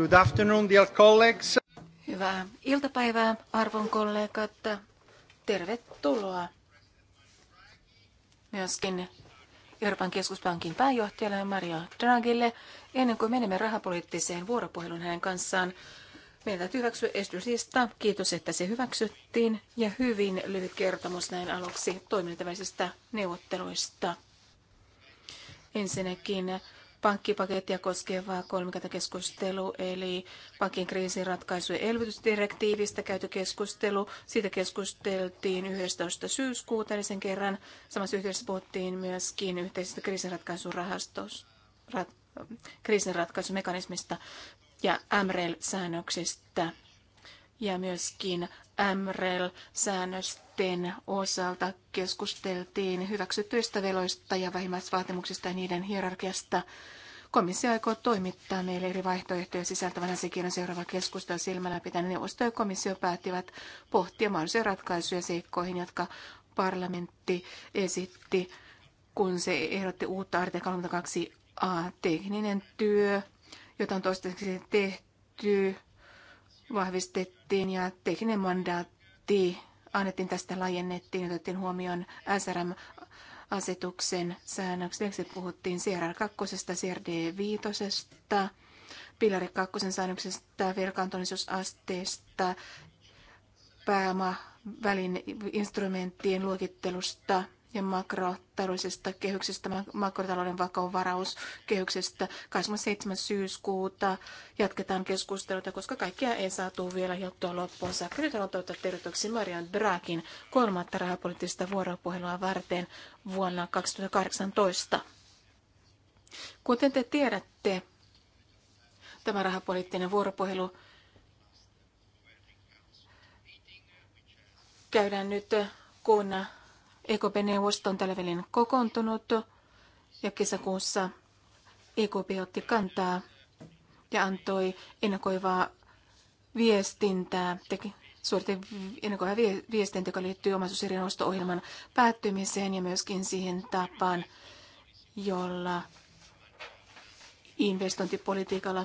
Good afternoon, dear colleagues. Hyvää iltapäivää, arvon kollegat. Tervetuloa myöskin Euroopan keskuspankin pääjohtajalle Mario Dragille. Ennen kuin menemme rahapoliittiseen vuoropuheluun hänen kanssaan, meidän täytyy hyväksyä esityslista. Kiitos, että se hyväksyttiin. Ja hyvin lyhyt kertomus näin aluksi toimintavälisistä neuvotteluista. Ensinnäkin pankkipakettia koskeva kolmikantakeskustelu, eli pankin kriisiratkaisu ja elvytysdirektiivistä käyty keskustelu. Siitä keskusteltiin 11. syyskuuta sen kerran. Samassa yhteydessä puhuttiin myöskin yhteisestä kriisinratkaisurahastosta, kriisinratkaisumekanismista ja MREL-säännöksistä ja myöskin MREL-säännösten osalta keskusteltiin hyväksytyistä veloista ja vähimmäisvaatimuksista ja niiden hierarkiasta. Komissio aikoo toimittaa meille eri vaihtoehtoja sisältävän asiakirjan seuraava keskustelu silmällä pitäen. Neuvosto ja komissio päättivät pohtia mahdollisia ratkaisuja seikkoihin, jotka parlamentti esitti, kun se ehdotti uutta artikla 32a tekninen työ, jota on toistaiseksi tehty vahvistettiin ja tekninen mandaatti annettiin tästä laajennettiin, otettiin huomioon SRM asetuksen se puhuttiin CRR 2, CRD 5, Pilari 2 säännöksestä, velkaantuneisuusasteesta, pääoma välin instrumenttien luokittelusta – ja makrotaloudellisesta kehyksestä, makrotalouden vakauvarauskehyksestä 27. syyskuuta. Jatketaan keskusteluta, koska kaikkia ei saatu vielä juttua loppuun saakka. Nyt haluan toivottaa tervetuloksi Marian Draakin kolmatta rahapoliittista vuoropuhelua varten vuonna 2018. Kuten te tiedätte, tämä rahapoliittinen vuoropuhelu käydään nyt kun EKP-neuvosto on tällä välin kokoontunut ja kesäkuussa EKP otti kantaa ja antoi ennakoivaa viestintää, teki suoritti ennakoivaa viestintää, joka liittyy omaisuuserien osto-ohjelman päättymiseen ja myöskin siihen tapaan, jolla investointipolitiikalla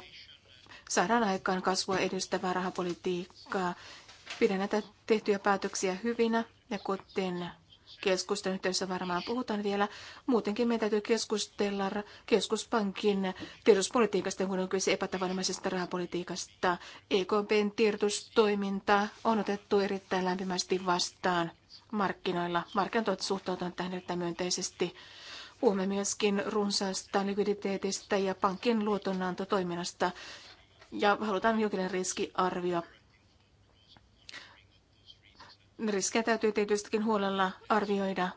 saadaan aikaan kasvua edistävää rahapolitiikkaa. Pidän näitä tehtyjä päätöksiä hyvinä ja kuten keskustelun yhteydessä varmaan puhutaan vielä. Muutenkin meidän täytyy keskustella keskuspankin tiedotuspolitiikasta, kun on kyse epätavanomaisesta rahapolitiikasta. EKPn tiedotustoiminta on otettu erittäin lämpimästi vastaan markkinoilla. Markkinat ovat suhtautuneet tähän erittäin myönteisesti. Puhumme myöskin runsaasta likviditeetistä ja pankin luotonantotoiminnasta ja halutaan jokin riskiarvio riskejä täytyy tietystikin huolella arvioida,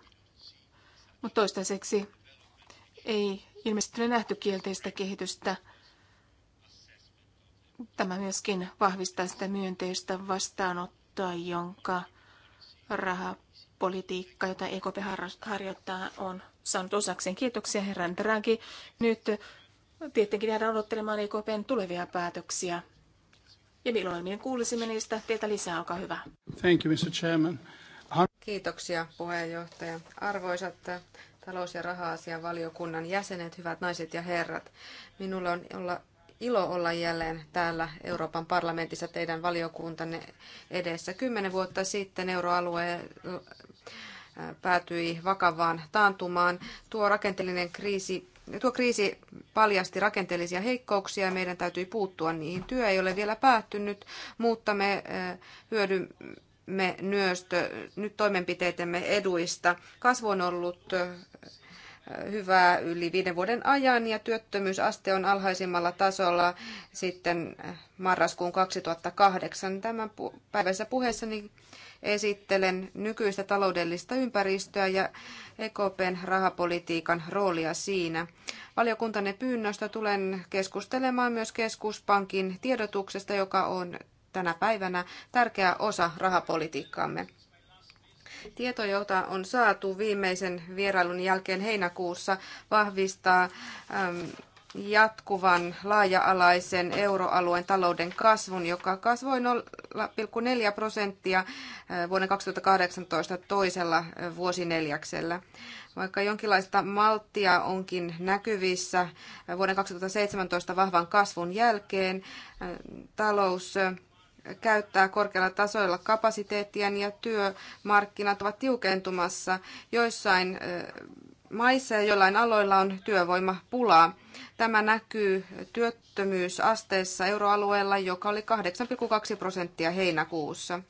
mutta toistaiseksi ei ilmeisesti nähty kielteistä kehitystä. Tämä myöskin vahvistaa sitä myönteistä vastaanottoa, jonka rahapolitiikka, jota EKP harjoittaa, on saanut osakseen. Kiitoksia herran Draghi. Nyt tietenkin jäädään odottelemaan EKPn tulevia päätöksiä ja milloin minä kuulisimme niistä teiltä lisää, olkaa hyvä. Thank you, Mr. Chairman. Kiitoksia puheenjohtaja. Arvoisat äh, talous- ja raha-asian valiokunnan jäsenet, hyvät naiset ja herrat. Minulla on olla ilo olla jälleen täällä Euroopan parlamentissa teidän valiokuntanne edessä. Kymmenen vuotta sitten euroalue äh, päätyi vakavaan taantumaan. Tuo rakenteellinen kriisi tuo kriisi paljasti rakenteellisia heikkouksia ja meidän täytyy puuttua niihin. Työ ei ole vielä päättynyt, mutta me eh, hyödymme myös nyt toimenpiteitemme eduista. Kasvu on ollut eh, hyvää yli viiden vuoden ajan ja työttömyysaste on alhaisimmalla tasolla sitten eh, marraskuun 2008. Tämän päivässä puheessa niin esittelen nykyistä taloudellista ympäristöä ja EKPn rahapolitiikan roolia siinä. Valiokuntanne pyynnöstä tulen keskustelemaan myös keskuspankin tiedotuksesta, joka on tänä päivänä tärkeä osa rahapolitiikkaamme. Tieto, jota on saatu viimeisen vierailun jälkeen heinäkuussa, vahvistaa jatkuvan laaja-alaisen euroalueen talouden kasvun, joka kasvoi 0,4 prosenttia eh, vuoden 2018 toisella eh, vuosineljäksellä. Vaikka jonkinlaista malttia onkin näkyvissä eh, vuoden 2017 vahvan kasvun jälkeen, talous käyttää korkealla tasoilla kapasiteettia ja työmarkkinat ovat tiukentumassa joissain maissa ja jollain aloilla on työvoimapulaa. Tämä näkyy työttömyysasteessa euroalueella, joka oli 8,2 prosenttia heinäkuussa.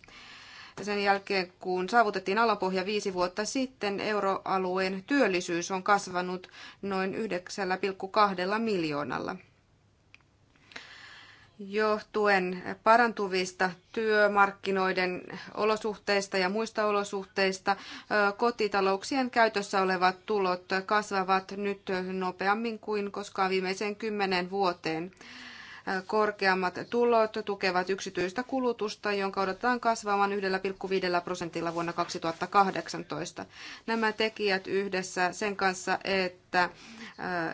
Ja sen jälkeen, kun saavutettiin alapohja viisi vuotta sitten, euroalueen työllisyys on kasvanut noin 9,2 miljoonalla johtuen parantuvista työmarkkinoiden olosuhteista ja muista olosuhteista kotitalouksien käytössä olevat tulot kasvavat nyt nopeammin kuin koskaan viimeiseen kymmenen vuoteen. Korkeammat tulot tukevat yksityistä kulutusta, jonka odotetaan kasvamaan 1,5 prosentilla vuonna 2018. Nämä tekijät yhdessä sen kanssa, että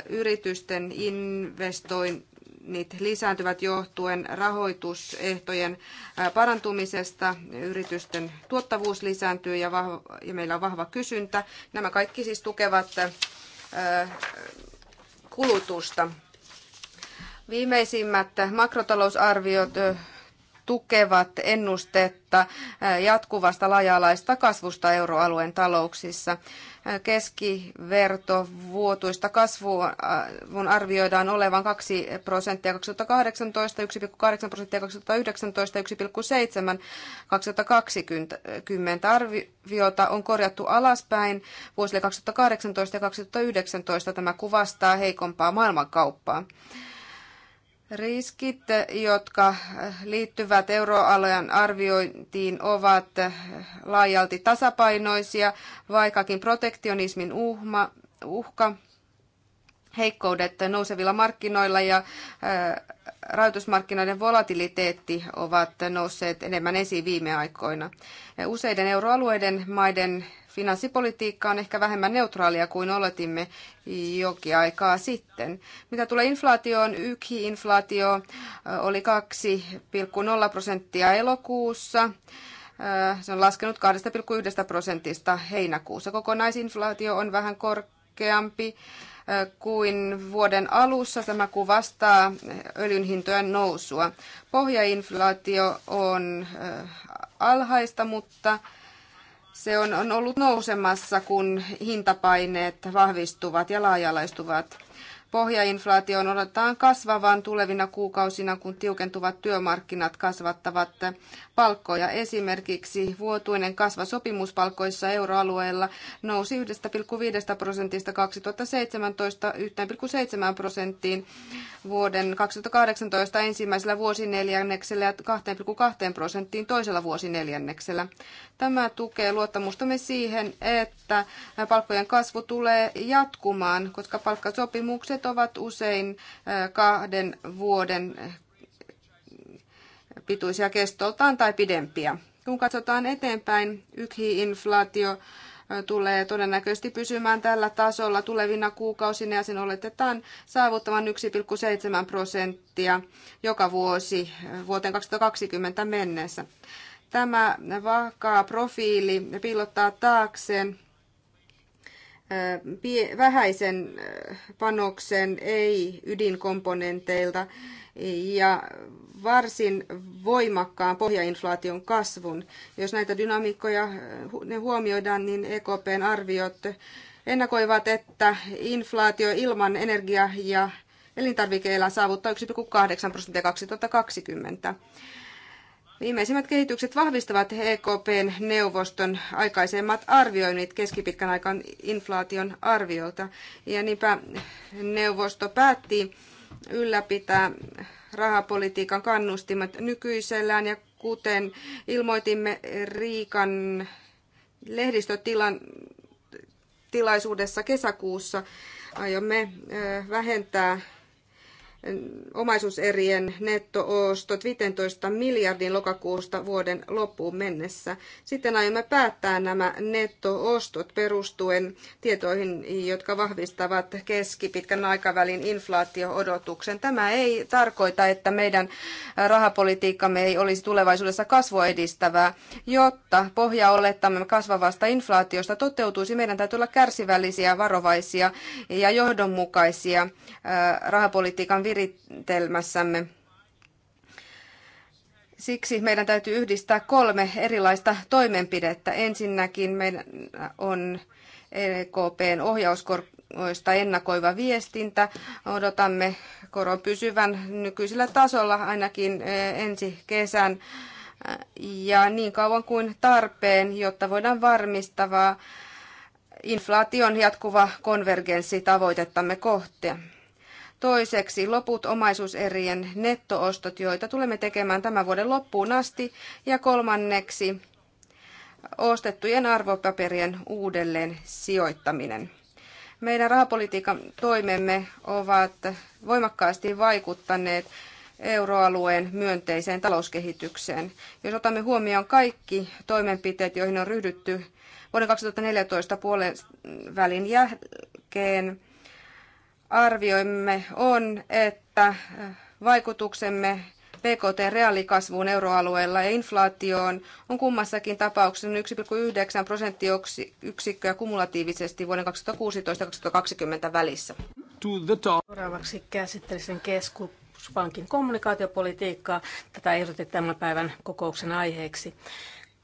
yritysten investoin lisääntyvät johtuen rahoitusehtojen parantumisesta, yritysten tuottavuus lisääntyy ja, vahva, ja meillä on vahva kysyntä. Nämä kaikki siis tukevat kulutusta. Viimeisimmät makrotalousarviot tukevat ennustetta äh, jatkuvasta laaja-alaista kasvusta euroalueen talouksissa. Äh, keskiverto vuotuista kasvun äh, arvioidaan olevan 2 prosenttia 2018, 1,8 prosenttia 2019, 1,7 2020. Arviota on korjattu alaspäin vuosille 2018 ja 2019. Tämä kuvastaa heikompaa maailmankauppaa. Riskit, jotka liittyvät euroalueen arviointiin, ovat laajalti tasapainoisia, vaikkakin protektionismin uhma, uhka, heikkoudet nousevilla markkinoilla ja rahoitusmarkkinoiden volatiliteetti ovat nousseet enemmän esiin viime aikoina. Useiden euroalueiden maiden Finanssipolitiikka on ehkä vähemmän neutraalia kuin oletimme jokin aikaa sitten. Mitä tulee inflaatioon, yksi inflaatio oli 2,0 prosenttia elokuussa. Se on laskenut 2,1 prosentista heinäkuussa. Kokonaisinflaatio on vähän korkeampi kuin vuoden alussa. Tämä kuvastaa öljyn hintojen nousua. Pohjainflaatio on alhaista, mutta se on, on ollut nousemassa, kun hintapaineet vahvistuvat ja laajalaistuvat. Pohjainflaation odotetaan kasvavan tulevina kuukausina, kun tiukentuvat työmarkkinat kasvattavat palkkoja. Esimerkiksi vuotuinen kasva sopimuspalkoissa euroalueella nousi 1,5 prosentista 2017 1,7 prosenttiin vuoden 2018 ensimmäisellä vuosineljänneksellä ja 2,2 prosenttiin toisella vuosineljänneksellä. Tämä tukee luottamustamme siihen, että palkkojen kasvu tulee jatkumaan, koska palkkasopimukset ovat usein eh, kahden vuoden pituisia kestoltaan tai pidempiä. Kun katsotaan eteenpäin, yksi inflaatio tulee todennäköisesti pysymään tällä tasolla tulevina kuukausina ja sen oletetaan saavuttavan 1,7 prosenttia joka vuosi vuoteen 2020 mennessä. Tämä vakaa profiili piilottaa taakseen vähäisen panoksen ei ydinkomponenteilta ja varsin voimakkaan pohjainflaation kasvun. Jos näitä dynamiikkoja ne huomioidaan, niin EKPn arviot ennakoivat, että inflaatio ilman energia- ja elintarvikeilla saavuttaa 1,8 prosenttia 2020. Viimeisimmät kehitykset vahvistavat EKPn neuvoston aikaisemmat arvioinnit keskipitkän aikaan inflaation arviolta. Ja niinpä neuvosto päätti ylläpitää rahapolitiikan kannustimet nykyisellään ja kuten ilmoitimme Riikan lehdistötilan tilaisuudessa kesäkuussa aiomme vähentää omaisuuserien nettoostot 15 miljardin lokakuusta vuoden loppuun mennessä. Sitten aiomme päättää nämä nettoostot perustuen tietoihin, jotka vahvistavat keskipitkän aikavälin inflaatio-odotuksen. Tämä ei tarkoita, että meidän rahapolitiikkamme ei olisi tulevaisuudessa kasvua edistävää. Jotta pohja olettamme kasvavasta inflaatiosta toteutuisi, meidän täytyy olla kärsivällisiä, varovaisia ja johdonmukaisia rahapolitiikan vir- viritelmässämme. Siksi meidän täytyy yhdistää kolme erilaista toimenpidettä. Ensinnäkin meidän on EKPn ohjauskorkoista ennakoiva viestintä. Odotamme koron pysyvän nykyisellä tasolla ainakin eh, ensi kesän ja niin kauan kuin tarpeen, jotta voidaan varmistavaa inflaation jatkuva konvergenssi tavoitettamme kohtia. Toiseksi loput omaisuuserien nettoostot, joita tulemme tekemään tämän vuoden loppuun asti. Ja kolmanneksi ostettujen arvopaperien uudelleen sijoittaminen. Meidän rahapolitiikan toimemme ovat voimakkaasti vaikuttaneet euroalueen myönteiseen talouskehitykseen. Jos otamme huomioon kaikki toimenpiteet, joihin on ryhdytty vuoden 2014 puolen välin jälkeen, arvioimme on, että vaikutuksemme PKT-reaalikasvuun euroalueella ja inflaatioon on kummassakin tapauksessa 1,9 prosenttiyksikköä kumulatiivisesti vuoden 2016-2020 välissä. Seuraavaksi käsittelisin keskuspankin kommunikaatiopolitiikkaa. Tätä ehdotettiin tämän päivän kokouksen aiheeksi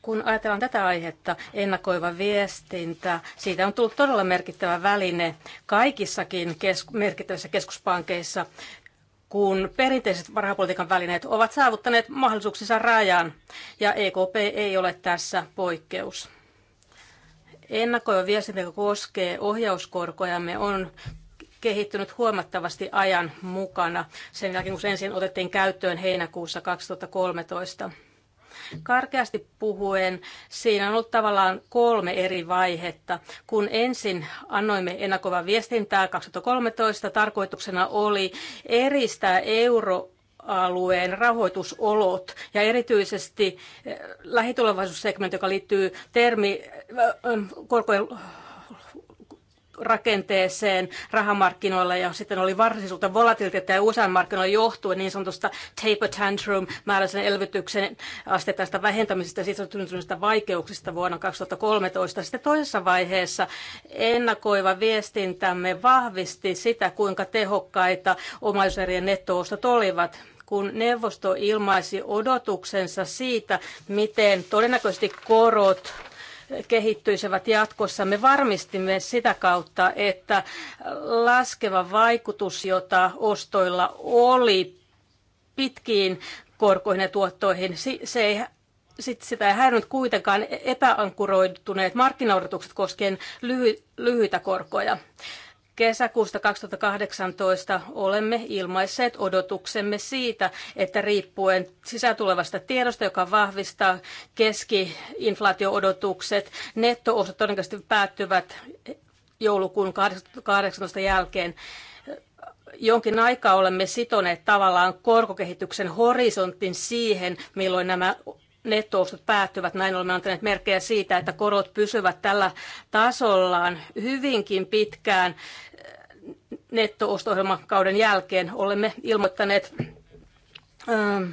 kun ajatellaan tätä aihetta, ennakoiva viestintä, siitä on tullut todella merkittävä väline kaikissakin kesku- merkittävissä keskuspankeissa, kun perinteiset rahapolitiikan välineet ovat saavuttaneet mahdollisuuksissa rajan, ja EKP ei ole tässä poikkeus. Ennakoiva viestintä, joka koskee ohjauskorkojamme, on kehittynyt huomattavasti ajan mukana sen jälkeen, kun se ensin otettiin käyttöön heinäkuussa 2013 Karkeasti puhuen siinä on ollut tavallaan kolme eri vaihetta. Kun ensin annoimme ennakoivaa viestintää 2013, tarkoituksena oli eristää euro alueen rahoitusolot ja erityisesti eh, lähitulevaisuussegmentti, joka liittyy termi, eh, korkojen rakenteeseen rahamarkkinoilla ja sitten oli varsinisuutta volatiliteettia ja usan markkinoilla johtuen niin sanotusta taper tantrum määräisen elvytyksen astetaista vähentämisestä ja siitä syntyneistä vaikeuksista vuonna 2013. Sitten toisessa vaiheessa ennakoiva viestintämme vahvisti sitä, kuinka tehokkaita omaisuuserien nettoostot olivat kun neuvosto ilmaisi odotuksensa siitä, miten todennäköisesti korot kehittyisivät jatkossa. Me varmistimme sitä kautta, että laskeva vaikutus, jota ostoilla oli pitkiin korkoihin ja tuottoihin, se ei sitten sitä ei häirinyt kuitenkaan epäankuroituneet markkinaodotukset koskien lyhy- lyhyitä korkoja kesäkuusta 2018 olemme ilmaisseet odotuksemme siitä, että riippuen sisätulevasta tiedosta, joka vahvistaa keskiinflaatioodotukset, netto todennäköisesti päättyvät joulukuun 2018 jälkeen jonkin aikaa olemme sitoneet tavallaan korkokehityksen horisontin siihen, milloin nämä Nettoostot päättyvät. Näin olemme antaneet merkkejä siitä, että korot pysyvät tällä tasollaan hyvinkin pitkään nettoostohjelmakauden jälkeen. Olemme ilmoittaneet ähm,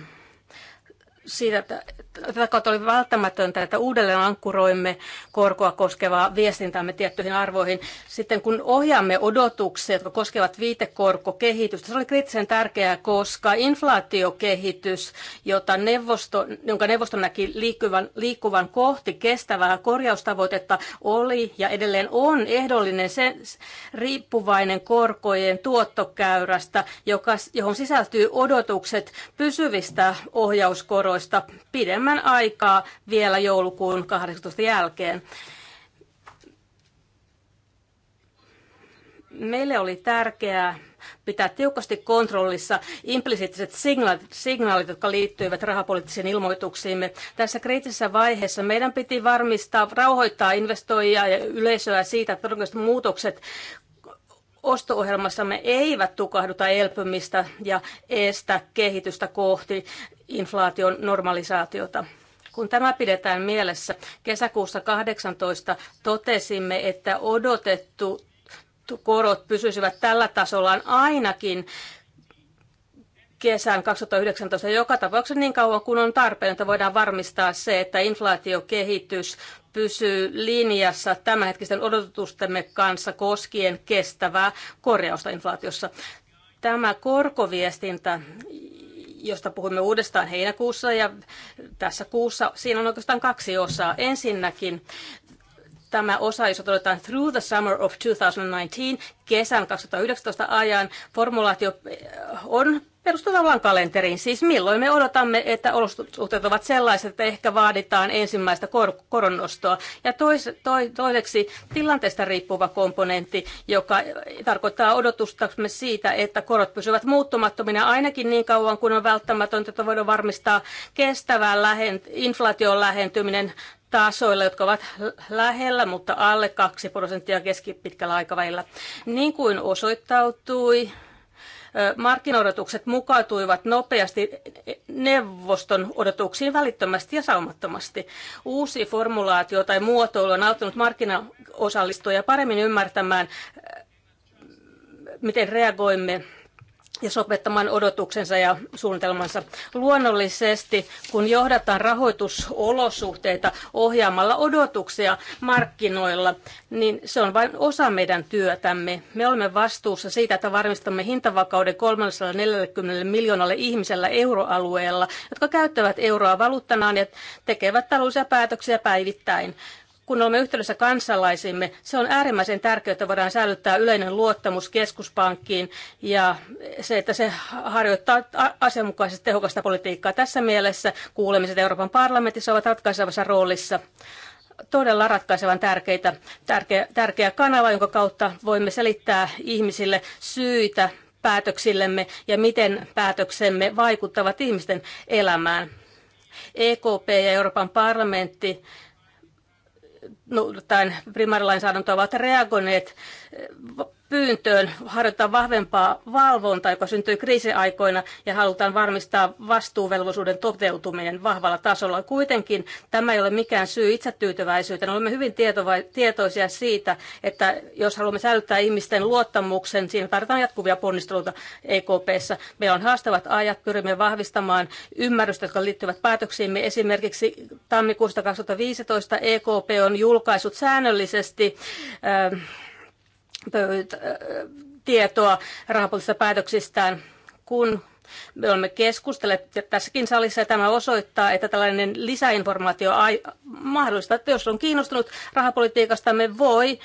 siitä, että tätä kautta oli välttämätöntä, että uudelleen ankkuroimme korkoa koskevaa viestintäämme tiettyihin arvoihin. Sitten kun ohjaamme odotuksia, jotka koskevat viitekorkokehitystä, se oli kriittisen tärkeää, koska inflaatiokehitys, jota neuvosto, jonka neuvosto näki liikkuvan, liikkuvan kohti kestävää korjaustavoitetta, oli ja edelleen on ehdollinen sen riippuvainen korkojen tuottokäyrästä, joka, johon sisältyy odotukset pysyvistä ohjauskoroista pidemmän enemmän aikaa vielä joulukuun 18 jälkeen. Meille oli tärkeää pitää tiukasti kontrollissa implisiittiset signaalit, signaalit, jotka liittyivät rahapoliittisiin ilmoituksiimme. Tässä kriittisessä vaiheessa meidän piti varmistaa, rauhoittaa investoijia ja yleisöä siitä, että todennäköiset muutokset osto-ohjelmassamme eivät tukahduta elpymistä ja estä kehitystä kohti inflaation normalisaatiota. Kun tämä pidetään mielessä, kesäkuussa 18 totesimme, että odotettu korot pysyisivät tällä tasollaan ainakin kesän 2019 joka tapauksessa niin kauan kuin on tarpeen, että voidaan varmistaa se, että inflaatiokehitys pysyy linjassa tämänhetkisten odotustemme kanssa koskien kestävää korjausta inflaatiossa. Tämä korkoviestintä, josta puhumme uudestaan heinäkuussa ja tässä kuussa. Siinä on oikeastaan kaksi osaa. Ensinnäkin tämä osa, jossa todetaan Through the Summer of 2019, kesän 2019 ajan, formulaatio eh, on perustuvan kalenteriin. Siis milloin me odotamme, että olosuhteet ovat sellaiset, että ehkä vaaditaan ensimmäistä kor- koronnostoa. Ja tois, toi, toiseksi tilanteesta riippuva komponentti, joka tarkoittaa odotustamme siitä, että korot pysyvät muuttumattomina ainakin niin kauan, kun on välttämätöntä, että voidaan varmistaa kestävää lähent- inflaation lähentyminen tasoilla, jotka ovat lähellä, mutta alle 2 prosenttia keskipitkällä aikavälillä. Niin kuin osoittautui markkinoidotukset mukautuivat nopeasti neuvoston odotuksiin välittömästi ja saumattomasti. Uusi formulaatio tai muotoilu on auttanut markkinaosallistujia paremmin ymmärtämään, miten reagoimme ja sopettamaan odotuksensa ja suunnitelmansa. Luonnollisesti, kun johdataan rahoitusolosuhteita ohjaamalla odotuksia markkinoilla, niin se on vain osa meidän työtämme. Me olemme vastuussa siitä, että varmistamme hintavakauden 340 miljoonalle ihmisellä euroalueella, jotka käyttävät euroa valuuttanaan ja tekevät taloudellisia päätöksiä päivittäin kun olemme yhteydessä kansalaisimme, se on äärimmäisen tärkeää, että voidaan säilyttää yleinen luottamus keskuspankkiin ja se, että se harjoittaa asianmukaisesti tehokasta politiikkaa. Tässä mielessä kuulemiset Euroopan parlamentissa ovat ratkaisevassa roolissa todella ratkaisevan tärkeitä, tärkeä, tärkeä kanava, jonka kautta voimme selittää ihmisille syitä päätöksillemme ja miten päätöksemme vaikuttavat ihmisten elämään. EKP ja Euroopan parlamentti noudattaen primäärilainsäädäntöä ovat reagoineet eh, pyyntöön harjoittaa vahvempaa valvontaa, joka syntyy kriisiaikoina ja halutaan varmistaa vastuuvelvollisuuden toteutuminen vahvalla tasolla. Kuitenkin tämä ei ole mikään syy itsetyytyväisyyteen. Olemme hyvin tietoisia siitä, että jos haluamme säilyttää ihmisten luottamuksen, siinä tarvitaan jatkuvia ponnisteluita EKPssä. Meillä on haastavat ajat, pyrimme vahvistamaan ymmärrystä, jotka liittyvät päätöksiimme. Esimerkiksi tammikuusta 2015 EKP on julkaissut säännöllisesti äh, Äh, tietoa rahapoliittisista päätöksistään, kun me olemme keskustelleet tässäkin salissa ja tämä osoittaa, että tällainen lisäinformaatio ai- mahdollista, että jos on kiinnostunut rahapolitiikasta, me voi äh,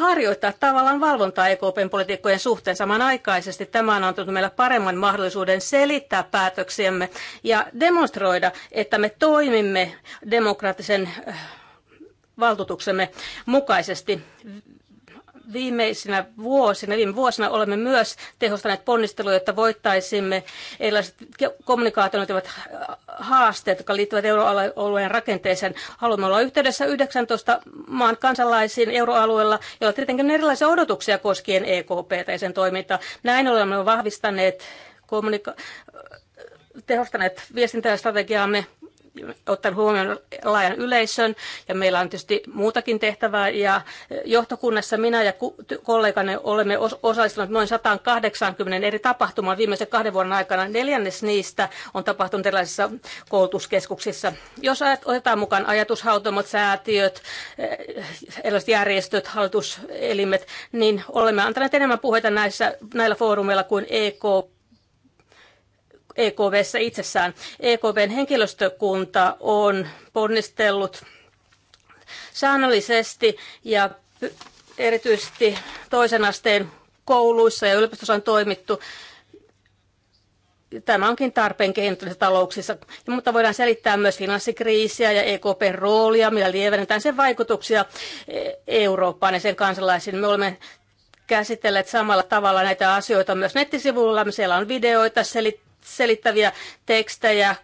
harjoittaa tavallaan valvontaa EKPn politiikkojen suhteen samanaikaisesti. Tämä on antanut meille paremman mahdollisuuden selittää päätöksiämme ja demonstroida, että me toimimme demokraattisen äh, valtuutuksemme mukaisesti viimeisinä vuosina, viime vuosina olemme myös tehostaneet ponnisteluja, että voittaisimme erilaiset kommunikaation haasteet, jotka liittyvät euroalueen rakenteeseen. Haluamme olla yhteydessä 19 maan kansalaisiin euroalueella, joilla tietenkin on erilaisia odotuksia koskien EKP ja sen toimintaa. Näin olemme vahvistaneet kommunika- tehostaneet viestintästrategiaamme Ottaen huomioon laajan yleisön ja meillä on tietysti muutakin tehtävää ja johtokunnassa minä ja kollegani olemme osallistuneet noin 180 eri tapahtumaan viimeisen kahden vuoden aikana. Neljännes niistä on tapahtunut erilaisissa koulutuskeskuksissa. Jos otetaan mukaan ajatushautomot, säätiöt, eh, erilaiset järjestöt, hallituselimet, niin olemme antaneet enemmän puheita näissä, näillä foorumeilla kuin EKP EKVssä itsessään. EKVn henkilöstökunta on ponnistellut säännöllisesti ja erityisesti toisen asteen kouluissa ja yliopistossa on toimittu tämä onkin tarpeen kehittyvissä talouksissa, mutta voidaan selittää myös finanssikriisiä ja EKPn roolia, millä lievennetään sen vaikutuksia e- Eurooppaan ja sen kansalaisiin. Me olemme käsitelleet samalla tavalla näitä asioita myös nettisivuilla. Siellä on videoita, selit- selittäviä tekstejä,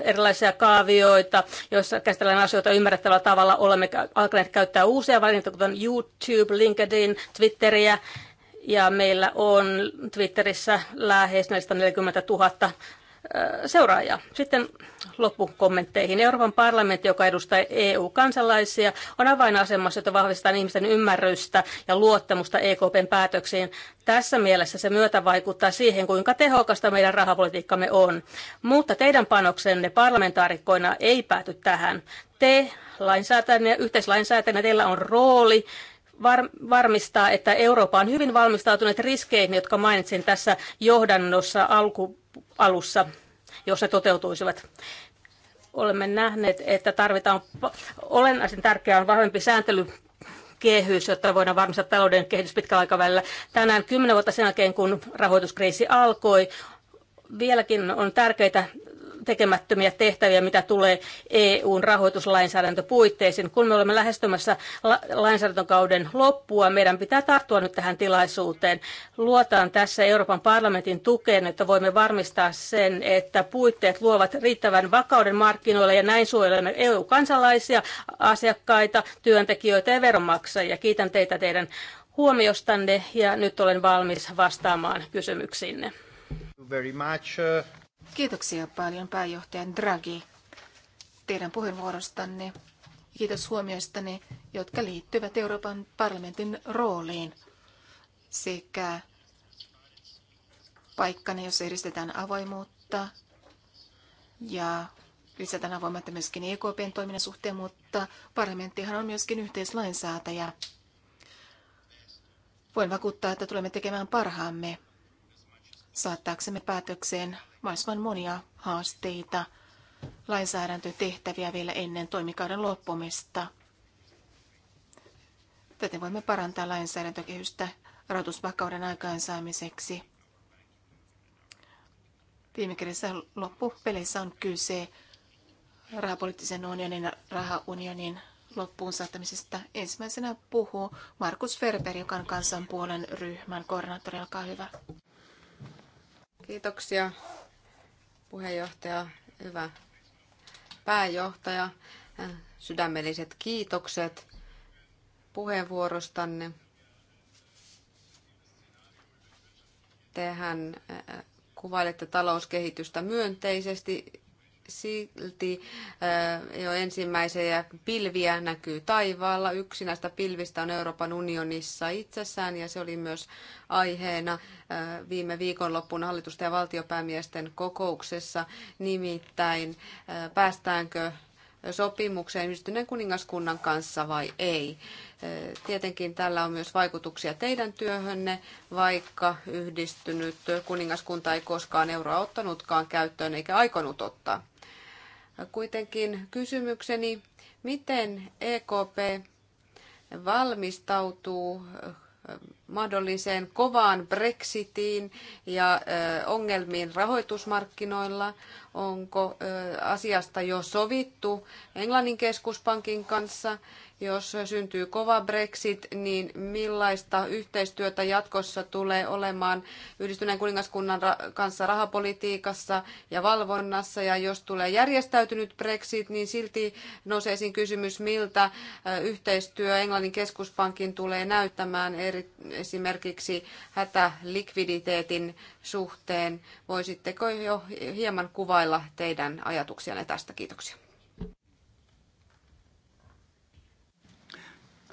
erilaisia kaavioita, joissa käsitellään asioita ymmärrettävällä tavalla. Olemme alkaneet käyttää uusia valintoja: kuten YouTube, LinkedIn, Twitteriä. Ja meillä on Twitterissä lähes 40 000 seuraajaa. Sitten loppukommentteihin. Euroopan parlamentti, joka edustaa EU-kansalaisia, on avainasemassa, jota vahvistetaan ihmisten ymmärrystä ja luottamusta EKPn päätöksiin. Tässä mielessä se myötä vaikuttaa siihen, kuinka tehokasta meidän rahapolitiikkamme on. Mutta teidän panoksenne parlamentaarikkoina ei pääty tähän. Te lainsäätäjänä, yhteislainsäätäjänä teillä on rooli var- varmistaa, että Eurooppa on hyvin valmistautunut riskeihin, jotka mainitsin tässä johdannossa alku alussa, jos ne toteutuisivat olemme nähneet, että tarvitaan olennaisen tärkeää on vahvempi sääntely kehys, jotta voidaan varmistaa talouden kehitys pitkällä aikavälillä. Tänään kymmenen vuotta sen jälkeen, kun rahoituskriisi alkoi, vieläkin on tärkeää tekemättömiä tehtäviä, mitä tulee EUn rahoituslainsäädäntöpuitteisiin. Kun me olemme lähestymässä lainsäädäntökauden loppua, meidän pitää tarttua nyt tähän tilaisuuteen. Luotaan tässä Euroopan parlamentin tukeen, että voimme varmistaa sen, että puitteet luovat riittävän vakauden markkinoille ja näin suojelemme EU-kansalaisia, asiakkaita, työntekijöitä ja veronmaksajia. Kiitän teitä teidän huomiostanne ja nyt olen valmis vastaamaan kysymyksiinne. Very much. Kiitoksia paljon pääjohtajan Draghi teidän puheenvuorostanne. Kiitos huomioistanne, jotka liittyvät Euroopan parlamentin rooliin sekä paikkani jossa edistetään avoimuutta ja lisätään avoimuutta myöskin EKPn toiminnan suhteen, mutta parlamenttihan on myöskin yhteislainsäätäjä. Voin vakuuttaa, että tulemme tekemään parhaamme saattaaksemme päätökseen mahdollisimman monia haasteita, lainsäädäntötehtäviä vielä ennen toimikauden loppumista. Täten voimme parantaa lainsäädäntökehystä rahoitusvakauden aikaansaamiseksi. Viime kädessä loppupeleissä on kyse rahapoliittisen unionin ja rahaunionin loppuun saattamisesta. Ensimmäisenä puhuu Markus Ferber, joka on kansanpuolen ryhmän koordinaattori. Olkaa hyvä. Kiitoksia puheenjohtaja, hyvä pääjohtaja. Sydämelliset kiitokset puheenvuorostanne. Tehän eh, kuvailette talouskehitystä myönteisesti silti eh, jo ensimmäisiä pilviä näkyy taivaalla. Yksi näistä pilvistä on Euroopan unionissa itsessään ja se oli myös aiheena eh, viime viikonloppuna hallitusten ja valtiopäämiesten kokouksessa. Nimittäin eh, päästäänkö sopimukseen yhdistyneen kuningaskunnan kanssa vai ei. Tietenkin tällä on myös vaikutuksia teidän työhönne, vaikka yhdistynyt kuningaskunta ei koskaan euroa ottanutkaan käyttöön eikä aikonut ottaa. Kuitenkin kysymykseni, miten EKP valmistautuu eh, mahdolliseen kovaan Brexitiin ja eh, ongelmiin rahoitusmarkkinoilla? Onko eh, asiasta jo sovittu Englannin keskuspankin kanssa jos syntyy kova Brexit, niin millaista yhteistyötä jatkossa tulee olemaan yhdistyneen kuningaskunnan kanssa rahapolitiikassa ja valvonnassa? Ja jos tulee järjestäytynyt Brexit, niin silti nousee esiin kysymys, miltä yhteistyö Englannin keskuspankin tulee näyttämään eri, esimerkiksi hätälikviditeetin suhteen. Voisitteko jo hieman kuvailla teidän ajatuksianne tästä? Kiitoksia.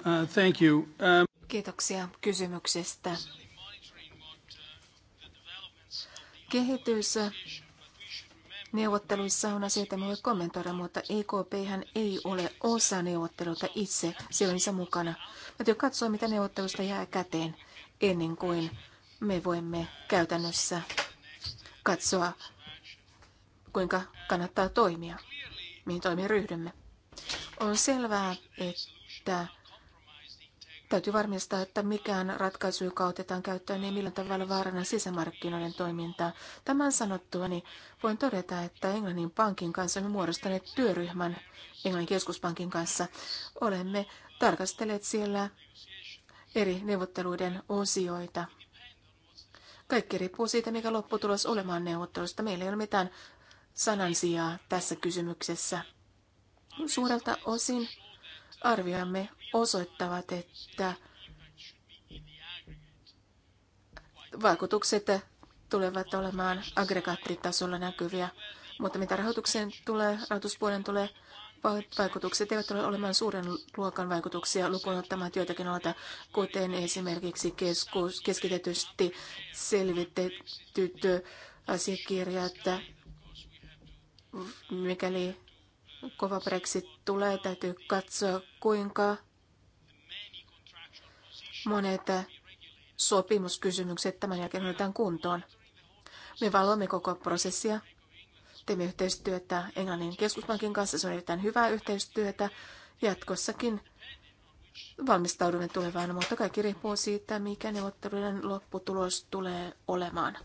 Uh, um, Kiitoksia kysymyksestä. Kehitys neuvotteluissa on asioita, me voi kommentoida, mutta EKP hän ei ole osa neuvotteluita itse, se mukana. Täytyy katsoa, mitä neuvottelusta jää käteen ennen kuin me voimme käytännössä katsoa, kuinka kannattaa toimia, mihin toimiin ryhdymme. On selvää, että Täytyy varmistaa, että mikään ratkaisu, joka otetaan käyttöön, ei millään tavalla vaarana sisämarkkinoiden toimintaa. Tämän sanottua niin voin todeta, että Englannin pankin kanssa me muodostaneet työryhmän Englannin keskuspankin kanssa. Olemme tarkastelleet siellä eri neuvotteluiden osioita. Kaikki riippuu siitä, mikä lopputulos olemaan neuvottelusta. Meillä ei ole mitään sanansijaa tässä kysymyksessä. Suurelta osin arvioimme osoittavat, että vaikutukset tulevat olemaan aggregaattitasolla näkyviä. Mutta mitä rahoitukseen tulee, rahoituspuolen tulee, vaikutukset eivät ole olemaan suuren luokan vaikutuksia lukuun ottamaan joitakin noita, kuten esimerkiksi keskus, keskitetysti selvitetyt asiakirjat. Mikäli kova Brexit tulee, täytyy katsoa, kuinka Monet sopimuskysymykset tämän jälkeen hoidetaan kuntoon. Me valvomme koko prosessia. Teemme yhteistyötä Englannin keskuspankin kanssa. Se on erittäin hyvää yhteistyötä. Jatkossakin valmistaudumme tulevaan, mutta kaikki riippuu siitä, mikä neuvottelujen lopputulos tulee olemaan.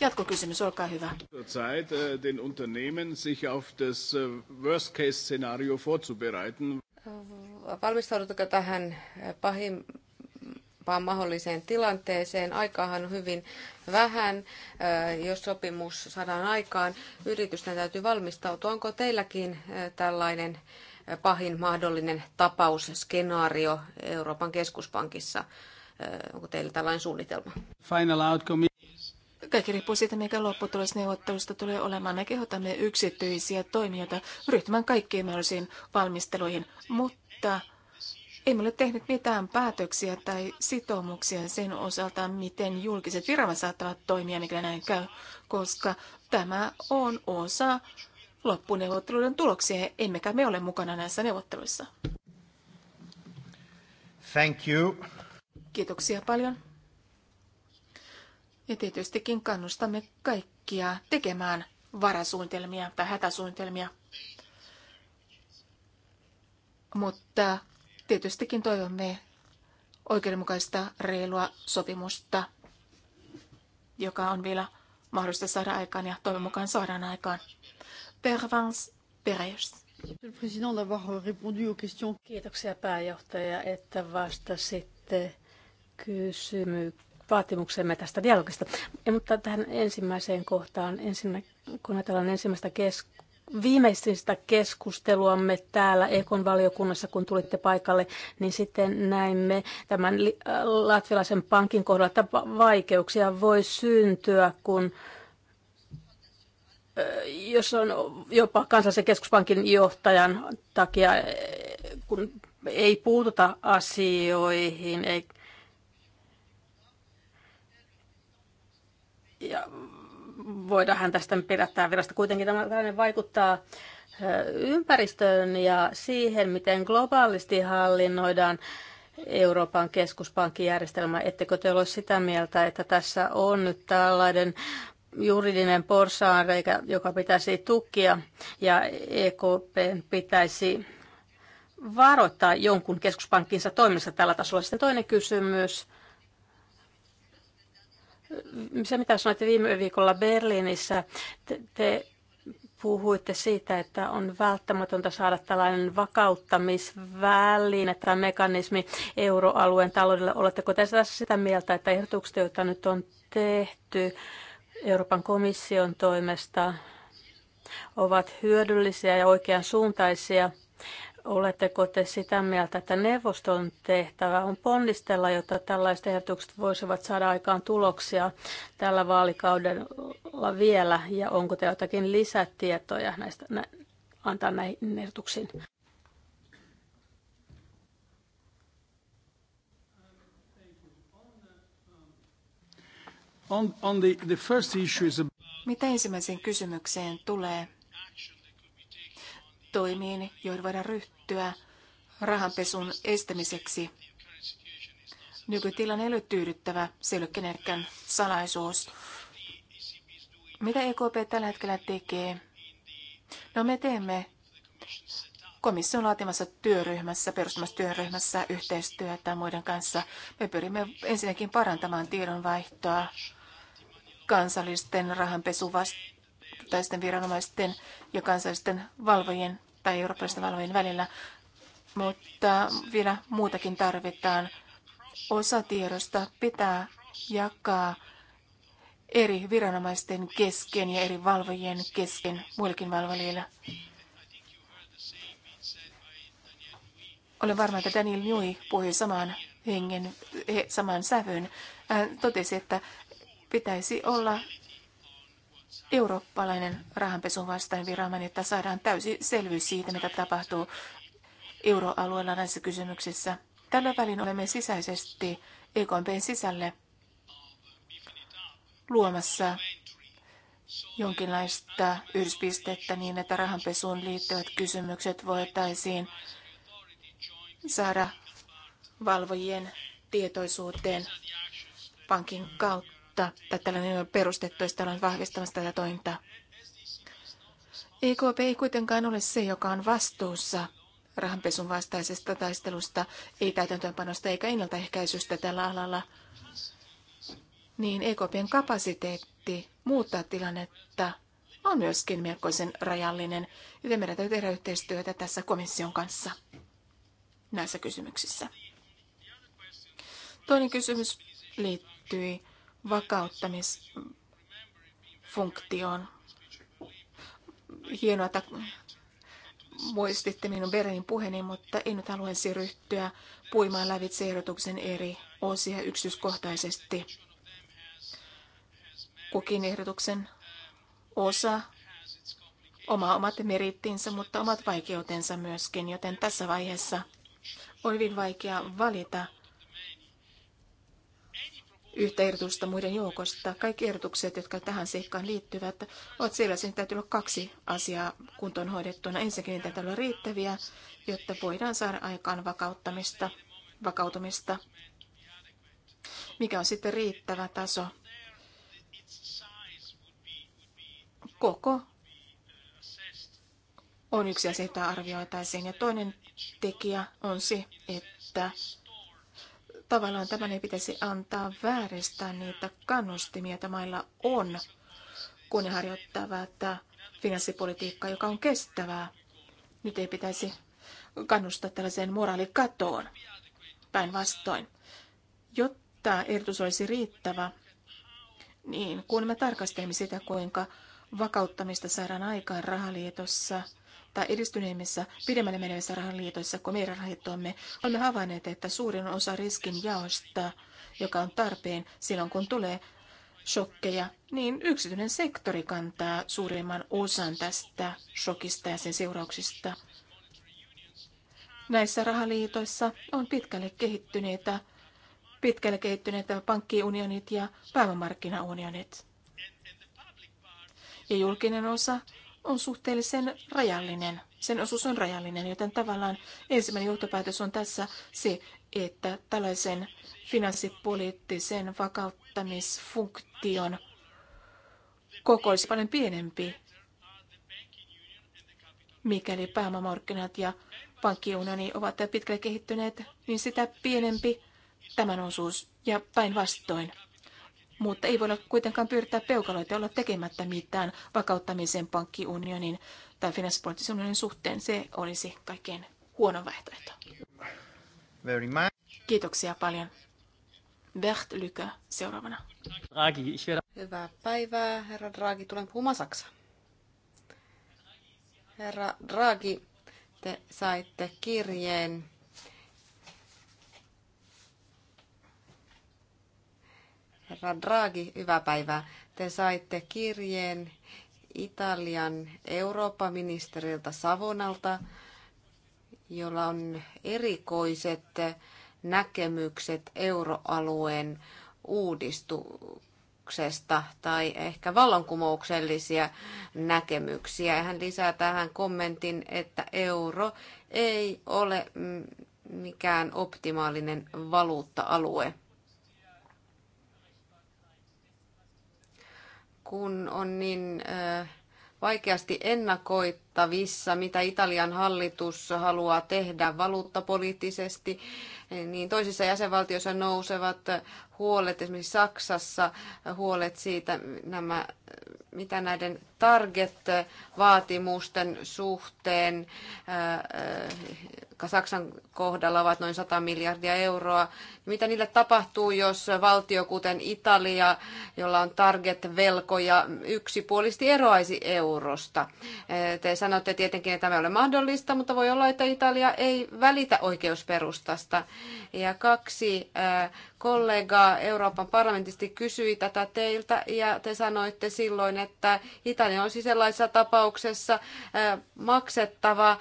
Jatkokysymys, olkaa hyvä. Zeit äh, den Unternehmen sich auf das äh, worst case vorzubereiten. Äh, valmistaudutko tähän pahimpaan mahdolliseen tilanteeseen? Aikaahan on hyvin vähän, jos sopimus saadaan aikaan. Yritysten täytyy valmistautua. Onko teilläkin tällainen pahin mahdollinen tapausskenaario Euroopan keskuspankissa? Onko teillä tällainen suunnitelma? Final outcome. Kaikki riippuu siitä, mikä lopputulos neuvottelusta tulee olemaan. Me kehotamme yksityisiä toimijoita ryhtymään kaikkiin mahdollisiin valmisteluihin, mutta mutta emme ole tehneet mitään päätöksiä tai sitoumuksia sen osalta, miten julkiset viranomaiset saattavat toimia, mikä näin käy, koska tämä on osa loppuneuvotteluiden tuloksia, emmekä me ole mukana näissä neuvotteluissa. Thank you. Kiitoksia paljon. Ja tietystikin kannustamme kaikkia tekemään varasuunnitelmia tai hätäsuunnitelmia mutta tietystikin toivomme oikeudenmukaista reilua sopimusta, joka on vielä mahdollista saada aikaan ja toivon mukaan saadaan aikaan. Pervans Perez. Kiitoksia pääjohtaja, että vastasitte kysymykseen vaatimuksemme tästä dialogista. Ja, mutta tähän ensimmäiseen kohtaan, ensinnä, kun ajatellaan ensimmäistä kes- viimeisistä keskusteluamme täällä Ekon valiokunnassa, kun tulitte paikalle, niin sitten näimme tämän äh, latvilaisen pankin kohdalla, että vaikeuksia voi syntyä, kun äh, jos on jopa kansallisen keskuspankin johtajan takia, äh, kun ei puututa asioihin, ei, ja voidaan häntä sitten pidättää virasta. Kuitenkin tämä vaikuttaa ympäristöön ja siihen, miten globaalisti hallinnoidaan Euroopan keskuspankkijärjestelmä. Ettekö te ole sitä mieltä, että tässä on nyt tällainen juridinen porsaanreikä, joka pitäisi tukia ja EKP pitäisi varoittaa jonkun keskuspankkinsa toiminnasta tällä tasolla. Sitten toinen kysymys se, mitä sanoitte viime viikolla Berliinissä, te, te puhuitte siitä, että on välttämätöntä saada tällainen vakauttamisväline tai mekanismi euroalueen taloudelle. Oletteko te tässä sitä mieltä, että ehdotukset, joita nyt on tehty Euroopan komission toimesta, ovat hyödyllisiä ja oikean suuntaisia? Oletteko te sitä mieltä, että neuvoston tehtävä on ponnistella, jotta tällaiset ehdotukset voisivat saada aikaan tuloksia tällä vaalikaudella vielä, ja onko te jotakin lisätietoja näistä, nä, antaa näihin ehdotuksiin? On, on the, the first issue is a... Mitä ensimmäiseen kysymykseen tulee? toimiin, joihin voidaan ryhtyä rahanpesun estämiseksi. Nykytilanne ei ole tyydyttävä, se ei ole kenenkään salaisuus. Mitä EKP tällä hetkellä tekee? No me teemme komission laatimassa työryhmässä, perustamassa työryhmässä yhteistyötä muiden kanssa. Me pyrimme ensinnäkin parantamaan tiedonvaihtoa kansallisten rahanpesuvastaisten viranomaisten ja kansallisten valvojien tai eurooppalaisten valvojen välillä, mutta vielä muutakin tarvitaan. Osa tiedosta pitää jakaa eri viranomaisten kesken ja eri valvojien kesken muillekin valvojille. Olen varma, että Daniel Nui puhui samaan hengen, samaan sävyyn. Hän totesi, että pitäisi olla eurooppalainen rahanpesun vastainen viranomainen, että saadaan täysi selvyys siitä, mitä tapahtuu euroalueella näissä kysymyksissä. Tällä välin olemme sisäisesti EKPn sisälle luomassa jonkinlaista yhdyspistettä niin, että rahanpesuun liittyvät kysymykset voitaisiin saada valvojien tietoisuuteen pankin kautta uutta, tai tällainen on perustettu, ja ollaan vahvistamassa tätä tointa. EKP ei kuitenkaan ole se, joka on vastuussa rahanpesun vastaisesta taistelusta, ei täytäntöönpanosta eikä ennaltaehkäisystä tällä alalla, niin EKPn kapasiteetti muuttaa tilannetta on myöskin melkoisen rajallinen, joten meidän täytyy tehdä yhteistyötä tässä komission kanssa näissä kysymyksissä. Toinen kysymys liittyi vakauttamisfunktioon. Hienoa, että muistitte minun Berlinin puheeni, mutta en nyt haluaisi ryhtyä puimaan lävitse ehdotuksen eri osia yksityiskohtaisesti. Kukin ehdotuksen osa oma omat merittinsä, mutta omat vaikeutensa myöskin, joten tässä vaiheessa on hyvin vaikea valita yhtä ehdotusta muiden joukosta. Kaikki ehdotukset, jotka tähän seikkaan liittyvät, ovat siellä että täytyy olla kaksi asiaa kuntoon hoidettuna. Ensinnäkin niitä täytyy olla riittäviä, jotta voidaan saada aikaan vakauttamista, vakautumista. Mikä on sitten riittävä taso? Koko on yksi asia, jota arvioitaisiin. Ja toinen tekijä on se, että tavallaan tämän ei pitäisi antaa vääristää niitä kannustimia, joita mailla on, kun ne harjoittavat finanssipolitiikkaa, joka on kestävää. Nyt ei pitäisi kannustaa tällaiseen moraalikatoon päinvastoin. Jotta ehdotus olisi riittävä, niin kun me tarkastelemme sitä, kuinka vakauttamista saadaan aikaan rahaliitossa – tai edistyneimmissä pidemmälle menevissä rahaliitoissa kuin meidän rahaliittoamme, olemme havainneet, että suurin osa riskin jaosta, joka on tarpeen silloin, kun tulee shokkeja, niin yksityinen sektori kantaa suurimman osan tästä shokista ja sen seurauksista. Näissä rahaliitoissa on pitkälle kehittyneitä, pitkälle kehittyneitä pankkiunionit ja pääomamarkkinaunionit. Ja julkinen osa on suhteellisen rajallinen. Sen osuus on rajallinen, joten tavallaan ensimmäinen johtopäätös on tässä se, että tällaisen finanssipoliittisen vakauttamisfunktion koko olisi paljon pienempi, mikäli pääomamarkkinat ja pankkiunioni ovat pitkälle kehittyneet, niin sitä pienempi tämän osuus ja päinvastoin mutta ei voi kuitenkaan pyörittää peukaloita ja olla tekemättä mitään vakauttamisen pankkiunionin tai finanssipoliittisen suhteen. Se olisi kaikkein huono vaihtoehto. Very much. Kiitoksia paljon. Bert Lykö seuraavana. Draghi, Hyvää päivää, herra Draghi. Tulen puhumaan Saksaa. Herra Draghi, te saitte kirjeen herra Draghi, hyvää päivää. Te saitte kirjeen Italian Eurooppa-ministeriltä Savonalta, jolla on erikoiset näkemykset euroalueen uudistuksesta tai ehkä vallankumouksellisia näkemyksiä. Hän lisää tähän kommentin, että euro ei ole mikään optimaalinen valuutta-alue. kun on niin vaikeasti ennakoit odotettavissa, mitä Italian hallitus haluaa tehdä valuuttapoliittisesti, niin toisissa jäsenvaltioissa nousevat huolet, esimerkiksi Saksassa huolet siitä, nämä, mitä näiden target-vaatimusten suhteen äh, äh, Saksan kohdalla ovat noin 100 miljardia euroa. Mitä niille tapahtuu, jos valtio kuten Italia, jolla on target-velkoja, yksipuolisesti eroaisi eurosta? Te sanotte tietenkin, että tämä ei ole mahdollista, mutta voi olla, että Italia ei välitä oikeusperustasta. Ja kaksi äh, kollegaa Euroopan parlamentista kysyi tätä teiltä ja te sanoitte silloin, että Italia on siis sellaisessa tapauksessa äh, maksettava äh,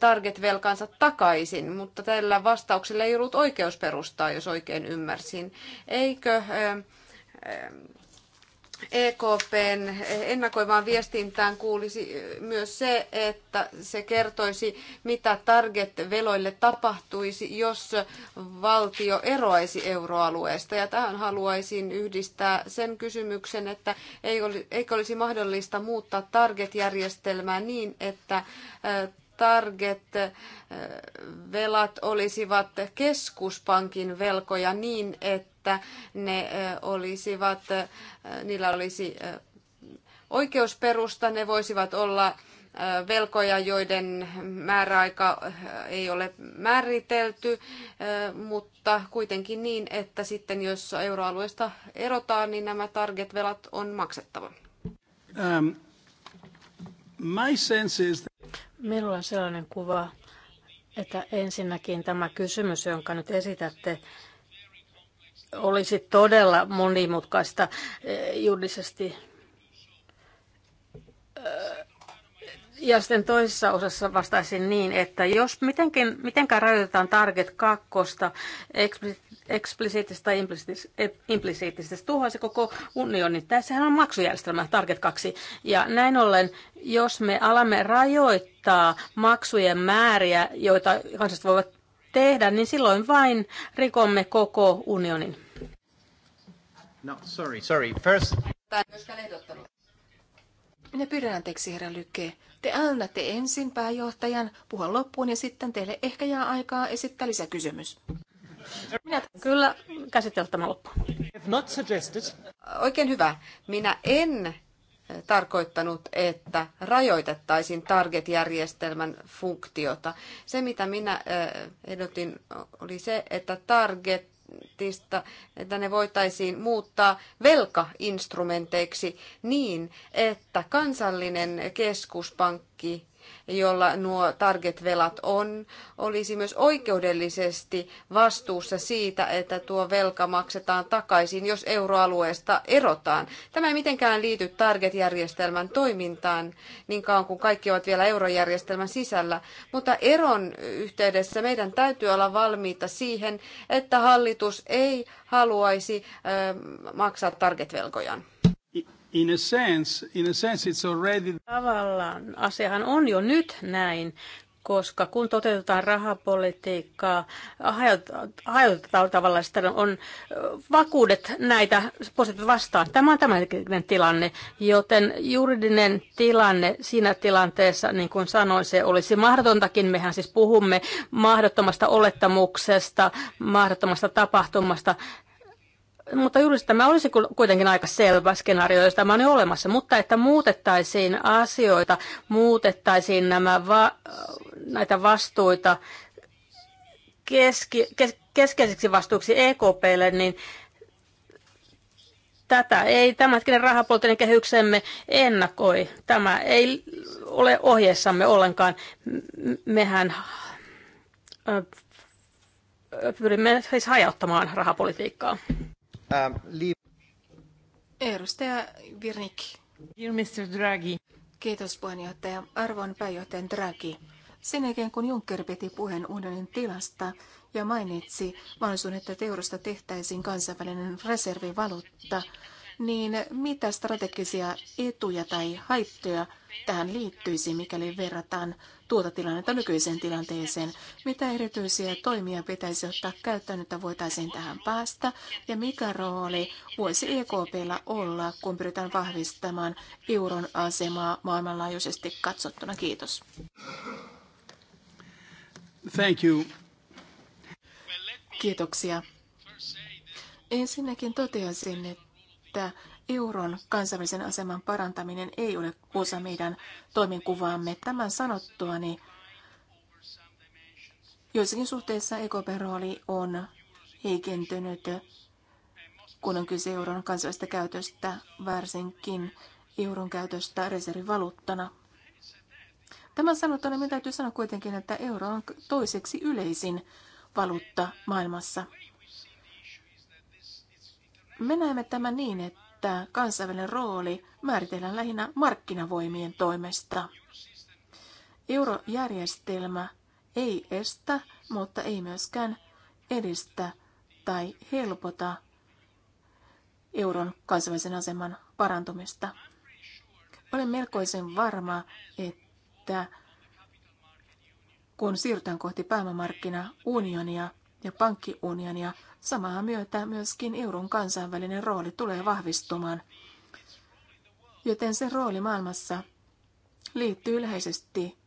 target-velkansa takaisin, mutta tällä vastauksella ei ollut oikeusperustaa, jos oikein ymmärsin. Eikö EKPn ennakoivaan viestintään kuulisi myös se, että se kertoisi, mitä target-veloille tapahtuisi, jos valtio eroaisi euroalueesta. Ja tähän haluaisin yhdistää sen kysymyksen, että eikö olisi mahdollista muuttaa target-järjestelmää niin, että target-velat olisivat keskuspankin velkoja niin, että että ne olisivat, niillä olisi oikeusperusta, ne voisivat olla velkoja, joiden määräaika ei ole määritelty, mutta kuitenkin niin, että sitten jos euroalueesta erotaan, niin nämä target-velat on maksettava. Um, my sense is Minulla on sellainen kuva, että ensinnäkin tämä kysymys, jonka nyt esitätte, olisi todella monimutkaista eh, juridisesti. Eh, ja sitten toisessa osassa vastaisin niin, että jos mitenkin, mitenkään rajoitetaan target kakkosta eksplisiittistä tai eh, implisiittistä, se tuhoaa se koko unioni. Tässähän on maksujärjestelmä target 2. Ja näin ollen, jos me alamme rajoittaa maksujen määriä, joita kansalaiset voivat tehdä, niin silloin vain rikomme koko unionin. No, sorry, sorry. First... Minä pyydän anteeksi, herra Lykke. Te annatte ensin pääjohtajan puhua loppuun ja sitten teille ehkä jää aikaa esittää lisäkysymys. Minä kyllä käsitellä tämän loppuun. Oikein hyvä. Minä en eh, tarkoittanut, että rajoitettaisiin target-järjestelmän funktiota. Se, mitä minä eh, ehdotin, oli se, että target instrumentista, että ne voitaisiin muuttaa velkainstrumenteiksi niin, että kansallinen keskuspankki jolla nuo target-velat on, olisi myös oikeudellisesti vastuussa siitä, että tuo velka maksetaan takaisin, jos euroalueesta erotaan. Tämä ei mitenkään liity target-järjestelmän toimintaan niin kauan kuin kaikki ovat vielä eurojärjestelmän sisällä, mutta eron yhteydessä meidän täytyy olla valmiita siihen, että hallitus ei haluaisi maksaa target-velkojaan. In a sense, in a sense it's already... Tavallaan asiahan on jo nyt näin, koska kun toteutetaan rahapolitiikkaa, hajotetaan tavallaan sitä, on vakuudet näitä positiivisesti vastaan. Tämä on tämänhetkinen tilanne, joten juridinen tilanne siinä tilanteessa, niin kuin sanoin, se olisi mahdotontakin. Mehän siis puhumme mahdottomasta olettamuksesta, mahdottomasta tapahtumasta mutta juuri tämä olisi kuitenkin aika selvä skenaario, jos tämä on jo olemassa, mutta että muutettaisiin asioita, muutettaisiin nämä va- näitä vastuita keski- kes- keskeiseksi vastuuksi EKPlle, niin tätä ei tämänhetkinen rahapoliittinen kehyksemme ennakoi. Tämä ei ole ohjeessamme ollenkaan. Mehän pyrimme siis hajauttamaan rahapolitiikkaa. Ähm, Edustaja Virnik. Mr. Draghi. Kiitos puheenjohtaja. Arvon pääjohtajan Draghi. Sen jälkeen kun Juncker piti puheen unionin tilasta ja mainitsi mahdollisuuden, että teurosta tehtäisiin kansainvälinen reservivaluutta, niin mitä strategisia etuja tai haittoja tähän liittyisi, mikäli verrataan tuota tilannetta nykyiseen tilanteeseen. Mitä erityisiä toimia pitäisi ottaa käyttöön, että voitaisiin tähän päästä? Ja mikä rooli voisi EKPllä olla, kun pyritään vahvistamaan euron asemaa maailmanlaajuisesti katsottuna? Kiitos. Thank you. Kiitoksia. Ensinnäkin toteaisin, että Euron kansainvälisen aseman parantaminen ei ole osa meidän toimenkuvaamme. Tämän sanottuani joissakin suhteissa ekoperooli rooli on heikentynyt, kun on kyse euron kansainvälistä käytöstä, varsinkin euron käytöstä reservivaluuttana. Tämän sanottuna minun täytyy sanoa kuitenkin, että euro on toiseksi yleisin valuutta maailmassa. Me näemme tämän niin, että että kansainvälinen rooli määritellään lähinnä markkinavoimien toimesta. Eurojärjestelmä ei estä, mutta ei myöskään edistä tai helpota euron kansainvälisen aseman parantumista. Olen melkoisen varma, että kun siirrytään kohti pääomamarkkinaunionia, ja pankkiunionia. Samaa myötä myöskin euron kansainvälinen rooli tulee vahvistumaan, joten sen rooli maailmassa liittyy yleisesti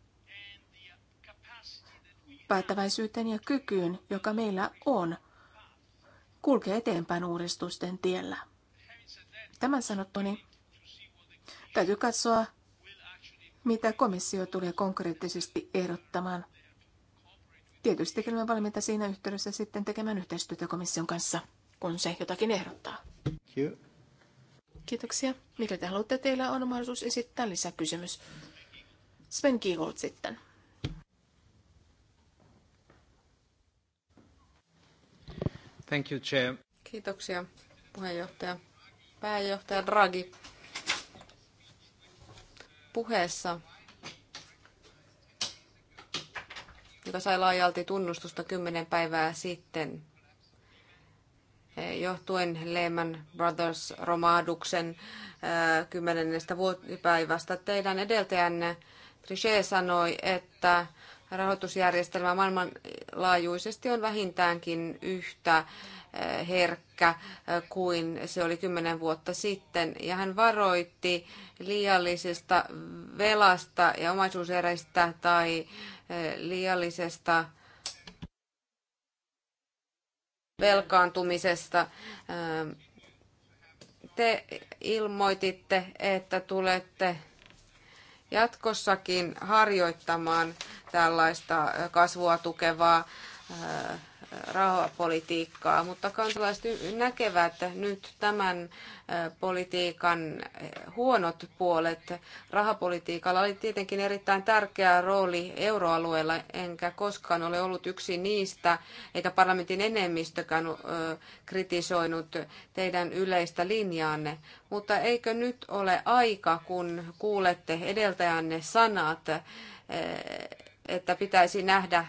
päättäväisyyteen ja kykyyn, joka meillä on, kulkee eteenpäin uudistusten tiellä. Tämän sanottuni täytyy katsoa, mitä komissio tulee konkreettisesti ehdottamaan – tietysti olemme valmiita siinä yhteydessä sitten tekemään yhteistyötä komission kanssa, kun se jotakin ehdottaa. Kiitos. Kiitoksia. Mikä te haluatte, teillä on mahdollisuus esittää lisäkysymys. Sven Kiigolt sitten. Thank you, Chair. Kiitoksia, puheenjohtaja. Pääjohtaja Draghi puheessa joka sai laajalti tunnustusta kymmenen päivää sitten eh, johtuen Lehman Brothers romahduksen eh, kymmenennestä vuotipäivästä. Teidän edeltäjänne Trichet sanoi, että rahoitusjärjestelmä maailmanlaajuisesti on vähintäänkin yhtä eh, herkkä kuin se oli kymmenen vuotta sitten. Ja hän varoitti liiallisesta velasta ja omaisuuseristä tai äh, liiallisesta velkaantumisesta. Te ilmoititte, että tulette jatkossakin harjoittamaan tällaista kasvua tukevaa rahapolitiikkaa, mutta kansalaiset näkevät nyt tämän politiikan huonot puolet. Rahapolitiikalla oli tietenkin erittäin tärkeä rooli euroalueella, enkä koskaan ole ollut yksi niistä, eikä parlamentin enemmistökään kritisoinut teidän yleistä linjaanne. Mutta eikö nyt ole aika, kun kuulette edeltäjänne sanat, että pitäisi nähdä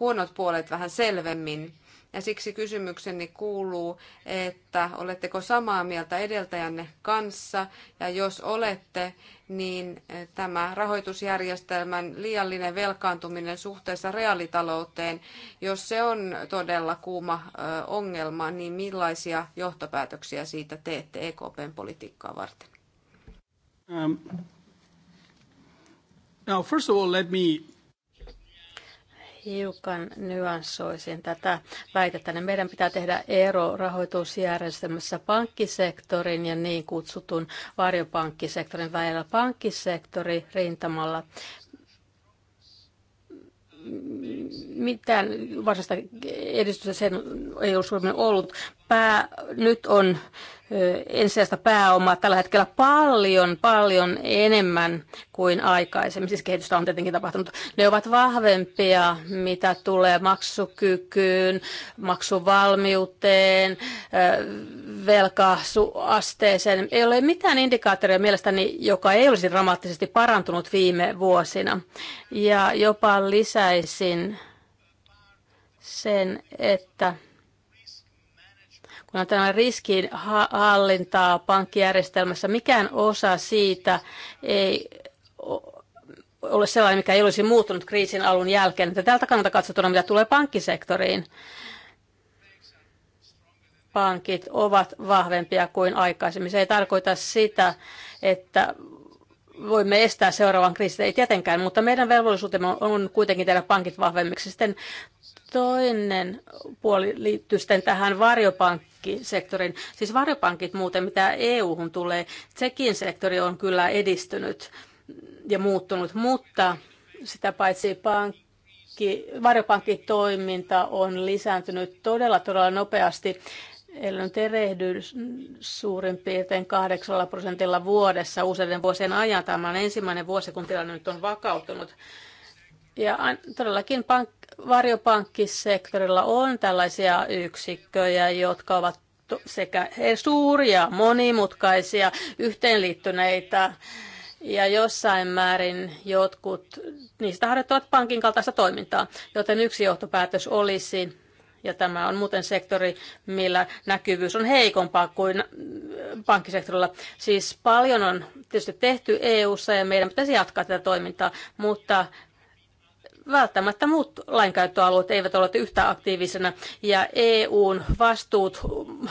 huonot puolet vähän selvemmin. Ja siksi kysymykseni kuuluu, että oletteko samaa mieltä edeltäjänne kanssa, ja jos olette, niin eh, tämä rahoitusjärjestelmän liiallinen velkaantuminen suhteessa reaalitalouteen, jos se on todella kuuma eh, ongelma, niin millaisia johtopäätöksiä siitä teette EKPn politiikkaa varten? Um, now first of all, let me hiukan nyanssoisin tätä väitettä. Niin meidän pitää tehdä ero rahoitusjärjestelmässä pankkisektorin ja niin kutsutun varjopankkisektorin välillä. Pankkisektori rintamalla mitään varsinaista edistystä sen ei ole Suomen ollut. Pää nyt on ensisijaista pääomaa tällä hetkellä paljon, paljon enemmän kuin aikaisemmin. Siis kehitystä on tietenkin tapahtunut. Ne ovat vahvempia, mitä tulee maksukykyyn, maksuvalmiuteen, velkaasteeseen. Ei ole mitään indikaattoria mielestäni, joka ei olisi dramaattisesti parantunut viime vuosina. Ja jopa lisäisin sen, että kun tämä riskin hallintaa pankkijärjestelmässä, mikään osa siitä ei ole sellainen, mikä ei olisi muuttunut kriisin alun jälkeen. Että tältä kannalta katsottuna, mitä tulee pankkisektoriin, pankit ovat vahvempia kuin aikaisemmin. Se ei tarkoita sitä, että voimme estää seuraavan kriisin, ei tietenkään, mutta meidän velvollisuutemme on kuitenkin tehdä pankit vahvemmiksi. Sitten Toinen puoli liittyy sitten tähän varjopankkisektorin. Siis varjopankit muuten, mitä EU-hun tulee, sekin sektori on kyllä edistynyt ja muuttunut, mutta sitä paitsi pankki, varjopankkitoiminta on lisääntynyt todella, todella nopeasti. Eli on terehdy suurin piirtein kahdeksalla prosentilla vuodessa useiden vuosien ajan. Tämä on ensimmäinen vuosi, kun tilanne nyt on vakautunut. Ja todellakin pank- varjopankkisektorilla on tällaisia yksikköjä, jotka ovat sekä suuria, monimutkaisia, yhteenliittyneitä ja jossain määrin jotkut niistä harjoittavat pankin kaltaista toimintaa, joten yksi johtopäätös olisi, ja tämä on muuten sektori, millä näkyvyys on heikompaa kuin äh, pankkisektorilla. Siis paljon on tietysti tehty EU-ssa ja meidän pitäisi jatkaa tätä toimintaa, mutta välttämättä muut lainkäyttöalueet eivät ole yhtä aktiivisena ja EUn vastuut mm,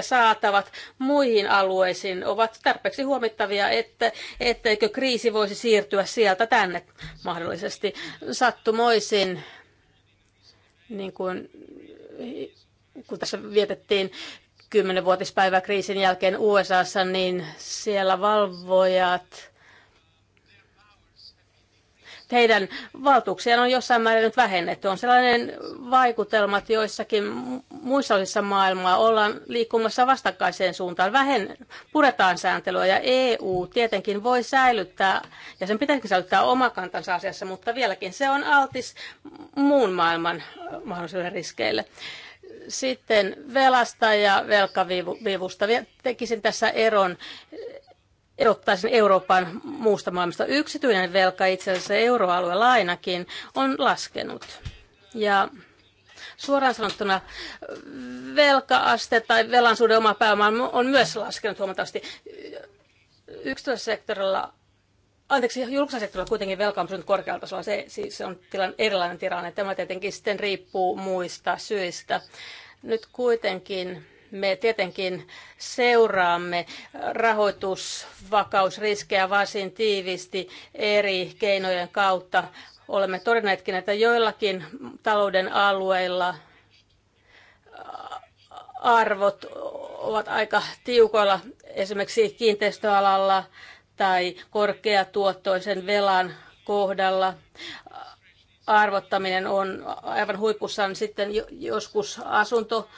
saatavat muihin alueisiin ovat tarpeeksi huomattavia, että, etteikö kriisi voisi siirtyä sieltä tänne mahdollisesti sattumoisin, niin kuin kun tässä vietettiin kymmenenvuotispäivä kriisin jälkeen USAssa, niin siellä valvojat heidän valtuuksiaan on jossain määrin nyt vähennetty. On sellainen vaikutelma, että joissakin muissa osissa maailmaa ollaan liikkumassa vastakkaiseen suuntaan. Vähen, puretaan sääntelyä ja EU tietenkin voi säilyttää, ja sen pitäisikin säilyttää oma kantansa asiassa, mutta vieläkin se on altis muun maailman mahdollisille riskeille sitten velasta ja velkavivusta. Tekisin tässä eron erottaisin Euroopan muusta maailmasta. Yksityinen velka itse asiassa euroalue lainakin on laskenut. Ja suoraan sanottuna velkaaste tai velan suhde oma pääomaan on myös laskenut huomattavasti. Yksityisellä sektorilla anteeksi, julkisella sektorilla kuitenkin velka on pysynyt korkealla tasolla. Se, siis se on tilan, erilainen tilanne. Tämä tietenkin sitten riippuu muista syistä. Nyt kuitenkin me tietenkin seuraamme rahoitusvakausriskejä varsin tiivisti eri keinojen kautta. Olemme todenneetkin, että joillakin talouden alueilla arvot ovat aika tiukoilla, esimerkiksi kiinteistöalalla tai korkeatuottoisen velan kohdalla arvottaminen on aivan huipussaan sitten joskus asunto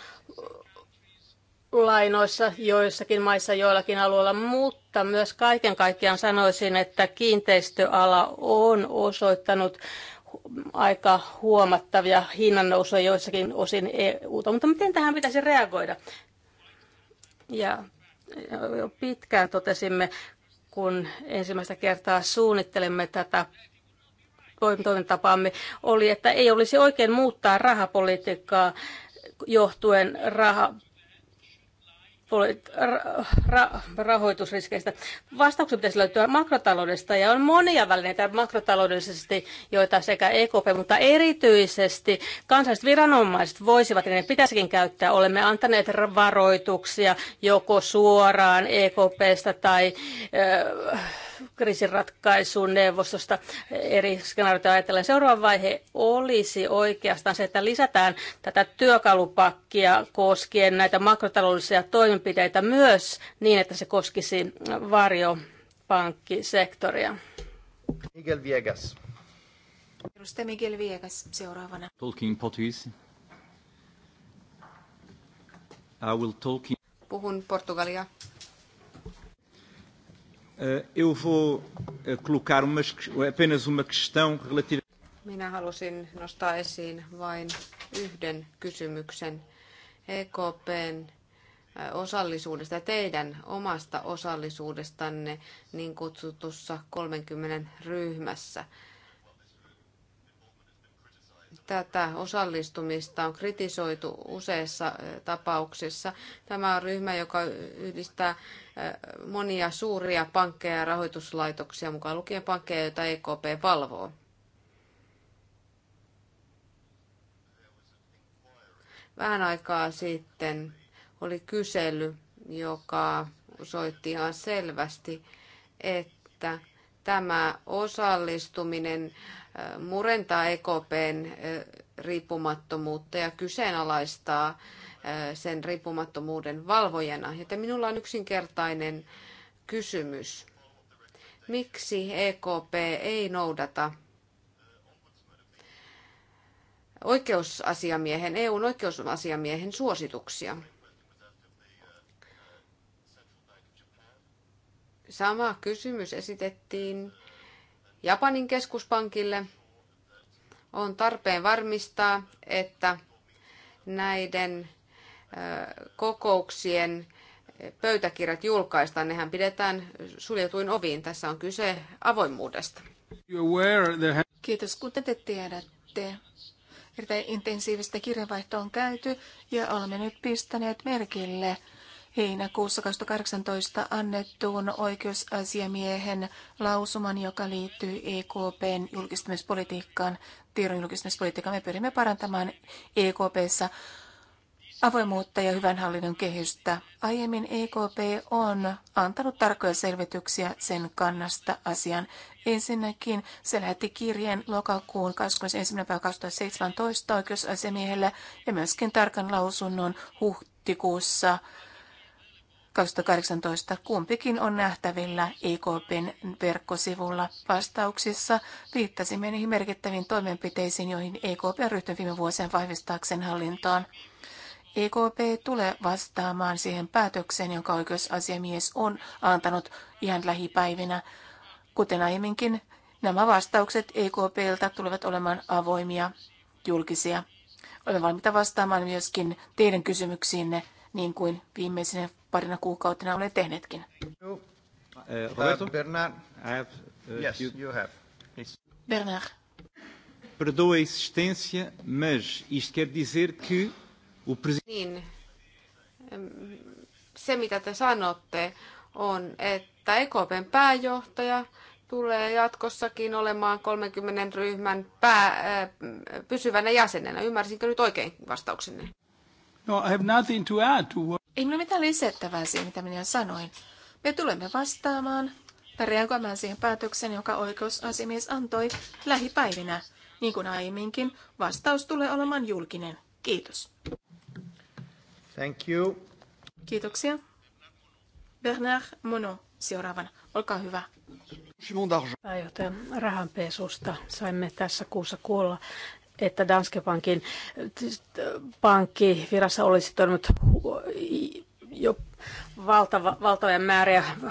lainoissa joissakin maissa joillakin alueilla, mutta myös kaiken kaikkiaan sanoisin, että kiinteistöala on osoittanut aika huomattavia hinnannousuja joissakin osin EUta. Mutta miten tähän pitäisi reagoida? Ja jo pitkään totesimme, kun ensimmäistä kertaa suunnittelemme tätä toimintatapaamme, oli, että ei olisi oikein muuttaa rahapolitiikkaa johtuen raha, rahoitusriskeistä. Vastauksen pitäisi löytyä makrotaloudesta ja on monia välineitä makrotaloudellisesti, joita sekä EKP, mutta erityisesti kansalliset viranomaiset voisivat ja ne pitäisikin käyttää. Olemme antaneet varoituksia joko suoraan EKPstä tai äh, kriisinratkaisuun neuvostosta eri skenaarioita ajatellen. Seuraava vaihe olisi oikeastaan se, että lisätään tätä työkalupakkia koskien näitä makrotaloudellisia toimenpiteitä myös niin, että se koskisi varjopankkisektoria. Miguel Viegas. Edustaja Miguel Viegas seuraavana. Talking Portuguese. I will talk in... Puhun portugalia. Eh, eu vou eh, colocar uma, apenas uma questão relativa... Minä halusin nostaa esiin vain yhden kysymyksen EKPn eh, osallisuudesta, teidän omasta osallisuudestanne niin kutsutussa 30 ryhmässä. Tätä osallistumista on kritisoitu useissa tapauksissa. Tämä on ryhmä, joka yhdistää monia suuria pankkeja ja rahoituslaitoksia, mukaan lukien pankkeja, joita EKP valvoo. Vähän aikaa sitten oli kysely, joka osoitti ihan selvästi, että tämä osallistuminen murentaa EKPn riippumattomuutta ja kyseenalaistaa sen riippumattomuuden valvojana. Joten minulla on yksinkertainen kysymys. Miksi EKP ei noudata oikeusasiamiehen, EUn oikeusasiamiehen suosituksia? Sama kysymys esitettiin Japanin keskuspankille. On tarpeen varmistaa, että näiden kokouksien pöytäkirjat julkaistaan, nehän pidetään suljetuin oviin. Tässä on kyse avoimuudesta. Kiitos, kuten te tiedätte. Erittäin intensiivistä kirjanvaihtoa on käyty ja olemme nyt pistäneet merkille heinäkuussa 2018 annettuun oikeusasiamiehen lausuman, joka liittyy EKPn julkistamispolitiikkaan, tiedon julkistamispolitiikkaan. Me pyrimme parantamaan EKPssä avoimuutta ja hyvän hallinnon kehystä. Aiemmin EKP on antanut tarkkoja selvityksiä sen kannasta asian. Ensinnäkin se lähetti kirjeen lokakuun 21.2017 päivä oikeusasiamiehelle ja myöskin tarkan lausunnon huhtikuussa 2018 kumpikin on nähtävillä EKPn verkkosivulla. Vastauksissa viittasimme niihin merkittäviin toimenpiteisiin, joihin EKP on ryhtynyt viime vuosien vahvistaakseen hallintoon. EKP tulee vastaamaan siihen päätökseen, jonka oikeusasiamies on antanut ihan lähipäivinä. Kuten aiemminkin, nämä vastaukset EKPltä tulevat olemaan avoimia, julkisia. Olemme valmiita vastaamaan myöskin teidän kysymyksiinne niin kuin viimeisenä parina kuukautena olen tehneetkin. Eh, Bernard, eh, Perdoa a existência, mas isto quer dizer que o presidente... Niin. Se, mitä te sanotte, on, että EKPn pääjohtaja tulee jatkossakin olemaan 30 ryhmän pää, äh, pysyvänä jäsenenä. Ymmärsinkö nyt oikein vastauksenne? No, I have nothing to add to what... Ei minulla mitään lisättävää siihen, mitä minä sanoin. Me tulemme vastaamaan tai reagoimaan siihen päätöksen, joka oikeusasimies antoi lähipäivinä. Niin kuin aiemminkin, vastaus tulee olemaan julkinen. Kiitos. Thank you. Kiitoksia. Bernard Mono seuraavana. Olkaa hyvä. Pääjohtaja rahanpesusta saimme tässä kuussa kuolla että Danske Bankin pankkivirassa olisi toiminut jo valtava, valtavia määriä 2002-2015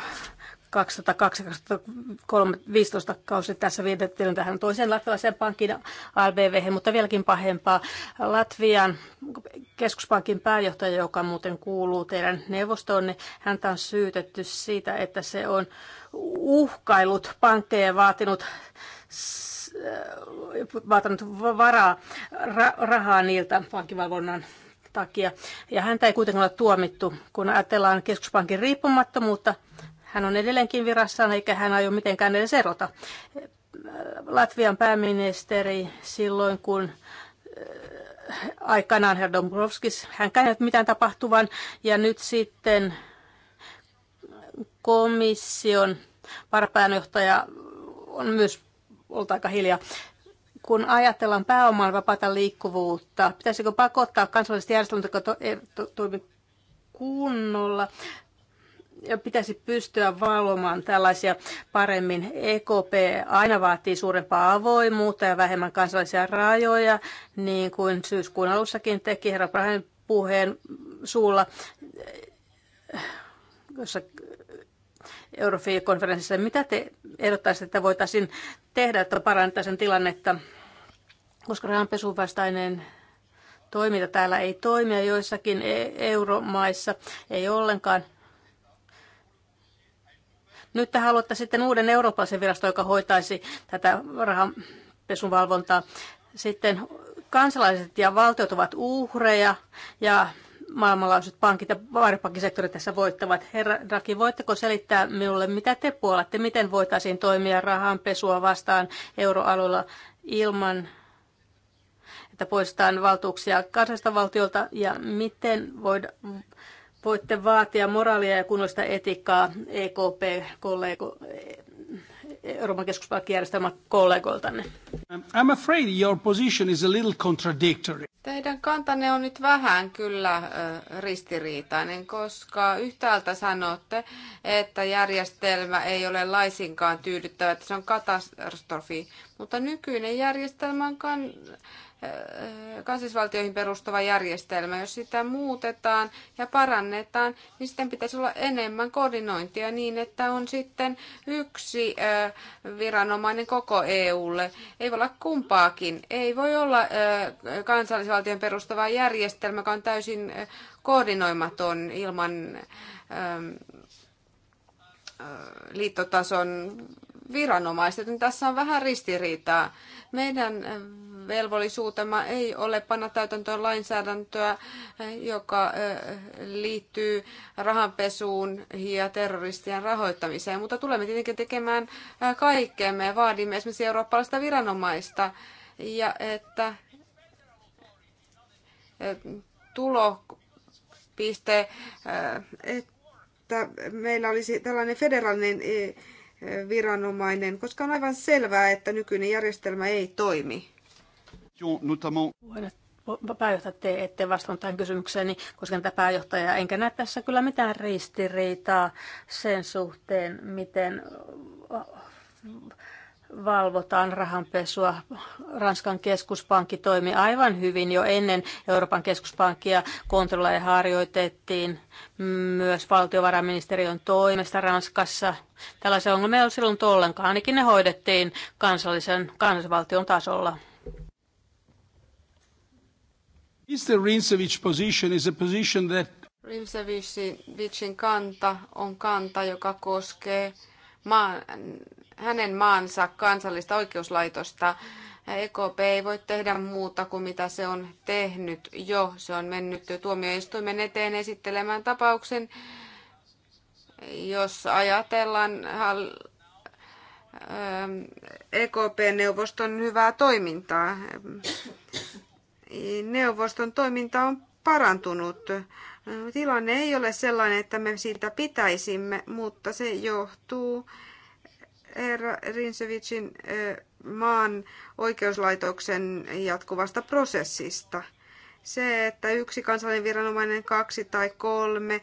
kausi tässä viitettiin tähän toiseen latvalaiseen pankkiin ABV, mutta vieläkin pahempaa. Latvian keskuspankin pääjohtaja, joka muuten kuuluu teidän neuvostoonne, häntä on syytetty siitä, että se on uhkailut pankkeja ja vaatinut Äh, vaatanut varaa, rahaa niiltä pankkivalvonnan takia. Ja häntä ei kuitenkaan ole tuomittu. Kun ajatellaan keskuspankin riippumattomuutta, hän on edelleenkin virassaan eikä hän aio mitenkään edes erota. Äh, Latvian pääministeri silloin, kun äh, aikanaan Herr Dombrovskis, hän ei mitään tapahtuvan, ja nyt sitten komission varapäänjohtaja on myös olta aika hiljaa. Kun ajatellaan pääoman vapaata liikkuvuutta, pitäisikö pakottaa kansalliset järjestelmät, jotka e, toimivat kunnolla, ja pitäisi pystyä valvomaan tällaisia paremmin. EKP aina vaatii suurempaa avoimuutta ja vähemmän kansallisia rajoja, niin kuin syyskuun alussakin teki herra Brahen puheen suulla, jossa Eurofi-konferenssissa. Mitä te ehdottaisitte, että voitaisiin tehdä, että parannettaisiin tilannetta, koska rahanpesuvastainen vastainen toiminta täällä ei toimia joissakin e- euromaissa, ei ollenkaan. Nyt te haluatte sitten uuden eurooppalaisen viraston, joka hoitaisi tätä rahanpesun valvontaa. Sitten kansalaiset ja valtiot ovat uhreja ja maailmanlaajuiset pankit ja vaaripankkisektori tässä voittavat. Herra Draghi, voitteko selittää minulle, mitä te puolatte, miten voitaisiin toimia rahanpesua vastaan euroalueella ilman, että poistetaan valtuuksia kansallista valtiolta ja miten voida, voitte vaatia moraalia ja kunnollista etiikkaa EKP-kollego, Euroopan keskuspankkijärjestelmän kollegoiltanne? I'm afraid your position is a little contradictory. Teidän kantanne on nyt vähän kyllä ristiriitainen, koska yhtäältä sanotte, että järjestelmä ei ole laisinkaan tyydyttävä, että se on katastrofi. Mutta nykyinen järjestelmä on kan, äh, kansallisvaltioihin perustuva järjestelmä. Jos sitä muutetaan ja parannetaan, niin sitten pitäisi olla enemmän koordinointia niin, että on sitten yksi äh, viranomainen koko EUlle. Ei voi olla kumpaakin. Ei voi olla äh, kansallisvaltion perustava järjestelmä, joka on täysin koordinoimaton ilman ähm, liittotason viranomaiset, niin tässä on vähän ristiriitaa. Meidän velvollisuutemme ei ole panna täytäntöön lainsäädäntöä, joka liittyy rahanpesuun ja terroristien rahoittamiseen, mutta tulemme tietenkin tekemään kaikkeemme ja vaadimme esimerkiksi eurooppalaista viranomaista ja että tulopiste, että meillä olisi tällainen federaalinen viranomainen, koska on aivan selvää, että nykyinen järjestelmä ei toimi. Pääjohtaja, te ette vastannut tähän kysymykseeni, niin koska tätä pääjohtajaa, enkä näe tässä kyllä mitään ristiriitaa sen suhteen, miten valvotaan rahanpesua. Ranskan keskuspankki toimi aivan hyvin jo ennen Euroopan keskuspankkia. Kontrolleja harjoitettiin myös valtiovarainministeriön toimesta Ranskassa. Tällaisia ongelmia ei silloin ollenkaan, ainakin ne hoidettiin kansallisen kansallisvaltion tasolla. Mr. Rinsevich position is a position that... Rinsevichin kanta on kanta, joka koskee maan hänen maansa kansallista oikeuslaitosta. EKP ei voi tehdä muuta kuin mitä se on tehnyt jo. Se on mennyt jo tuomioistuimen eteen esittelemään tapauksen, jos ajatellaan ähm, EKP-neuvoston hyvää toimintaa. Niin neuvoston toiminta on parantunut. Tilanne ei ole sellainen, että me siitä pitäisimme, mutta se johtuu Eero Rinsevicin maan oikeuslaitoksen jatkuvasta prosessista. Se, että yksi kansallinen viranomainen, kaksi tai kolme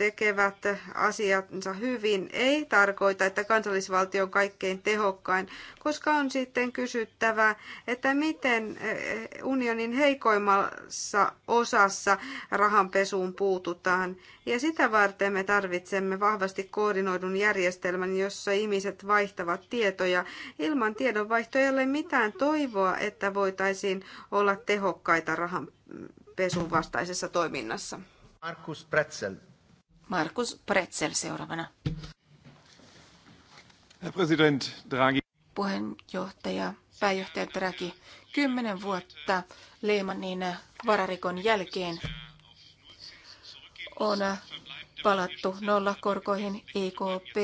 tekevät asiansa hyvin, ei tarkoita, että kansallisvaltio on kaikkein tehokkain, koska on sitten kysyttävä, että miten eh, unionin heikoimmassa osassa rahanpesuun puututaan. Ja sitä varten me tarvitsemme vahvasti koordinoidun järjestelmän, jossa ihmiset vaihtavat tietoja. Ilman tiedonvaihtoja ei ole mitään toivoa, että voitaisiin olla tehokkaita rahanpesuun vastaisessa toiminnassa. Markus Pretzel. Markus Pretzel seuraavana. Herr President Draghi. Puheenjohtaja, pääjohtaja Draghi, kymmenen vuotta Lehmannin vararikon jälkeen on palattu nollakorkoihin EKP.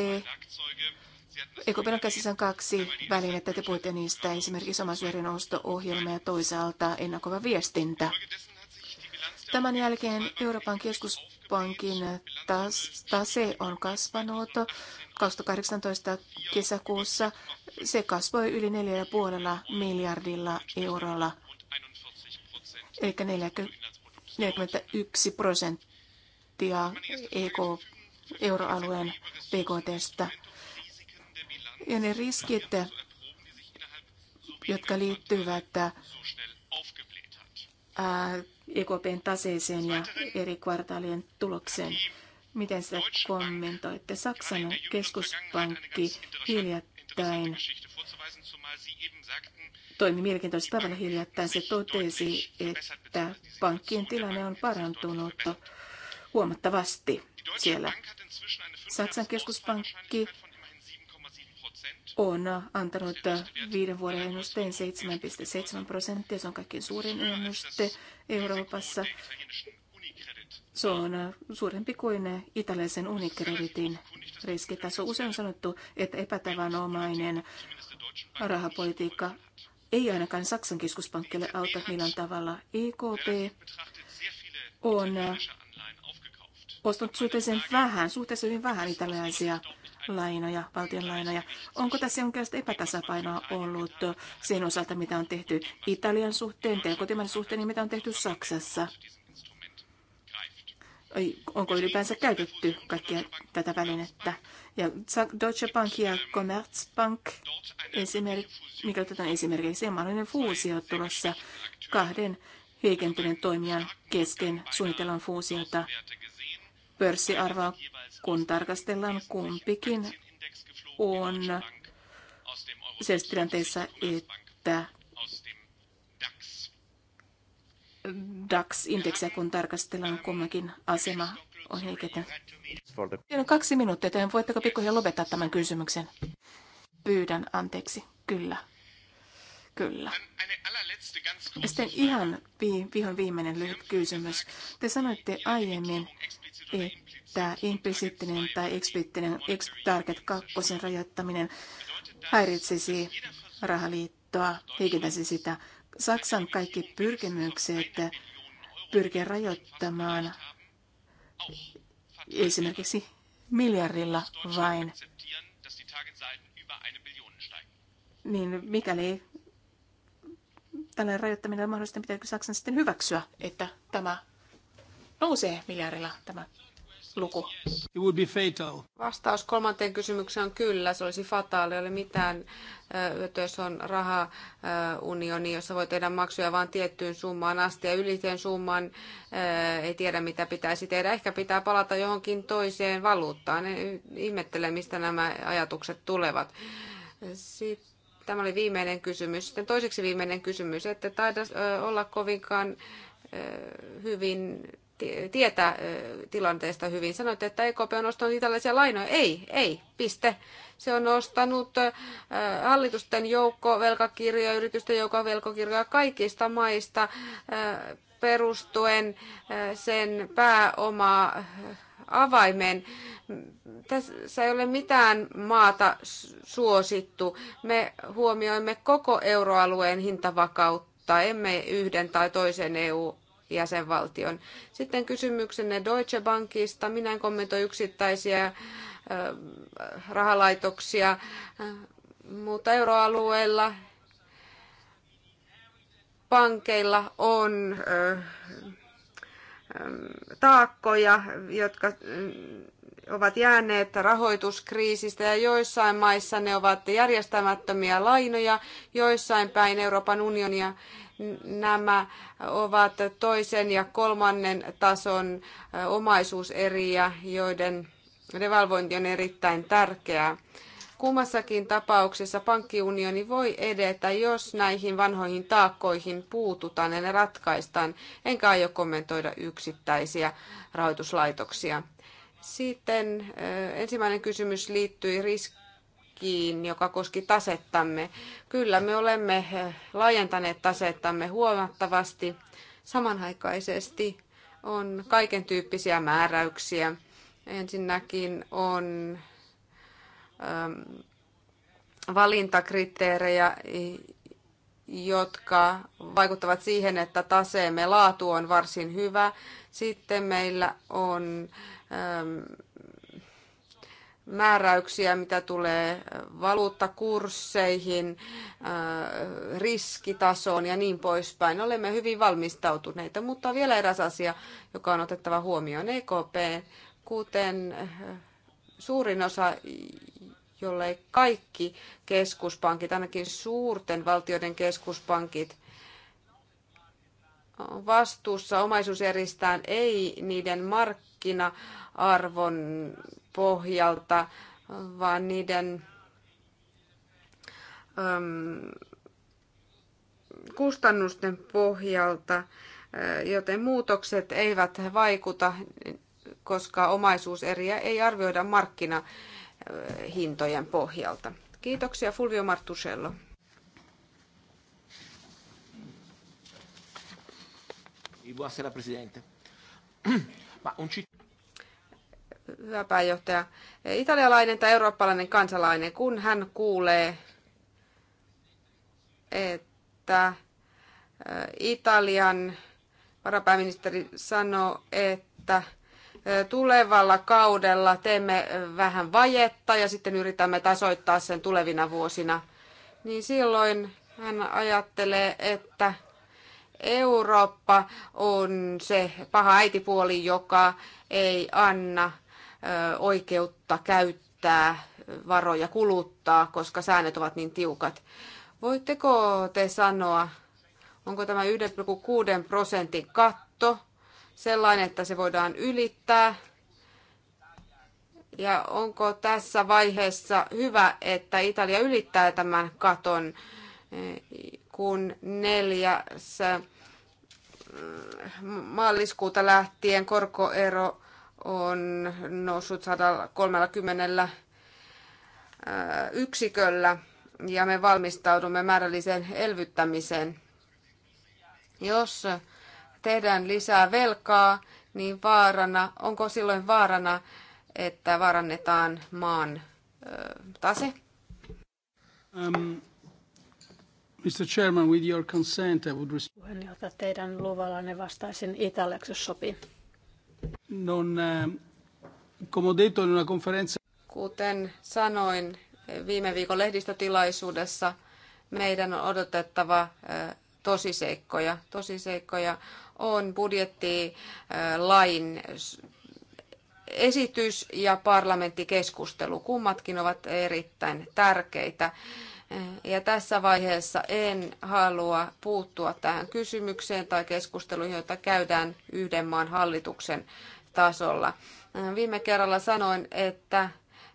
EKP on käsissä kaksi välinettä, te puhutte niistä, esimerkiksi omaisuuden osto-ohjelma ja toisaalta ennakova viestintä. Tämän jälkeen Euroopan keskus pankin tase on kasvanut 2018 kesäkuussa. Se kasvoi yli 4,5 miljardilla eurolla, eli 41 prosenttia EK, euroalueen BKTstä. Ja ne riskit, jotka liittyvät EKPn taseeseen ja eri kvartaalien tulokseen. Miten sitä kommentoitte? Saksan keskuspankki hiljattain toimi mielenkiintoisesti tavalla hiljattain. Se totesi, että pankkien tilanne on parantunut huomattavasti siellä. Saksan keskuspankki on antanut viiden vuoden ennusteen 7,7 prosenttia. Se on kaikkein suurin ennuste Euroopassa. Se on suurempi kuin italialaisen unikreditin riskitaso. Usein on sanottu, että epätavanomainen rahapolitiikka ei ainakaan Saksan keskuspankkille auta millään tavalla. EKP on ostanut suhteellisen vähän, suhteellisen hyvin vähän italialaisia lainoja, valtion lainoja. Onko tässä jonkinlaista epätasapainoa ollut sen osalta, mitä on tehty Italian suhteen tai kotimaan suhteen ja niin mitä on tehty Saksassa? Onko ylipäänsä käytetty kaikkia tätä välinettä? Ja Deutsche Bank ja Commerzbank, esimerk, mikä otetaan esimerkiksi, mahdollinen fuusio tulossa kahden heikentyneen toimijan kesken suunnitellaan fuusiota pörssiarvoa, kun tarkastellaan kumpikin on sellaisessa tilanteessa, että DAX-indeksiä, kun tarkastellaan kummakin asema on heikentynyt. Teillä on kaksi minuuttia, joten voitteko pikkuhiljaa lopettaa tämän kysymyksen? Pyydän anteeksi. Kyllä. Kyllä. Ja sitten ihan vi- vihon viimeinen lyhyt kysymys. Te sanoitte aiemmin, että implisiittinen tai eksplittinen target 2 rajoittaminen häiritsisi rahaliittoa, heikentäisi sitä. Saksan kaikki pyrkimykset pyrkiä rajoittamaan esimerkiksi miljardilla vain, niin mikäli tällainen rajoittaminen on mahdollista, niin pitääkö Saksan sitten hyväksyä, että tämä nousee miljardilla tämä luku? It would be fatal. Vastaus kolmanteen kysymykseen on kyllä, se olisi fataali, ei ole mitään hyötyä, jos on rahaunioni, jossa voi tehdä maksuja vain tiettyyn summaan asti ja yliteen summaan ei tiedä mitä pitäisi tehdä. Ehkä pitää palata johonkin toiseen valuuttaan. Ihmettelee, mistä nämä ajatukset tulevat. Sitten Tämä oli viimeinen kysymys. Sitten toiseksi viimeinen kysymys, että taida olla kovinkaan hyvin tietää tilanteesta hyvin. Sanoitte, että EKP on ostanut italaisia lainoja. Ei, ei, piste. Se on ostanut hallitusten joukko velkakirjoja, yritysten joukko velkakirjoja kaikista maista perustuen sen pääoma avaimen. Tässä ei ole mitään maata suosittu. Me huomioimme koko euroalueen hintavakautta, emme yhden tai toisen EU jäsenvaltion. Sitten kysymyksenne Deutsche Bankista. Minä en kommentoi yksittäisiä rahalaitoksia, mutta euroalueella pankeilla on taakkoja, jotka ovat jääneet rahoituskriisistä ja joissain maissa ne ovat järjestämättömiä lainoja, joissain päin Euroopan unionia Nämä ovat toisen ja kolmannen tason omaisuuseriä, joiden devalvointi on erittäin tärkeää. Kummassakin tapauksessa pankkiunioni voi edetä, jos näihin vanhoihin taakkoihin puututaan ja ne ratkaistaan, enkä aio kommentoida yksittäisiä rahoituslaitoksia. Sitten ensimmäinen kysymys liittyi riskiin riskiin, joka koski tasettamme. Kyllä me olemme eh, laajentaneet tasettamme huomattavasti. Samanaikaisesti on kaiken tyyppisiä määräyksiä. Ensinnäkin on ehm, valintakriteerejä, jotka vaikuttavat siihen, että taseemme laatu on varsin hyvä. Sitten meillä on ehm, määräyksiä, mitä tulee valuuttakursseihin, äh, riskitasoon ja niin poispäin. Olemme hyvin valmistautuneita, mutta vielä eräs asia, joka on otettava huomioon. EKP, kuten äh, suurin osa, jollei kaikki keskuspankit, ainakin suurten valtioiden keskuspankit, vastuussa omaisuuseristään, ei niiden markkina-arvon pohjalta, vaan niiden ähm, kustannusten pohjalta, äh, joten muutokset eivät vaikuta, koska omaisuuseriä ei arvioida markkinahintojen pohjalta. Kiitoksia Fulvio Martusello. Buonasera Presidente. Ma un citt- hyvä pääjohtaja, italialainen tai eurooppalainen kansalainen, kun hän kuulee, että Italian varapääministeri sanoi, että tulevalla kaudella teemme vähän vajetta ja sitten yritämme tasoittaa sen tulevina vuosina, niin silloin hän ajattelee, että Eurooppa on se paha äitipuoli, joka ei anna oikeutta käyttää varoja kuluttaa, koska säännöt ovat niin tiukat. Voitteko te sanoa, onko tämä 1,6 prosentin katto sellainen, että se voidaan ylittää? Ja onko tässä vaiheessa hyvä, että Italia ylittää tämän katon, kun neljäs maaliskuuta lähtien korkoero on noussut 130 äh, yksiköllä ja me valmistaudumme määrälliseen elvyttämiseen. Jos tehdään lisää velkaa, niin vaarana, onko silloin vaarana, että vaarannetaan maan äh, tase? Um, Mr. Chairman, with your consent, I would... Puheenjohtaja, teidän luvallanne vastaisin italiaksi, jos sopii. Non, eh, come detto, in una conferenza... Kuten sanoin eh, viime viikon lehdistötilaisuudessa, meidän on odotettava eh, tosiseikkoja. Tosiseikkoja on budjettilain esitys ja parlamenttikeskustelu. Kummatkin ovat erittäin tärkeitä. Ja tässä vaiheessa en halua puuttua tähän kysymykseen tai keskusteluun, jota käydään yhden maan hallituksen tasolla. Viime kerralla sanoin, että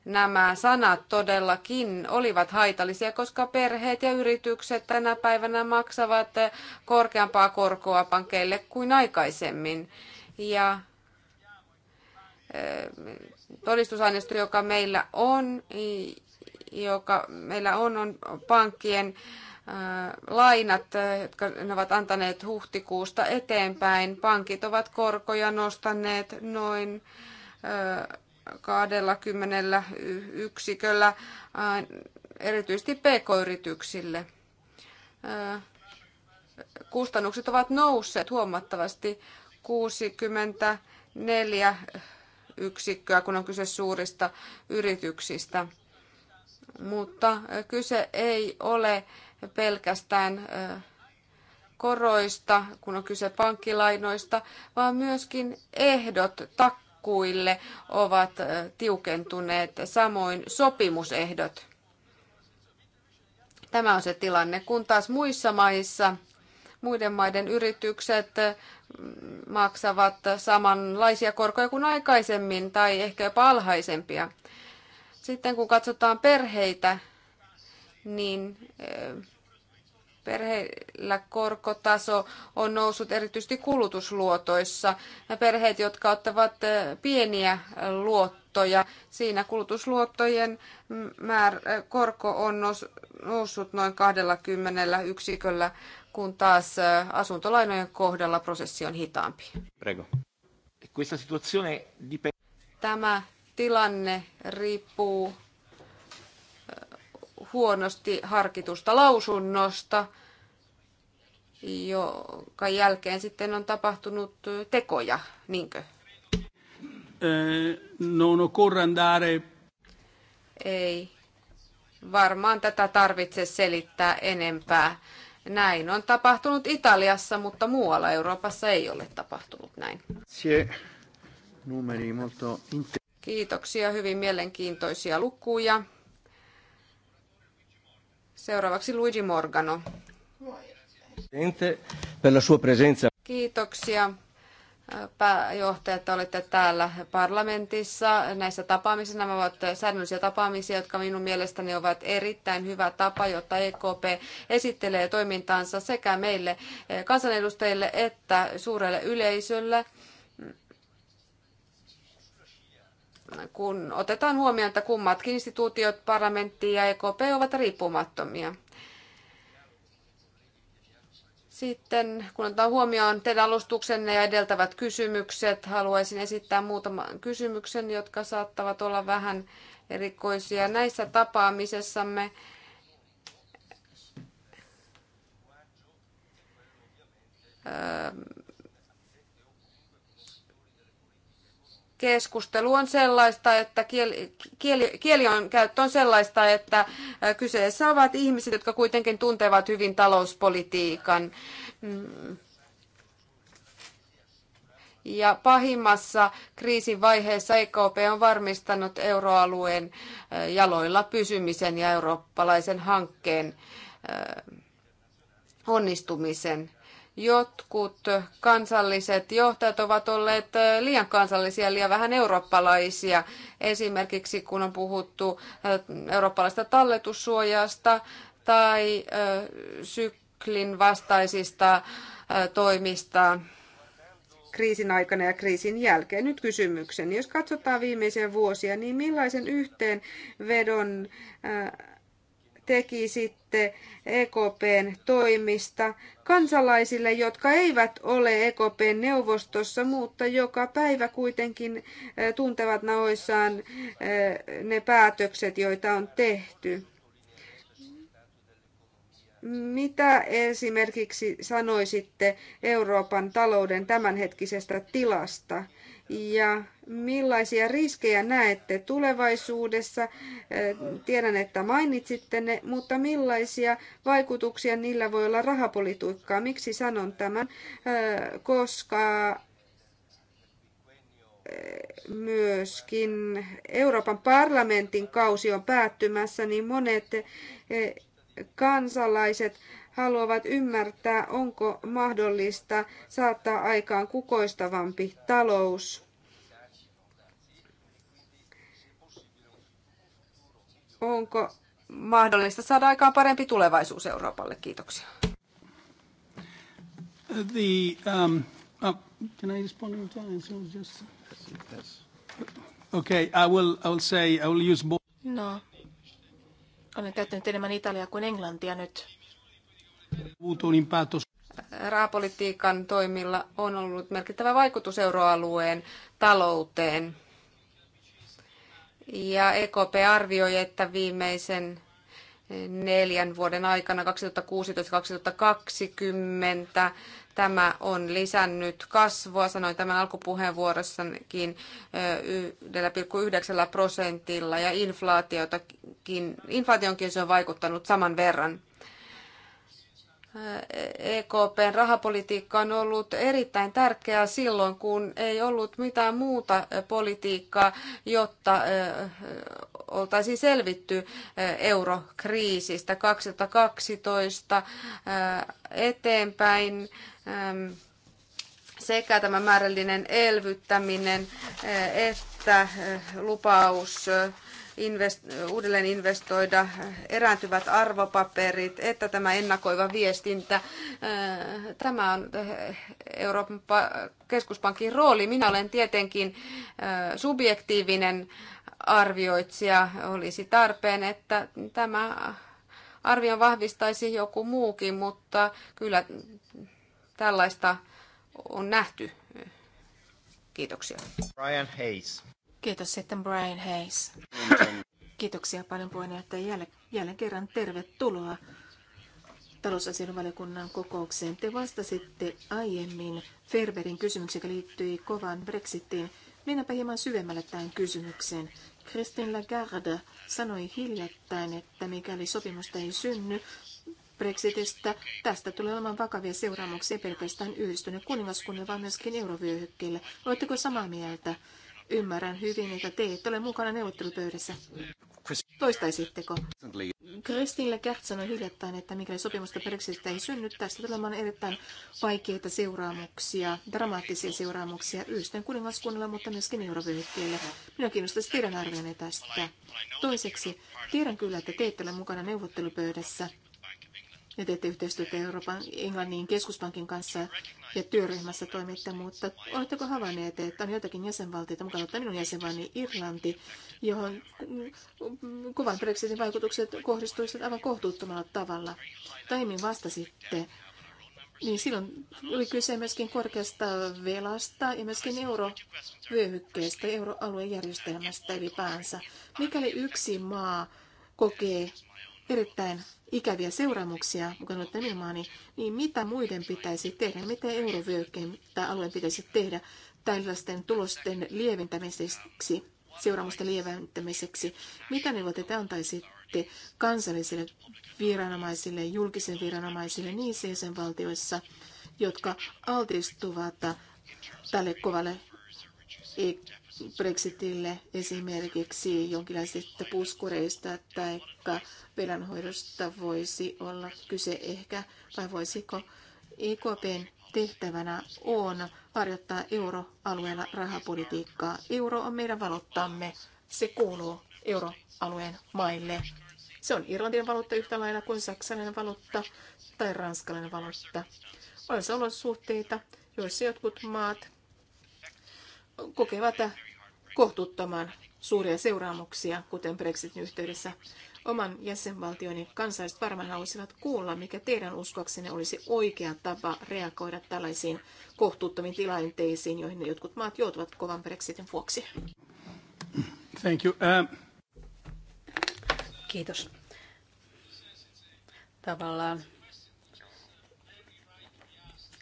nämä sanat todellakin olivat haitallisia, koska perheet ja yritykset tänä päivänä maksavat korkeampaa korkoa pankeille kuin aikaisemmin. Ja eh, todistusaineisto, joka meillä on, joka meillä on, on pankkien lainat, jotka ne ovat antaneet huhtikuusta eteenpäin. Pankit ovat korkoja nostaneet noin 20 yksiköllä, erityisesti pk-yrityksille. Kustannukset ovat nousseet huomattavasti 64 yksikköä, kun on kyse suurista yrityksistä mutta kyse ei ole pelkästään koroista, kun on kyse pankkilainoista, vaan myöskin ehdot takkuille ovat tiukentuneet, samoin sopimusehdot. Tämä on se tilanne, kun taas muissa maissa muiden maiden yritykset maksavat samanlaisia korkoja kuin aikaisemmin tai ehkä jopa alhaisempia. Sitten kun katsotaan perheitä, niin perheillä korkotaso on noussut erityisesti kulutusluotoissa. Ja perheet, jotka ottavat pieniä luottoja, siinä kulutusluottojen määr- korko on noussut noin 20 yksiköllä, kun taas asuntolainojen kohdalla prosessi on hitaampi. Prego. E Tämä tilanne riippuu huonosti harkitusta lausunnosta, jonka jälkeen sitten on tapahtunut tekoja, niinkö? Non occorre andare. Ei varmaan tätä tarvitse selittää enempää. Näin on tapahtunut Italiassa, mutta muualla Euroopassa ei ole tapahtunut näin. Numeri molto Kiitoksia, hyvin mielenkiintoisia lukuja. Seuraavaksi Luigi Morgano. Kiitoksia pääjohtaja, että olette täällä parlamentissa näissä tapaamisissa. Nämä ovat säännöllisiä tapaamisia, jotka minun mielestäni ovat erittäin hyvä tapa, jotta EKP esittelee toimintaansa sekä meille kansanedustajille että suurelle yleisölle. kun otetaan huomioon, että kummatkin instituutiot, parlamentti ja EKP ovat riippumattomia. Sitten kun otetaan huomioon teidän alustuksenne ja edeltävät kysymykset, haluaisin esittää muutaman kysymyksen, jotka saattavat olla vähän erikoisia. Näissä tapaamisessamme öö, keskustelu on sellaista, että kieli, kieli, kieli on, käyttö on sellaista, että kyseessä ovat ihmiset, jotka kuitenkin tuntevat hyvin talouspolitiikan. Mm. Ja pahimmassa kriisin vaiheessa EKP on varmistanut euroalueen jaloilla pysymisen ja eurooppalaisen hankkeen onnistumisen jotkut kansalliset johtajat ovat olleet liian kansallisia, liian vähän eurooppalaisia. Esimerkiksi kun on puhuttu eurooppalaista talletussuojasta tai syklin vastaisista toimista kriisin aikana ja kriisin jälkeen. Nyt kysymyksen. Jos katsotaan viimeisiä vuosia, niin millaisen yhteenvedon teki sitten EKPn toimista kansalaisille, jotka eivät ole EKPn neuvostossa, mutta joka päivä kuitenkin tuntevat naoissaan ne päätökset, joita on tehty. Mitä esimerkiksi sanoisitte Euroopan talouden tämänhetkisestä tilasta ja millaisia riskejä näette tulevaisuudessa? Eh, tiedän, että mainitsitte ne, mutta millaisia vaikutuksia niillä voi olla rahapolitiikkaa? Miksi sanon tämän? Eh, koska eh, myöskin Euroopan parlamentin kausi on päättymässä, niin monet kansalaiset haluavat ymmärtää, onko mahdollista saattaa aikaan kukoistavampi talous onko mahdollista saada aikaan parempi tulevaisuus Euroopalle? Kiitoksia. The, um, oh, can I respond in time? So just... Okay, I will, I will say, I will use both. No, olen käyttänyt enemmän Italiaa kuin Englantia nyt. Raapolitiikan toimilla on ollut merkittävä vaikutus euroalueen talouteen. Ja EKP arvioi, että viimeisen neljän vuoden aikana 2016-2020 tämä on lisännyt kasvua. Sanoin tämän alkupuheenvuorossakin 1,9 prosentilla ja inflaatiotakin, inflaationkin se on vaikuttanut saman verran. EKPn rahapolitiikka on ollut erittäin tärkeää silloin, kun ei ollut mitään muuta politiikkaa, jotta oltaisiin selvitty eurokriisistä 2012 eteenpäin sekä tämä määrällinen elvyttäminen että lupaus invest- uudelleen investoida erääntyvät arvopaperit, että tämä ennakoiva viestintä. Äh, tämä on äh, Euroopan keskuspankin rooli. Minä olen tietenkin äh, subjektiivinen arvioitsija. Olisi tarpeen, että tämä arvion vahvistaisi joku muukin, mutta kyllä tällaista on nähty. Kiitoksia. Brian Hayes. Kiitos sitten Brian Hayes. Kiitoksia paljon puheenjohtaja. Jälleen, jälleen kerran tervetuloa talousasioiden valiokunnan kokoukseen. Te vastasitte aiemmin Ferberin kysymykseen, joka liittyi kovaan Brexitiin. Mennäänpä hieman syvemmälle tähän kysymykseen. Christine Lagarde sanoi hiljattain, että mikäli sopimusta ei synny Brexitistä, tästä tulee olemaan vakavia seuraamuksia pelkästään yhdistyneen kuningaskunnan, vaan myöskin eurovyöhykkeelle. Oletteko samaa mieltä? Ymmärrän hyvin, että te ette ole mukana neuvottelupöydässä. Toistaisitteko? Christine Lagarde sanoi hiljattain, että mikäli sopimusta Brexitistä ei synny, tästä tulemaan erittäin vaikeita seuraamuksia, dramaattisia seuraamuksia Yhdistön kuningaskunnalle, mutta myöskin eurovyöhykkeelle. Minä kiinnostaisi teidän arvionne tästä. Toiseksi, tiedän kyllä, että te ette ole mukana neuvottelupöydässä, ja teette yhteistyötä Euroopan Englannin keskuspankin kanssa ja työryhmässä toimitte, mutta oletteko havainneet, että on joitakin jäsenvaltioita, mukaan ottaa minun jäsenvaltioni Irlanti, johon kovan Brexitin vaikutukset kohdistuisivat aivan kohtuuttomalla tavalla. Taimin vastasitte niin silloin oli kyse myöskin korkeasta velasta ja myöskin eurovyöhykkeestä, euroalueen järjestelmästä ylipäänsä. Mikäli yksi maa kokee erittäin ikäviä seuraamuksia, kun olet maani, niin mitä muiden pitäisi tehdä, mitä eurovyökkien tai alueen pitäisi tehdä tällaisten tulosten lieventämiseksi, seuraamusten lieventämiseksi, mitä ne voitte antaisitte kansallisille viranomaisille, julkisille viranomaisille niissä jäsenvaltioissa, jotka altistuvat tälle kovalle Brexitille esimerkiksi jonkinlaisista puskureista tai velanhoidosta voisi olla kyse ehkä, vai voisiko EKPn tehtävänä on harjoittaa euroalueella rahapolitiikkaa. Euro on meidän valuuttamme. Se kuuluu euroalueen maille. Se on Irlantin valuutta yhtä lailla kuin saksalainen valuutta tai ranskalainen valuutta. On olosuhteita, joissa jotkut maat kokevat kohtuuttoman suuria seuraamuksia, kuten Brexitin yhteydessä. Oman jäsenvaltioni kansalaiset varmaan haluaisivat kuulla, mikä teidän uskoaksenne olisi oikea tapa reagoida tällaisiin kohtuuttomiin tilanteisiin, joihin ne jotkut maat joutuvat kovan Brexitin vuoksi. Thank you. Um... Kiitos. Tavallaan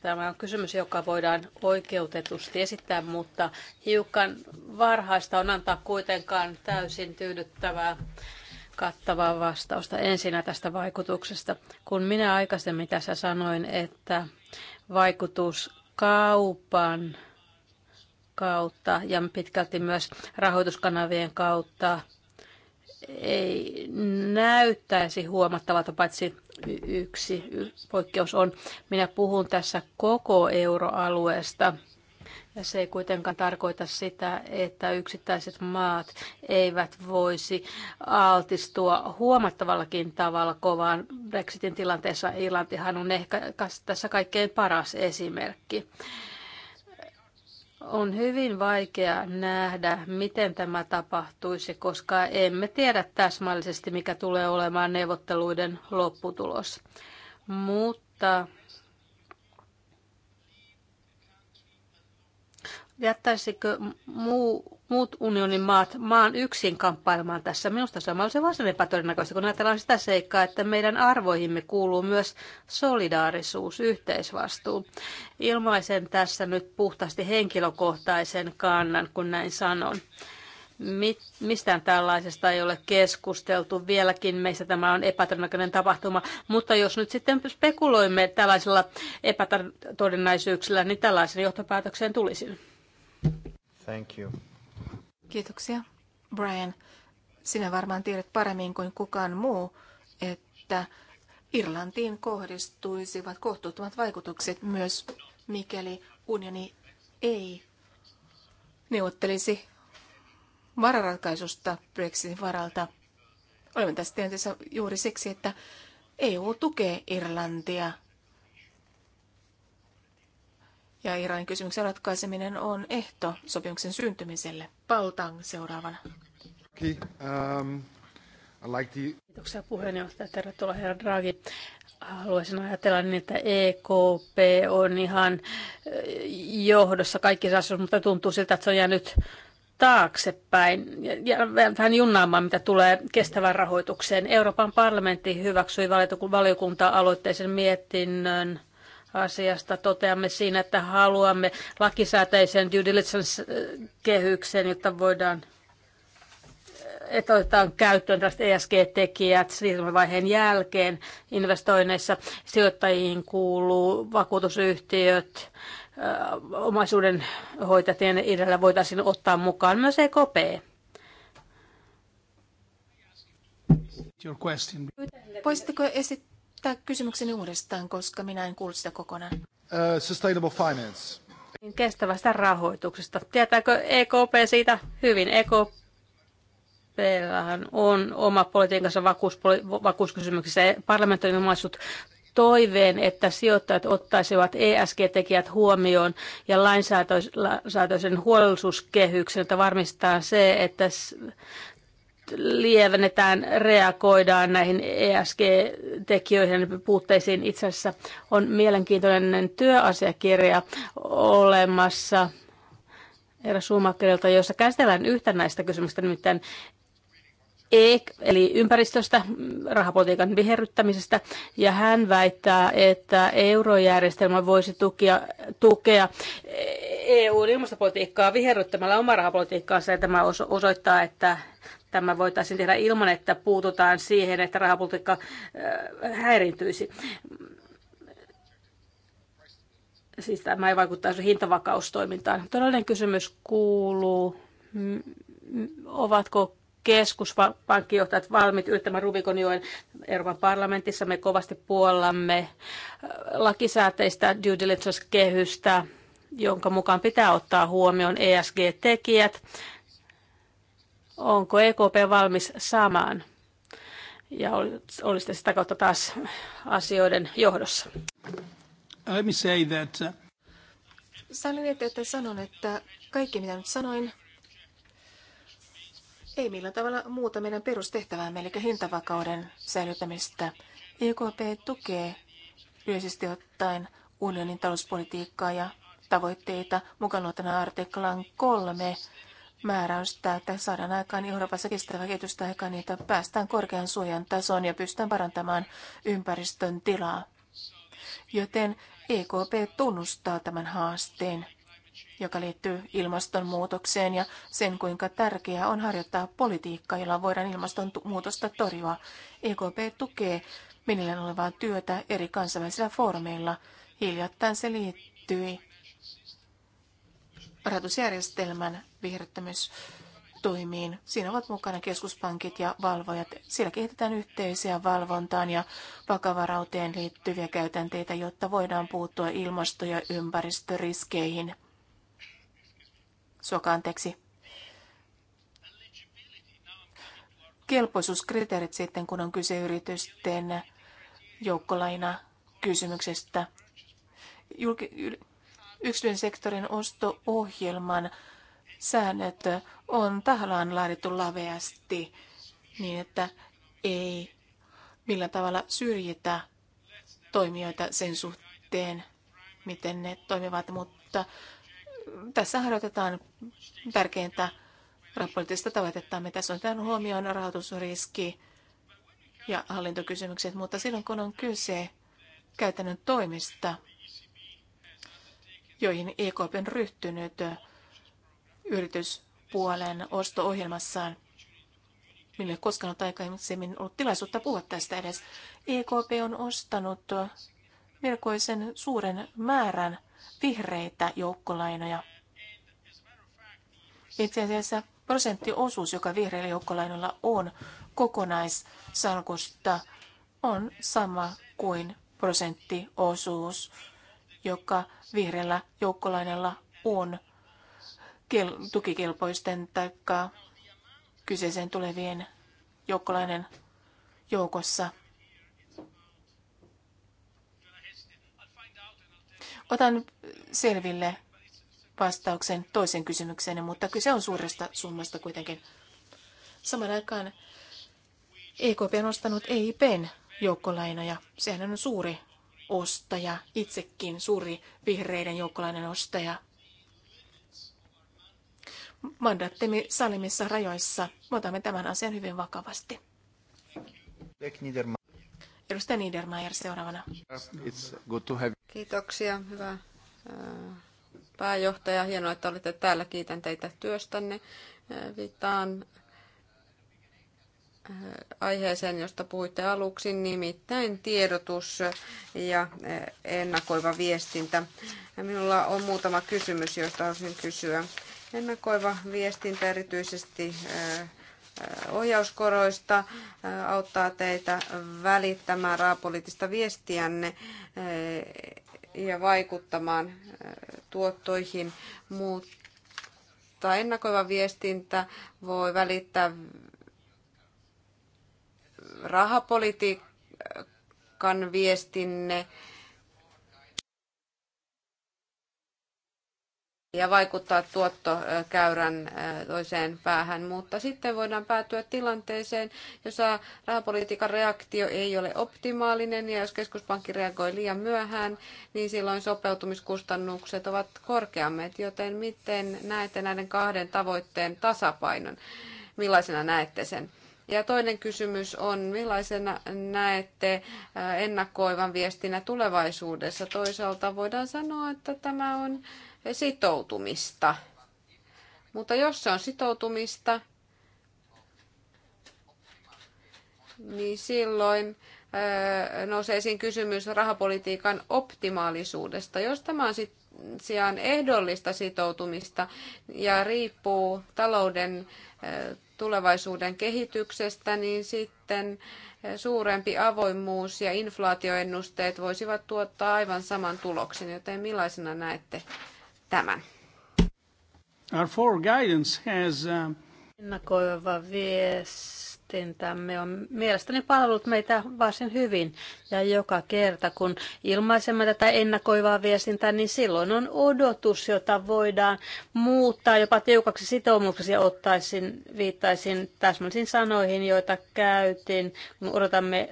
Tämä on kysymys, joka voidaan oikeutetusti esittää, mutta hiukan varhaista on antaa kuitenkaan täysin tyydyttävää kattavaa vastausta ensinnä tästä vaikutuksesta. Kun minä aikaisemmin tässä sanoin, että vaikutus kaupan kautta ja pitkälti myös rahoituskanavien kautta ei näyttäisi huomattavalta, paitsi yksi poikkeus on. Minä puhun tässä koko euroalueesta. Ja se ei kuitenkaan tarkoita sitä, että yksittäiset maat eivät voisi altistua huomattavallakin tavalla kovaan Brexitin tilanteessa. Irlantihan on ehkä tässä kaikkein paras esimerkki. On hyvin vaikea nähdä, miten tämä tapahtuisi, koska emme tiedä täsmällisesti, mikä tulee olemaan neuvotteluiden lopputulos. Mutta jättäisikö muu muut unionin maat maan yksin kamppailemaan tässä. Minusta se on mahdollisen varsin epätodennäköistä, kun ajatellaan sitä seikkaa, että meidän arvoihimme kuuluu myös solidaarisuus, yhteisvastuu. Ilmaisen tässä nyt puhtaasti henkilökohtaisen kannan, kun näin sanon. Mit, mistään tällaisesta ei ole keskusteltu. Vieläkin meissä tämä on epätodennäköinen tapahtuma, mutta jos nyt sitten spekuloimme tällaisilla epätodennäisyyksillä, niin tällaisen johtopäätökseen tulisin. Thank you. Kiitoksia. Brian, sinä varmaan tiedät paremmin kuin kukaan muu, että Irlantiin kohdistuisivat kohtuuttomat vaikutukset myös, mikäli unioni ei neuvottelisi vararatkaisusta Brexitin varalta. Olemme tässä tilanteessa juuri siksi, että EU tukee Irlantia ja Iranin kysymyksen ratkaiseminen on ehto sopimuksen syntymiselle. Paltan seuraavana. Ki, um, Kiitoksia puheenjohtaja. Tervetuloa herra Draghi. Haluaisin ajatella niin, että EKP on ihan johdossa kaikissa asioissa, mutta tuntuu siltä, että se on jäänyt taaksepäin ja, ja vähän junnaamaan, mitä tulee kestävän rahoitukseen. Euroopan parlamentti hyväksyi valiokunta-aloitteisen mietinnön asiasta. Toteamme siinä, että haluamme lakisääteisen due diligence-kehyksen, jotta voidaan että otetaan käyttöön tästä ESG-tekijät siirtymävaiheen jälkeen investoinneissa. Sijoittajiin kuuluu vakuutusyhtiöt, omaisuuden hoitajien niin edellä voitaisiin ottaa mukaan myös EKP. Voisitteko esittää? esittää kysymykseni uudestaan, koska minä en kuullut sitä kokonaan. Uh, sustainable finance. Niin, kestävästä rahoituksesta. Tietääkö EKP siitä hyvin? EKP on oma politiikassa vakuuskysymyksissä. Parlamentti on ilmaissut toiveen, että sijoittajat ottaisivat ESG-tekijät huomioon ja lainsäätöisen huolellisuuskehyksen, että varmistaa se, että lievennetään, reagoidaan näihin ESG-tekijöihin puutteisiin. Itse asiassa on mielenkiintoinen työasiakirja olemassa Eero suomakirjalta, jossa käsitellään yhtä näistä kysymyksistä, nimittäin E, eli ympäristöstä, rahapolitiikan viherryttämisestä, ja hän väittää, että eurojärjestelmä voisi tukea, tukea EUn ilmastopolitiikkaa viherryttämällä omaa rahapolitiikkaansa, ja tämä osoittaa, että tämä voitaisiin tehdä ilman, että puututaan siihen, että rahapolitiikka häirintyisi. Siis tämä ei vaikuttaisi hintavakaustoimintaan. Todellinen kysymys kuuluu, ovatko keskuspankkijohtajat valmiit ylittämään Rubikonjoen Euroopan parlamentissa. Me kovasti puollamme lakisääteistä due diligence-kehystä, jonka mukaan pitää ottaa huomioon ESG-tekijät Onko EKP valmis saamaan? Ja olisitte sitä kautta taas asioiden johdossa. Let me say that... Uh, Sallin että sanon, että kaikki mitä nyt sanoin, ei millään tavalla muuta meidän perustehtäväämme, eli hintavakauden säilyttämistä. EKP tukee yleisesti ottaen unionin talouspolitiikkaa ja tavoitteita mukana luotana artiklan kolme määräystä, että saadaan aikaan Euroopassa kestävä kehitystä aikaan, niin että päästään korkean suojan tasoon ja pystytään parantamaan ympäristön tilaa. Joten EKP tunnustaa tämän haasteen, joka liittyy ilmastonmuutokseen ja sen, kuinka tärkeää on harjoittaa politiikkaa, jolla voidaan ilmastonmuutosta torjua. EKP tukee meneillään olevaa työtä eri kansainvälisillä foorumeilla. Hiljattain se liittyy rahoitusjärjestelmän viherryttämistoimiin. Siinä ovat mukana keskuspankit ja valvojat. Siellä kehitetään yhteisiä valvontaan ja vakavarauteen liittyviä käytänteitä, jotta voidaan puuttua ilmasto- ja ympäristöriskeihin. Suoka anteeksi. Kelpoisuuskriteerit sitten, kun on kyse yritysten joukkolaina kysymyksestä. Julki, yksityisen sektorin osto-ohjelman säännöt on tahallaan laadittu laveasti niin, että ei millään tavalla syrjitä toimijoita sen suhteen, miten ne toimivat, mutta mm, tässä harjoitetaan tärkeintä raportista tavoitettamme. Tässä on tämän huomioon rahoitusriski ja hallintokysymykset, mutta silloin kun on kyse käytännön toimista, joihin EKP on ryhtynyt yrityspuolen osto-ohjelmassaan. Mille koskaan on aikaisemmin ollut tilaisuutta puhua tästä edes. EKP on ostanut melkoisen suuren määrän vihreitä joukkolainoja. Itse asiassa prosenttiosuus, joka vihreillä joukkolainoilla on kokonaissalkusta, on sama kuin prosenttiosuus joka vihreällä joukkolainalla on kel- tukikelpoisten tai kyseiseen tulevien joukkolainen joukossa. Otan selville vastauksen toisen kysymykseen, mutta kyse on suuresta summasta kuitenkin. Saman aikaan EKP on ostanut EIPn joukkolainoja. Sehän on suuri ostaja, itsekin suuri vihreiden joukkolainen ostaja. Mandaattimme salimissa rajoissa. Me otamme tämän asian hyvin vakavasti. Edustaja Niedermayer seuraavana. Kiitoksia, hyvä äh, pääjohtaja. Hienoa, että olette täällä. Kiitän teitä työstänne. Äh, viittaan aiheeseen, josta puhuitte aluksi, nimittäin tiedotus ja eh, ennakoiva viestintä. Minulla on muutama kysymys, joista haluaisin kysyä. Ennakoiva viestintä erityisesti eh, ohjauskoroista eh, auttaa teitä välittämään raapoliittista viestiänne ja vaikuttamaan tuottoihin, mutta ennakoiva viestintä voi välittää rahapolitiikan viestinne ja vaikuttaa tuottokäyrän toiseen päähän, mutta sitten voidaan päätyä tilanteeseen, jossa rahapolitiikan reaktio ei ole optimaalinen ja jos keskuspankki reagoi liian myöhään, niin silloin sopeutumiskustannukset ovat korkeammat, joten miten näette näiden kahden tavoitteen tasapainon? Millaisena näette sen? Ja toinen kysymys on, millaisena näette äh, ennakoivan viestinä tulevaisuudessa? Toisaalta voidaan sanoa, että tämä on sitoutumista. Mutta jos se on sitoutumista, niin silloin äh, nousee esiin kysymys rahapolitiikan optimaalisuudesta. Jos tämä on sit sijaan ehdollista sitoutumista ja riippuu talouden äh, tulevaisuuden kehityksestä, niin sitten suurempi avoimuus ja inflaatioennusteet voisivat tuottaa aivan saman tuloksen, joten millaisena näette tämän? Our forward guidance has, uh... Ennakoiva viesti viestintämme on mielestäni palvelut meitä varsin hyvin. Ja joka kerta, kun ilmaisemme tätä ennakoivaa viestintää, niin silloin on odotus, jota voidaan muuttaa jopa tiukaksi sitoumukseksi. ottaisin, viittaisin täsmällisiin sanoihin, joita käytin, kun odotamme,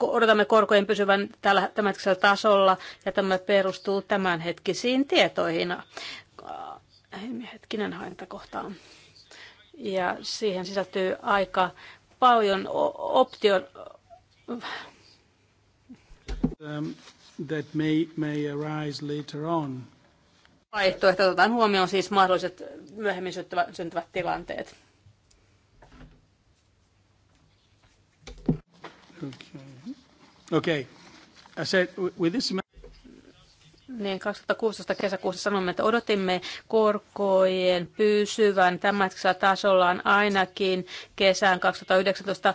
odotamme korkojen pysyvän tällä tämänhetkisellä tasolla. Ja tämä perustuu tämänhetkisiin tietoihin. Hetkinen haintakohtaan. kohtaan ja siihen sisältyy aika paljon option... Um, that may, may arise later on. Vaihtoehto otetaan huomioon siis mahdolliset myöhemmin syntyvät, syntyvät tilanteet. Okay. Okay. I said with this niin 2016 kesäkuussa sanomme, että odotimme korkojen pysyvän tämäksellä tasollaan ainakin kesään 2019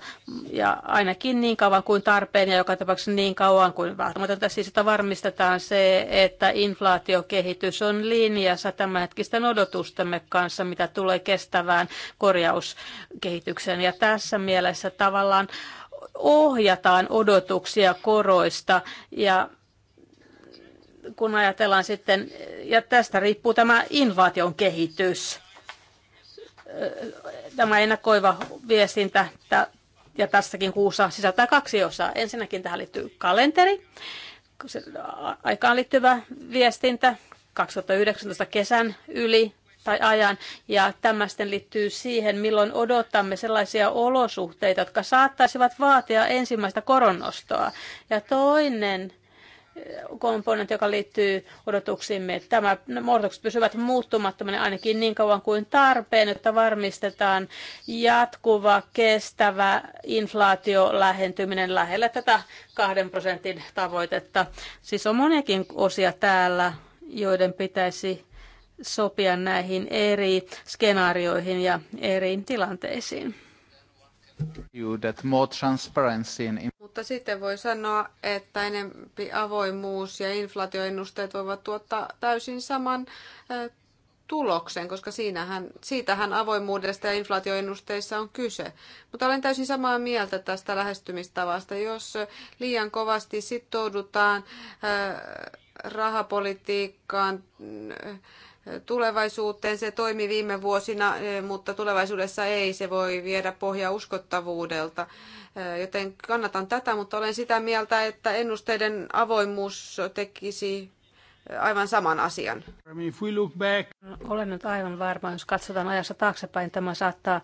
ja ainakin niin kauan kuin tarpeen ja joka tapauksessa niin kauan kuin välttämätöntä. Siis että varmistetaan se, että inflaatiokehitys on linjassa tämänhetkisten odotustemme kanssa, mitä tulee kestävään korjauskehitykseen. Ja tässä mielessä tavallaan ohjataan odotuksia koroista ja kun ajatellaan sitten, ja tästä riippuu tämä invaation kehitys, tämä ennakoiva viestintä, ja tässäkin kuussa sisältää kaksi osaa. Ensinnäkin tähän liittyy kalenteri, aikaan liittyvä viestintä 2019 kesän yli tai ajan. Ja tämä sitten liittyy siihen, milloin odotamme sellaisia olosuhteita, jotka saattaisivat vaatia ensimmäistä koronnostoa. Ja toinen komponentti, joka liittyy odotuksiimme. Tämä odotukset pysyvät muuttumattomana ainakin niin kauan kuin tarpeen, että varmistetaan jatkuva, kestävä inflaatio lähentyminen lähelle tätä kahden prosentin tavoitetta. Siis on monekin osia täällä, joiden pitäisi sopia näihin eri skenaarioihin ja eri tilanteisiin. Mutta sitten voi sanoa, että enempi avoimuus ja inflaatioennusteet voivat tuottaa täysin saman tuloksen, koska siinähän, siitähän avoimuudesta ja inflaatioennusteissa on kyse. Mutta olen täysin samaa mieltä tästä lähestymistavasta. Jos liian kovasti sitoudutaan rahapolitiikkaan, tulevaisuuteen. Se toimi viime vuosina, eh, mutta tulevaisuudessa ei. Se voi viedä pohjaa uskottavuudelta. Eh, joten kannatan tätä, mutta olen sitä mieltä, että ennusteiden avoimuus tekisi eh, aivan saman asian. Olen nyt aivan varma, jos katsotaan ajassa taaksepäin, tämä saattaa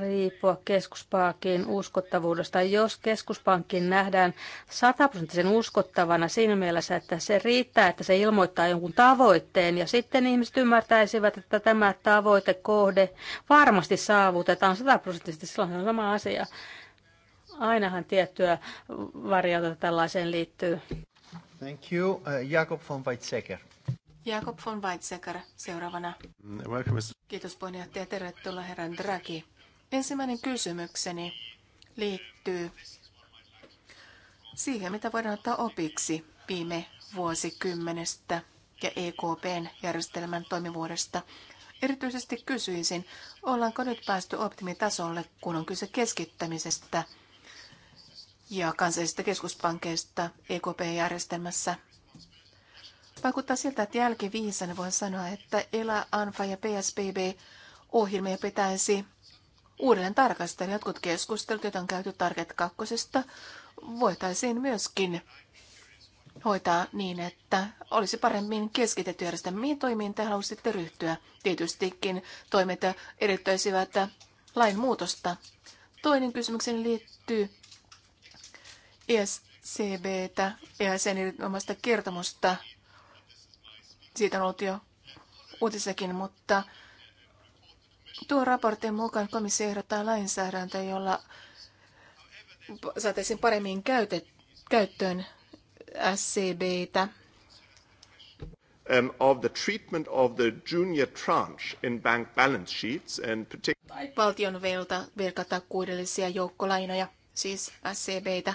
riippua keskuspankin uskottavuudesta. Jos keskuspankin nähdään sataprosenttisen uskottavana siinä mielessä, että se riittää, että se ilmoittaa jonkun tavoitteen ja sitten ihmiset ymmärtäisivät, että tämä tavoitekohde varmasti saavutetaan sataprosenttisesti, silloin on sama asia. Ainahan tiettyä varjota tällaiseen liittyy. Thank you. Uh, Jakob von Weizsäcker. Jakob von Weizsäcker seuraavana. Mm, welcome. Kiitos puheenjohtaja. Tervetuloa herran Draghi. Ensimmäinen kysymykseni liittyy siihen, mitä voidaan ottaa opiksi viime vuosikymmenestä ja EKPn järjestelmän toimivuudesta. Erityisesti kysyisin, ollaanko nyt päästy optimitasolle, kun on kyse keskittämisestä ja kansallisista keskuspankeista EKP-järjestelmässä. Vaikuttaa siltä, että jälkiviisana voin sanoa, että ELA, ANFA ja PSBB ohjelmia pitäisi uudelleen tarkastella. Jotkut keskustelut, joita on käyty Target 2, voitaisiin myöskin hoitaa niin, että olisi paremmin keskitetty järjestää, mihin toimiin te halusitte ryhtyä. Tietystikin toimet edellyttäisivät muutosta. Toinen kysymykseni liittyy ESCBtä ja e sen omasta kertomusta. Siitä on ollut jo uutisakin, mutta Tuon raportin mukaan komissio ehdottaa lainsäädäntöä, jolla saataisiin paremmin käytet, käyttöön SCBtä. Um, of the treatment of the junior tranche in bank balance sheets and Valtion velta, velkatakuudellisia joukkolainoja, siis SCBtä.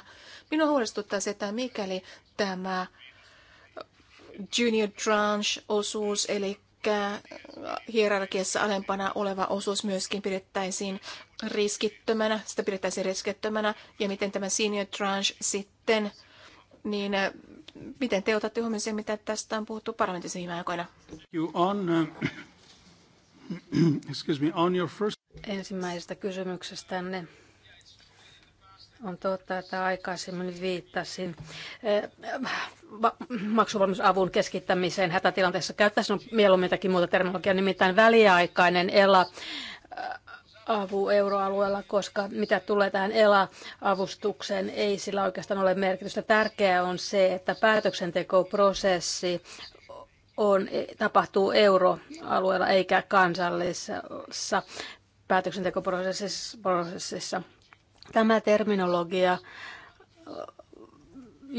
Minua huolestuttaa se, että mikäli tämä junior tranche-osuus, eli hierarkiassa alempana oleva osuus myöskin pidettäisiin riskittömänä, sitä pidettäisiin riskittömänä, ja miten tämä senior tranche sitten, niin äh, miten te otatte huomioon sen, mitä tästä on puhuttu parlamentissa viime aikoina? You on, uh, excuse me, on your first... Ensimmäisestä kysymyksestänne on totta, että aikaisemmin viittasin äh, maksuvalmiusavun keskittämiseen hätätilanteessa. Käyttäisin mieluummin jotakin muuta terminologiaa, nimittäin väliaikainen ELA äh, avu euroalueella, koska mitä tulee tähän ELA-avustukseen, ei sillä oikeastaan ole merkitystä. Tärkeää on se, että päätöksentekoprosessi on, tapahtuu euroalueella eikä kansallisessa päätöksentekoprosessissa. Tämä terminologia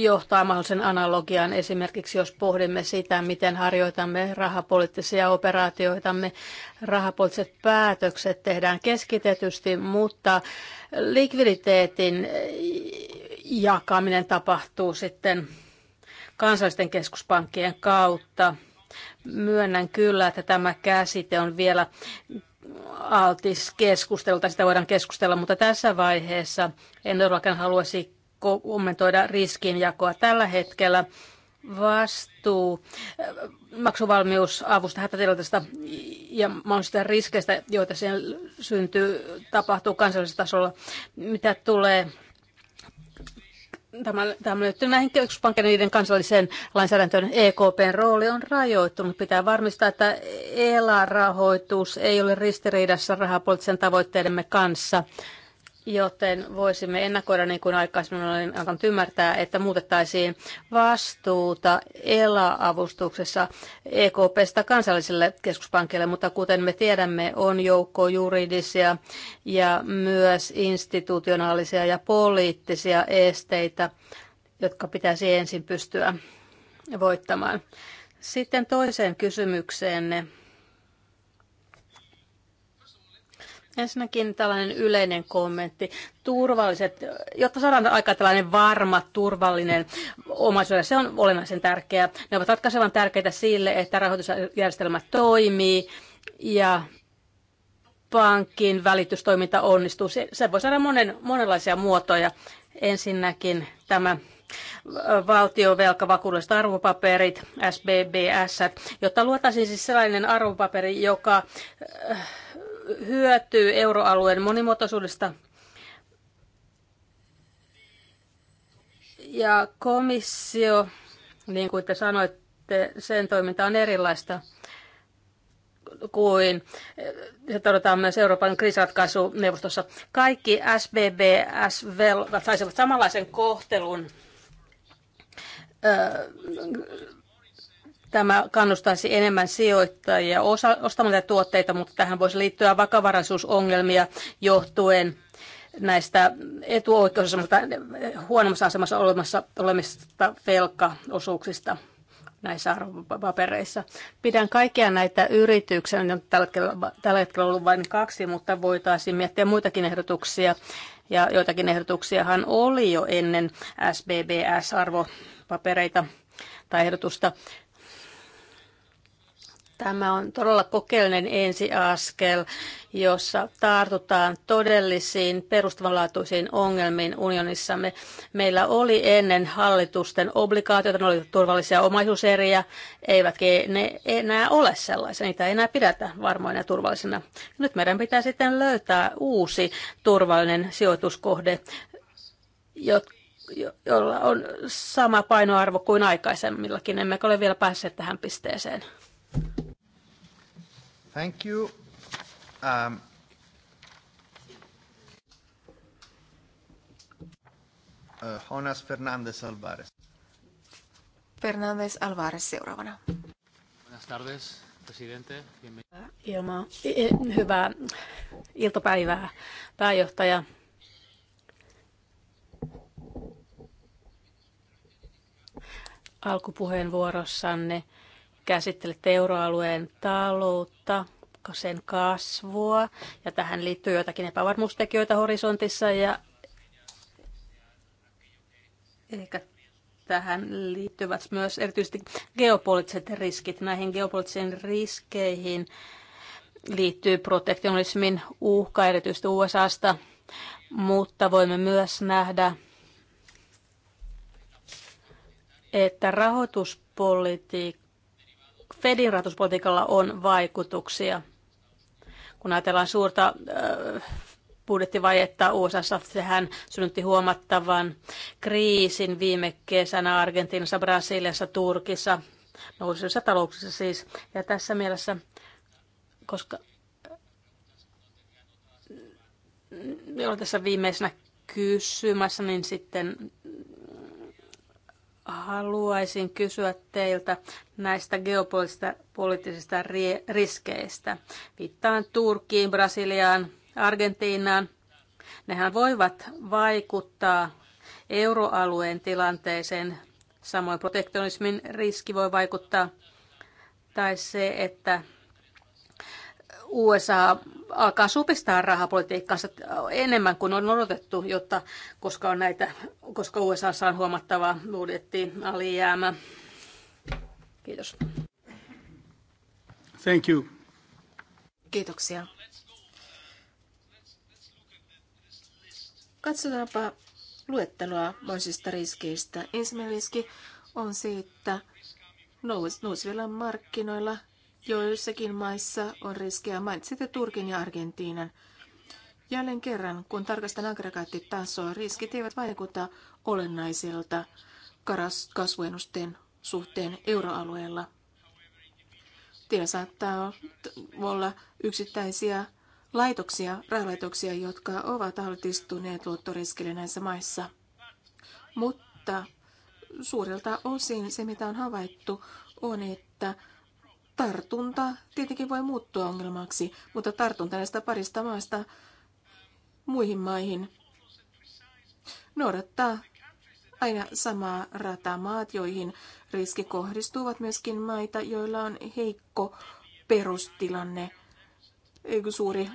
johtaa mahdollisen analogian esimerkiksi, jos pohdimme sitä, miten harjoitamme rahapoliittisia operaatioitamme. Rahapoliittiset päätökset tehdään keskitetysti, mutta likviditeetin jakaminen tapahtuu sitten kansallisten keskuspankkien kautta. Myönnän kyllä, että tämä käsite on vielä altis keskustelta, sitä voidaan keskustella, mutta tässä vaiheessa en todellakaan haluaisi kommentoida riskinjakoa. Tällä hetkellä vastuu äh, maksuvalmiusavusta hätätilanteesta ja mahdollisista riskeistä, joita siihen syntyy, tapahtuu kansallisella tasolla. Mitä tulee Tämä, tämä liittyy näihin keskuspankkeihin niiden kansalliseen lainsäädäntöön. EKPn rooli on rajoittunut. Pitää varmistaa, että ELA-rahoitus ei ole ristiriidassa rahapoliittisen tavoitteidemme kanssa joten voisimme ennakoida, niin kuin aikaisemmin olen alkanut ymmärtää, että muutettaisiin vastuuta ELA-avustuksessa EKPstä kansalliselle keskuspankille, mutta kuten me tiedämme, on joukko juridisia ja myös institutionaalisia ja poliittisia esteitä, jotka pitäisi ensin pystyä voittamaan. Sitten toiseen kysymykseenne Ensinnäkin tällainen yleinen kommentti. Turvalliset, jotta saadaan aika tällainen varma, turvallinen omaisuus, se on olennaisen tärkeää. Ne ovat ratkaisevan tärkeitä sille, että rahoitusjärjestelmä toimii ja pankin välitystoiminta onnistuu. Se, se voi saada monen, monenlaisia muotoja. Ensinnäkin tämä valtiovelkavakuudelliset arvopaperit, SBBS, jotta luotaisiin siis sellainen arvopaperi, joka hyötyy euroalueen monimuotoisuudesta. Ja komissio, niin kuin te sanoitte, sen toiminta on erilaista kuin se todetaan myös Euroopan kriisiratkaisuneuvostossa. Kaikki SBBS-velkat saisivat samanlaisen kohtelun Tämä kannustaisi enemmän sijoittajia osa, ostamaan näitä tuotteita, mutta tähän voisi liittyä vakavaraisuusongelmia johtuen näistä mutta huonommassa asemassa olemassa, olemista velkaosuuksista näissä arvopapereissa. Pidän kaikkia näitä yrityksiä, on tällä hetkellä, tällä hetkellä ollut vain kaksi, mutta voitaisiin miettiä muitakin ehdotuksia. Ja joitakin ehdotuksiahan oli jo ennen SBBS-arvopapereita tai ehdotusta. Tämä on todella kokeellinen ensiaskel, jossa tartutaan todellisiin perustavanlaatuisiin ongelmiin unionissamme. Meillä oli ennen hallitusten obligaatioita, ne olivat turvallisia omaisuuseriä, eivätkä ne enää ole sellaisia, niitä ei enää pidetä varmoina ja turvallisina. Nyt meidän pitää sitten löytää uusi turvallinen sijoituskohde, jolla on sama painoarvo kuin aikaisemmillakin. Emmekä ole vielä päässeet tähän pisteeseen. Thank you. Um... Uh, Jonas Fernandez Alvarez. Fernández Alvarez seuraavana. Buenas tardes, presidente. Ilma, hyvää iltapäivää, pääjohtaja. Alkupuheenvuorossanne käsittelette euroalueen taloutta, sen kasvua ja tähän liittyy joitakin epävarmuustekijöitä horisontissa ja ehkä tähän liittyvät myös erityisesti geopoliittiset riskit. Näihin geopoliittisiin riskeihin liittyy protektionismin uhka erityisesti USAsta, mutta voimme myös nähdä, että rahoituspolitiikka Fedin rahoituspolitiikalla on vaikutuksia. Kun ajatellaan suurta äh, budjettivajetta USA, sehän synnytti huomattavan kriisin viime kesänä Argentiinassa, Brasiliassa, Turkissa, nousuissa talouksissa siis. Ja tässä mielessä, koska äh, olen tässä viimeisenä kysymässä, niin sitten haluaisin kysyä teiltä näistä geopoliittisista riskeistä. Viittaan Turkkiin, Brasiliaan, Argentiinaan. Nehän voivat vaikuttaa euroalueen tilanteeseen. Samoin protektionismin riski voi vaikuttaa tai se, että USA alkaa supistaa rahapolitiikkaansa enemmän kuin on odotettu, jotta, koska, on näitä, koska USA on huomattava alijäämä. Kiitos. Thank you. Kiitoksia. Katsotaanpa luetteloa moisista riskeistä. Ensimmäinen riski on se, että nousevilla markkinoilla Joissakin maissa on riskejä. Mainitsitte Turkin ja Argentiinan. Jälleen kerran, kun tarkastan aggregaattitasoa, riskit eivät vaikuta olennaiselta kasvuennusteen suhteen euroalueella. Tiellä saattaa olla yksittäisiä laitoksia, rahalaitoksia, jotka ovat altistuneet luottoriskille näissä maissa. Mutta suurelta osin se, mitä on havaittu, on, että Tartunta tietenkin voi muuttua ongelmaksi, mutta tartunta näistä parista maasta muihin maihin noudattaa aina samaa rataa maat, joihin riski kohdistuvat myöskin maita, joilla on heikko perustilanne, suuri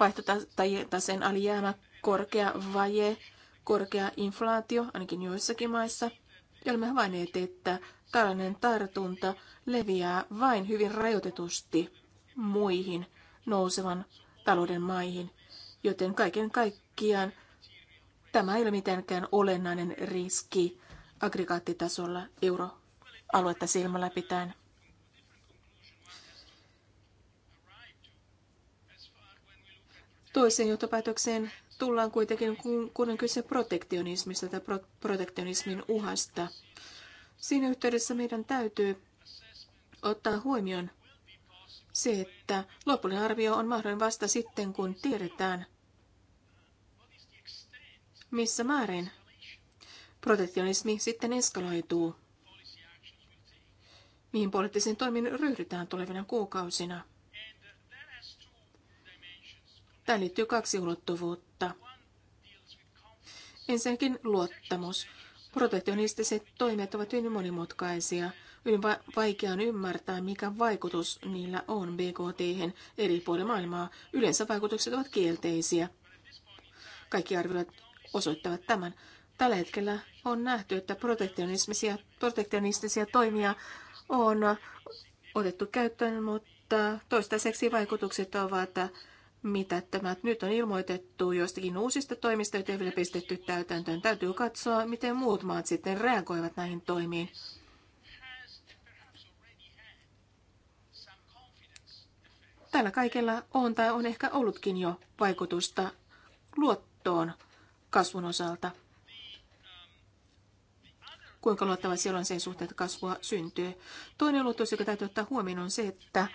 vaihtotaseen alijäämä, korkea vaje, korkea inflaatio, ainakin joissakin maissa. Ja olemme havainneet, että tällainen tartunta leviää vain hyvin rajoitetusti muihin nousevan talouden maihin, joten kaiken kaikkiaan tämä ei ole mitenkään olennainen riski aggregaattitasolla euroaluetta silmällä pitäen. Toiseen johtopäätökseen tullaan kuitenkin, kun on kyse protektionismista tai protektionismin uhasta – Siinä yhteydessä meidän täytyy ottaa huomioon se, että lopullinen arvio on mahdollinen vasta sitten, kun tiedetään, missä määrin protektionismi sitten eskaloituu, mihin poliittisiin toimiin ryhdytään tulevina kuukausina. Tämä liittyy kaksi ulottuvuutta. Ensinnäkin luottamus. Protektionistiset toimet ovat hyvin monimutkaisia. Hyvin va- vaikea on ymmärtää, mikä vaikutus niillä on BKT eri puolilla maailmaa. Yleensä vaikutukset ovat kielteisiä. Kaikki arvioivat osoittavat tämän. Tällä hetkellä on nähty, että protektionistisia, protektionistisia toimia on otettu käyttöön, mutta toistaiseksi vaikutukset ovat mitä tämä nyt on ilmoitettu joistakin uusista toimista, joita ei vielä pistetty täytäntöön. Täytyy katsoa, miten muut maat sitten reagoivat näihin toimiin. Tällä kaikella on tai on ehkä ollutkin jo vaikutusta luottoon kasvun osalta. Kuinka luottava siellä on sen suhteen, että kasvua syntyy. Toinen luotto, joka täytyy ottaa huomioon, on se, että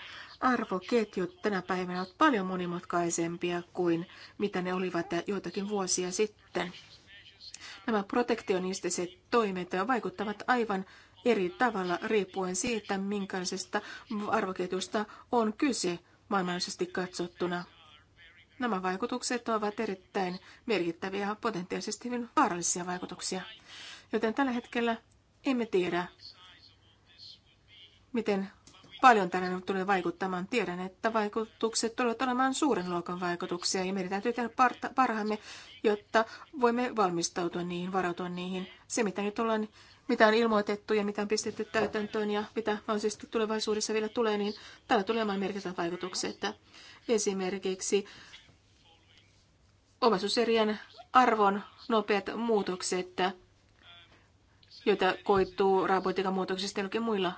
arvoketjut tänä päivänä ovat paljon monimutkaisempia kuin mitä ne olivat joitakin vuosia sitten. Nämä protektionistiset toimet vaikuttavat aivan eri tavalla riippuen siitä, minkälaisesta arvoketjusta on kyse maailmallisesti katsottuna. Nämä vaikutukset ovat erittäin merkittäviä ja potentiaalisesti hyvin vaarallisia vaikutuksia. Joten tällä hetkellä emme tiedä, miten paljon tänään tulee vaikuttamaan. Tiedän, että vaikutukset tulevat olemaan suuren luokan vaikutuksia ja meidän täytyy tehdä parhaamme, jotta voimme valmistautua niihin, varautua niihin. Se, mitä nyt ollaan, mitä on ilmoitettu ja mitä on pistetty täytäntöön ja mitä mahdollisesti tulevaisuudessa vielä tulee, niin täällä tulee olemaan merkittävät vaikutukset. Esimerkiksi omaisuuserien arvon nopeat muutokset, joita koittuu rahapolitiikan muutoksista jollakin muilla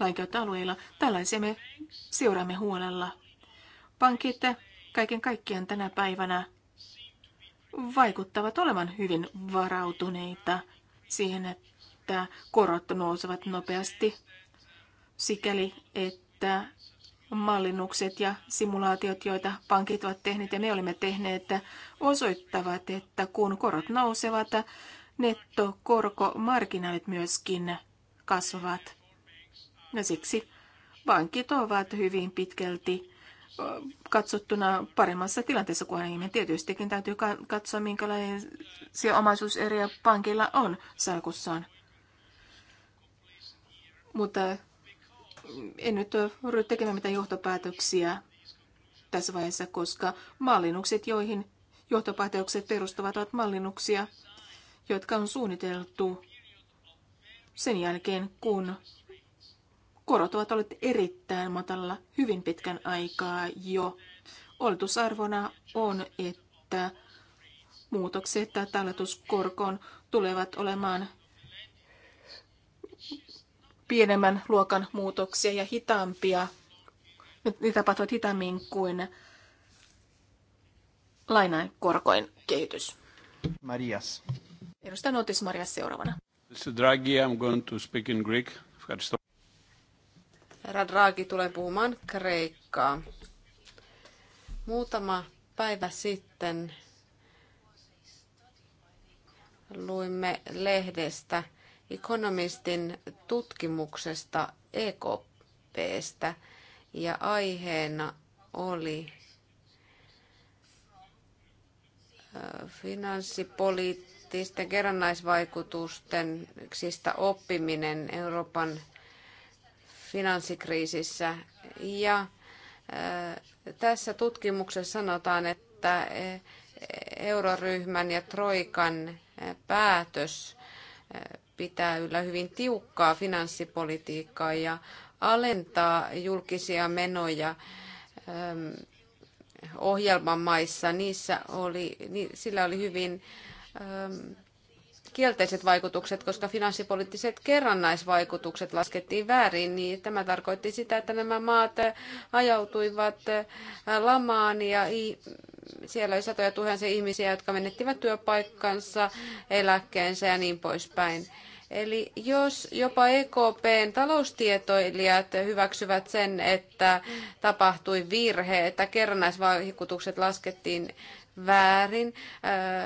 lainkäyttöalueilla. Tällaisia me seuraamme huolella. Pankit kaiken kaikkiaan tänä päivänä vaikuttavat olevan hyvin varautuneita siihen, että korot nousevat nopeasti sikäli, että mallinnukset ja simulaatiot, joita pankit ovat tehneet ja me olemme tehneet, osoittavat, että kun korot nousevat, nettokorkomarginaalit myöskin kasvavat. Ja siksi pankit ovat hyvin pitkälti katsottuna paremmassa tilanteessa kuin aiemmin. Tietystikin täytyy katsoa, minkälaisia omaisuuseriä pankilla on salkussaan. Mutta en nyt ryhdy tekemään mitään johtopäätöksiä tässä vaiheessa, koska mallinnukset, joihin johtopäätökset perustuvat, ovat mallinnuksia, jotka on suunniteltu sen jälkeen, kun Korot ovat olleet erittäin matalalla hyvin pitkän aikaa jo. Oletusarvona on, että muutokset tai talletuskorkoon tulevat olemaan pienemmän luokan muutoksia ja hitaampia. Ne tapahtuvat hitaammin kuin lainain korkoin kehitys. Marias. Edustan Otis Marias seuraavana. Mr. Draghi, I'm going to speak in Greek. Herra Draghi tulee puhumaan Kreikkaa. Muutama päivä sitten luimme lehdestä ekonomistin tutkimuksesta EKPstä ja aiheena oli finanssipoliittisten kerrannaisvaikutusten oppiminen Euroopan finanssikriisissä. Ja tässä tutkimuksessa sanotaan, että e, euroryhmän ja troikan e, päätös e, pitää yllä hyvin tiukkaa finanssipolitiikkaa ja alentaa julkisia menoja ohjelmamaissa. Niissä oli, sillä oli hyvin kielteiset vaikutukset, koska finanssipoliittiset kerrannaisvaikutukset laskettiin väärin, niin tämä tarkoitti sitä, että nämä maat ajautuivat lamaan ja siellä oli satoja tuhansia ihmisiä, jotka menettivät työpaikkansa, eläkkeensä ja niin poispäin. Eli jos jopa EKPn taloustietoilijat hyväksyvät sen, että tapahtui virhe, että kerrannaisvaikutukset laskettiin väärin.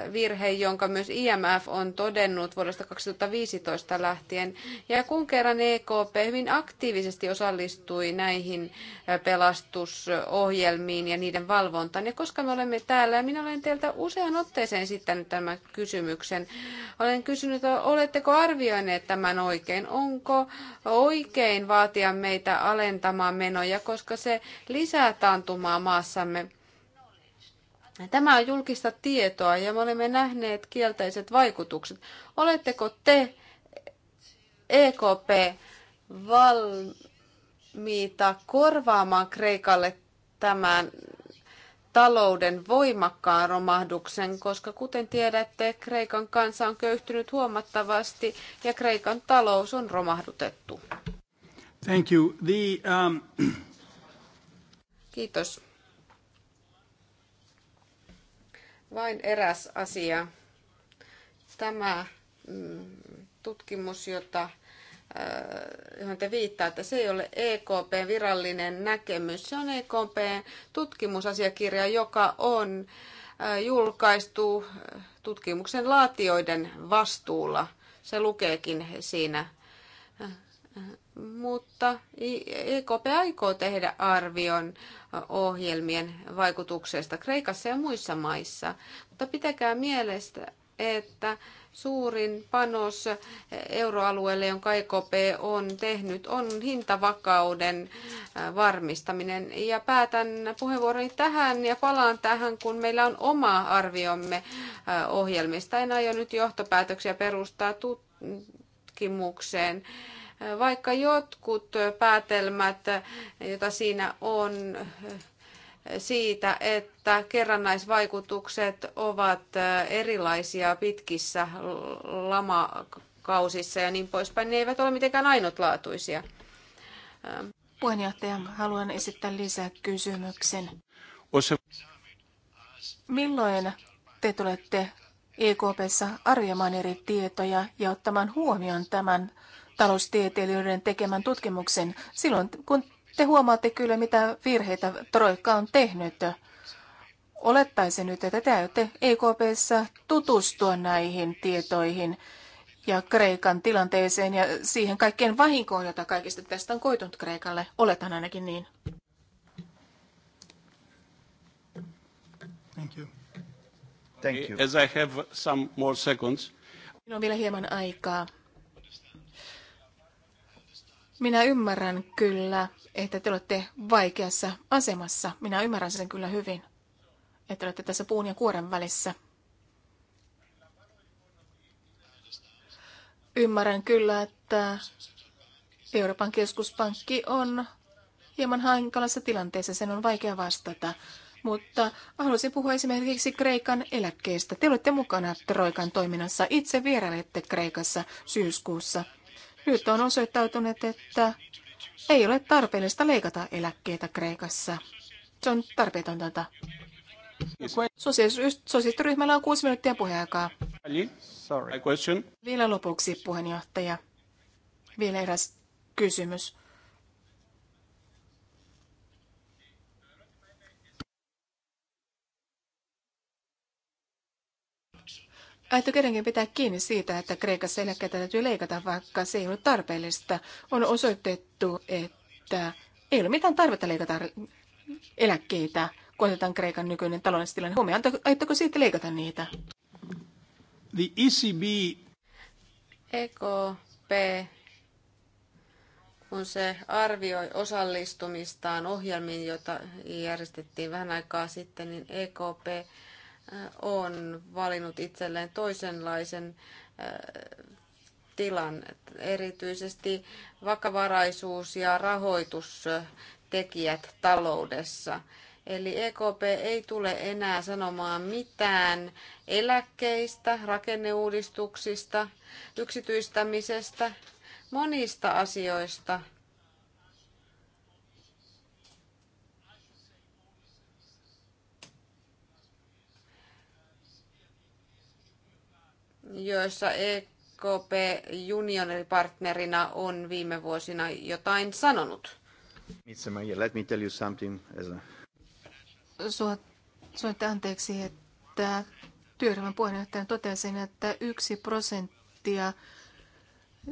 Äh, virhe, jonka myös IMF on todennut vuodesta 2015 lähtien. Ja kun kerran EKP hyvin aktiivisesti osallistui näihin äh, pelastusohjelmiin ja niiden valvontaan, ja koska me olemme täällä, ja minä olen teiltä usean otteeseen esittänyt tämän kysymyksen, olen kysynyt, oletteko arvioineet tämän oikein? Onko oikein vaatia meitä alentamaan menoja, koska se lisää taantumaa maassamme? Tämä on julkista tietoa ja me olemme nähneet kielteiset vaikutukset. Oletteko te EKP valmiita korvaamaan Kreikalle tämän talouden voimakkaan romahduksen, koska kuten tiedätte, Kreikan kansa on köyhtynyt huomattavasti ja Kreikan talous on romahdutettu. Thank you. The, um... Kiitos. vain eräs asia. Tämä mm, tutkimus, jota äh, johon te viittaatte, se ei ole EKPn virallinen näkemys. Se on EKPn tutkimusasiakirja, joka on äh, julkaistu äh, tutkimuksen laatioiden vastuulla. Se lukeekin siinä. Mutta EKP aikoo tehdä arvion ohjelmien vaikutuksesta Kreikassa ja muissa maissa. Mutta pitäkää mielestä, että suurin panos euroalueelle, jonka EKP on tehnyt, on hintavakauden varmistaminen. Ja päätän puheenvuoroni tähän ja palaan tähän, kun meillä on oma arviomme ohjelmista. En aio nyt johtopäätöksiä perustaa tutkimukseen. Vaikka jotkut päätelmät, joita siinä on siitä, että kerrannaisvaikutukset ovat erilaisia pitkissä lamakausissa ja niin poispäin, ne eivät ole mitenkään ainutlaatuisia. Puheenjohtaja, haluan esittää lisää kysymyksen. Milloin te tulette EKPssä arvioimaan eri tietoja ja ottamaan huomioon tämän taloustieteilijöiden tekemän tutkimuksen. Silloin, kun te huomaatte kyllä, mitä virheitä Troikka on tehnyt, olettaisin nyt, että te aiotte EKPssä tutustua näihin tietoihin ja Kreikan tilanteeseen ja siihen kaikkeen vahinkoon, jota kaikista tästä on koitunut Kreikalle. Oletan ainakin niin. Thank you. Thank you. As I have some more seconds. Minulla on vielä hieman aikaa. Minä ymmärrän kyllä, että te olette vaikeassa asemassa. Minä ymmärrän sen kyllä hyvin, että olette tässä puun ja kuoren välissä. Ymmärrän kyllä, että Euroopan keskuspankki on hieman hankalassa tilanteessa, sen on vaikea vastata. Mutta haluaisin puhua esimerkiksi Kreikan eläkkeestä. Te olette mukana Troikan toiminnassa. Itse vierailette Kreikassa syyskuussa. Nyt on osoittautunut, että ei ole tarpeellista leikata eläkkeitä Kreikassa. Se on tarpeetonta. Sosiaaliryhmällä on kuusi minuuttia puheaikaa. Vielä lopuksi puheenjohtaja. Vielä eräs kysymys. Aitto kuitenkin pitää kiinni siitä, että Kreikassa eläkkeitä täytyy leikata, vaikka se ei ole tarpeellista. On osoitettu, että ei ole mitään tarvetta leikata eläkkeitä, kun otetaan Kreikan nykyinen taloudellinen tilanne huomioon. Aitteko siitä leikata niitä? The ECB... EKP, kun se arvioi osallistumistaan ohjelmiin, joita järjestettiin vähän aikaa sitten, niin EKP on valinnut itselleen toisenlaisen tilan. Erityisesti vakavaraisuus ja rahoitustekijät taloudessa. Eli EKP ei tule enää sanomaan mitään eläkkeistä, rakenneuudistuksista, yksityistämisestä, monista asioista – joissa EKP junioripartnerina on viime vuosina jotain sanonut? Let me tell you something as anteeksi, että työryhmän puheenjohtajan totesin, että yksi prosenttia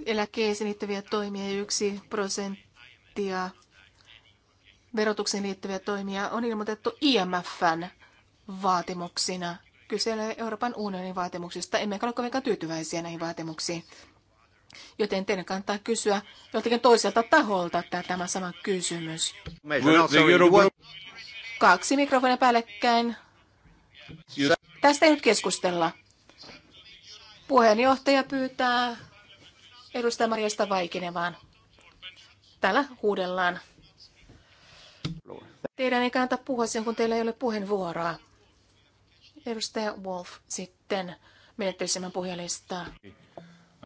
eläkkeeseen liittyviä toimia ja yksi prosenttia verotukseen liittyviä toimia on ilmoitettu IMFn vaatimuksina Kyse ei Euroopan unionin vaatimuksista, emmekä ole kovinkaan tyytyväisiä näihin vaatimuksiin. Joten teidän kannattaa kysyä joltakin toiselta taholta tämä sama kysymys. No, Kaksi mikrofonia päällekkäin. Tästä ei nyt keskustella. Puheenjohtaja pyytää edustaja Marjasta Vaikinevaan. Täällä huudellaan. Teidän ei kannata puhua sen, kun teillä ei ole puheenvuoroa. Edustaja Wolf sitten menettelyisemän puhujalistaa.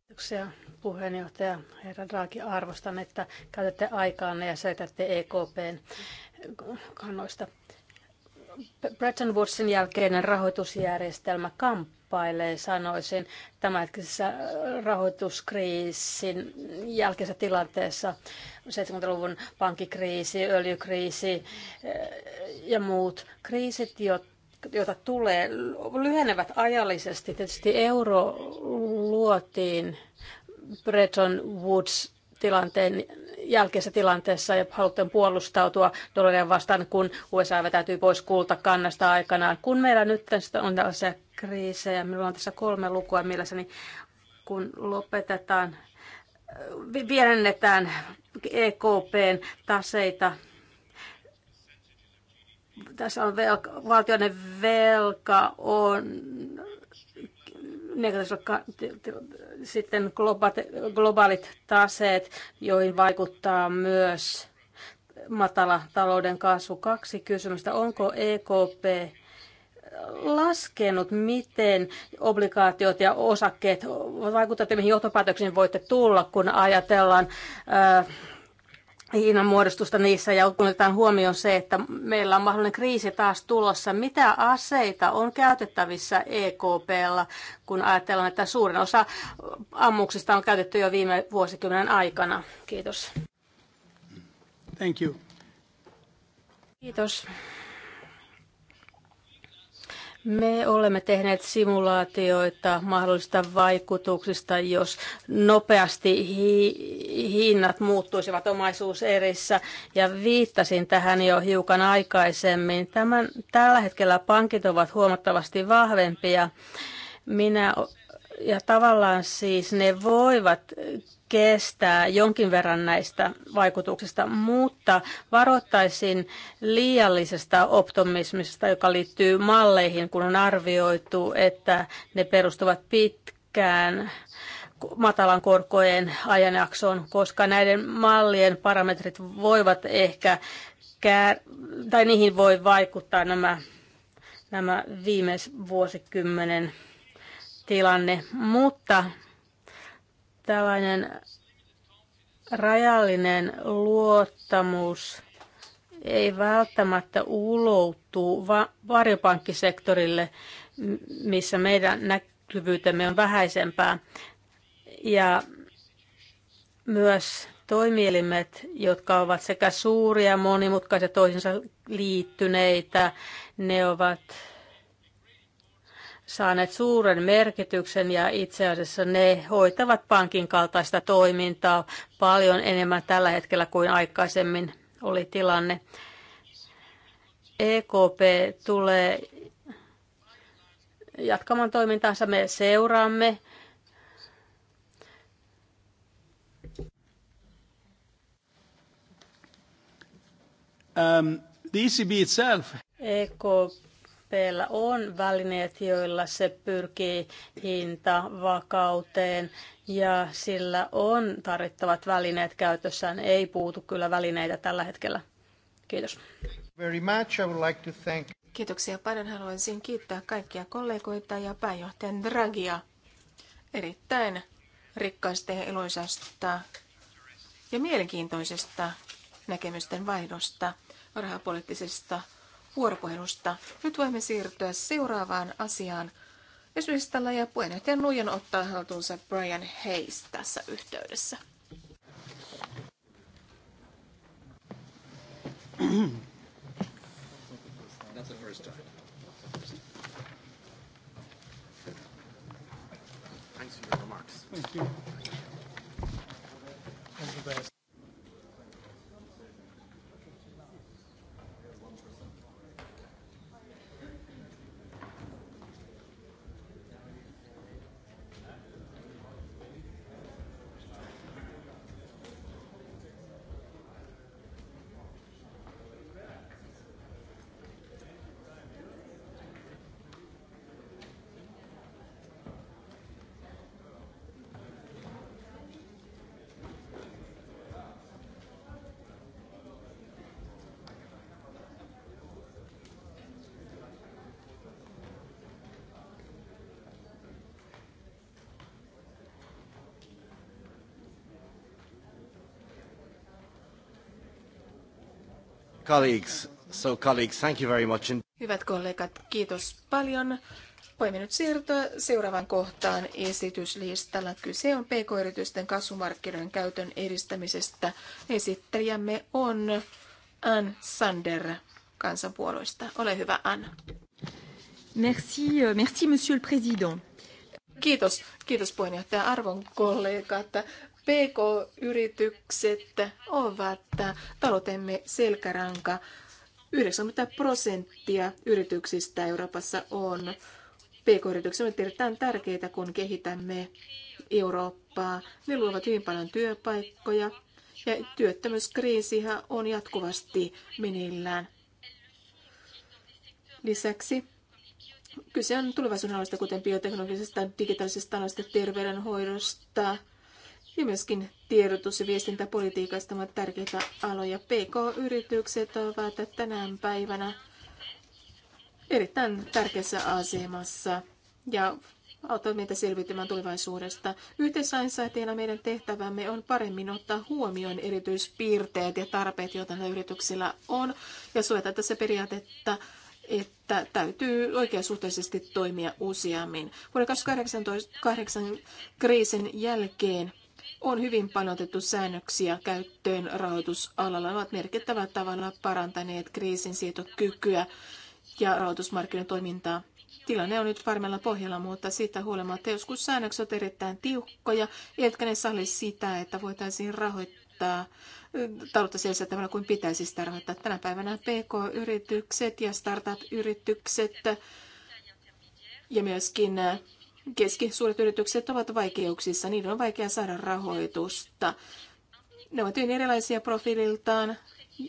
Kiitoksia puheenjohtaja herra Draghi. Arvostan, että käytätte aikaanne ja selitätte EKPn kannoista. Bretton Woodsin jälkeinen rahoitusjärjestelmä kamppailee, sanoisin, tämänhetkisessä rahoituskriisin jälkeisessä tilanteessa. 70-luvun pankkikriisi, öljykriisi eh, ja muut kriisit, jotka joita tulee, lyhenevät ajallisesti. Tietysti euro luotiin Bretton Woods tilanteen jälkeisessä tilanteessa ja haluttiin puolustautua dollaria vastaan, kun USA vetäytyi pois kultakannasta aikanaan. Kun meillä nyt on tällaisia kriisejä, meillä on tässä kolme lukua niin kun lopetetaan, viennetään EKPn taseita tässä on velka, valtioiden velka on negatiivisella sitten globaalit taseet, joihin vaikuttaa myös matala talouden kasvu. Kaksi kysymystä. Onko EKP laskenut, miten obligaatiot ja osakkeet vaikuttavat, mihin johtopäätöksiin voitte tulla, kun ajatellaan hinnan muodostusta niissä ja kun otetaan huomioon se, että meillä on mahdollinen kriisi taas tulossa. Mitä aseita on käytettävissä EKPlla, kun ajatellaan, että suurin osa ammuksista on käytetty jo viime vuosikymmenen aikana? Kiitos. Thank you. Kiitos. Me olemme tehneet simulaatioita mahdollisista vaikutuksista, jos nopeasti hi- hinnat muuttuisivat omaisuuserissä. Ja viittasin tähän jo hiukan aikaisemmin. Tämän, tällä hetkellä pankit ovat huomattavasti vahvempia. Minä ja tavallaan siis ne voivat kestää jonkin verran näistä vaikutuksista, mutta varoittaisin liiallisesta optimismista, joka liittyy malleihin, kun on arvioitu, että ne perustuvat pitkään matalan korkojen ajanjaksoon, koska näiden mallien parametrit voivat ehkä, kär, tai niihin voi vaikuttaa nämä, nämä viimeis vuosikymmenen tilanne, mutta Tällainen rajallinen luottamus ei välttämättä uloutuu varjopankkisektorille, missä meidän näkyvyytemme on vähäisempää. Ja myös toimielimet, jotka ovat sekä suuria, monimutkaisia toisinsa liittyneitä, ne ovat saaneet suuren merkityksen ja itse asiassa ne hoitavat pankin kaltaista toimintaa paljon enemmän tällä hetkellä kuin aikaisemmin oli tilanne. EKP tulee jatkamaan toimintaansa. Me seuraamme Um, the ECB itself. EKP EKPllä on välineet, joilla se pyrkii hintavakauteen ja sillä on tarvittavat välineet käytössään. Ei puutu kyllä välineitä tällä hetkellä. Kiitos. Very much. I would like to thank... Kiitoksia paljon. Haluaisin kiittää kaikkia kollegoita ja pääjohtajan Dragia erittäin rikkaista ja iloisesta ja mielenkiintoisesta näkemysten vaihdosta rahapoliittisesta vuoropuhelusta. Nyt voimme siirtyä seuraavaan asiaan. Esimerkiksi ja puheenjohtajan nuijan ottaa haltuunsa Brian Hayes tässä yhteydessä. That's the first time. Thanks for your remarks. Thank you. Colleagues, so colleagues, thank you very much. Hyvät kollegat, kiitos paljon. Voimme nyt siirtyä seuraavaan kohtaan esityslistalla. Kyse on pk-yritysten kasvumarkkinoiden käytön edistämisestä. Esittelijämme on Ann Sander kansanpuolueesta. Ole hyvä, Ann. Merci, euh, merci, monsieur le président. Kiitos, kiitos puheenjohtaja arvon kollegat. PK-yritykset ovat taloutemme selkäranka. 90 prosenttia yrityksistä Euroopassa on. pk yrityksiä ovat erittäin tärkeitä, kun kehitämme Eurooppaa. Ne luovat hyvin paljon työpaikkoja ja työttömyyskriisi on jatkuvasti meneillään. Lisäksi kyse on tulevaisuuden aloista, kuten bioteknologisesta, digitaalisesta alasta, terveydenhoidosta, ja myöskin tiedotus- ja viestintäpolitiikasta ovat tärkeitä aloja. PK-yritykset ovat tänään päivänä erittäin tärkeässä asemassa ja auttavat meitä selviytymään tulevaisuudesta. Yhteislainsäätäjänä meidän tehtävämme on paremmin ottaa huomioon erityispiirteet ja tarpeet, joita näillä yrityksillä on, ja suojata tässä periaatetta, että täytyy oikeasuhtaisesti toimia useammin. Vuoden 2008 kriisin jälkeen on hyvin paljon otettu säännöksiä käyttöön rahoitusalalla. Ne ovat merkittävällä tavalla parantaneet kriisin sietokykyä ja rahoitusmarkkinoiden toimintaa. Tilanne on nyt varmella pohjalla, mutta siitä huolimatta joskus säännökset ovat erittäin tiukkoja, eivätkä ne salli sitä, että voitaisiin rahoittaa taloutta sellaisella tavalla kuin pitäisi sitä rahoittaa. Tänä päivänä PK-yritykset ja startup-yritykset ja myöskin Keskisuuret yritykset ovat vaikeuksissa, niiden on vaikea saada rahoitusta. Ne ovat hyvin erilaisia profiililtaan.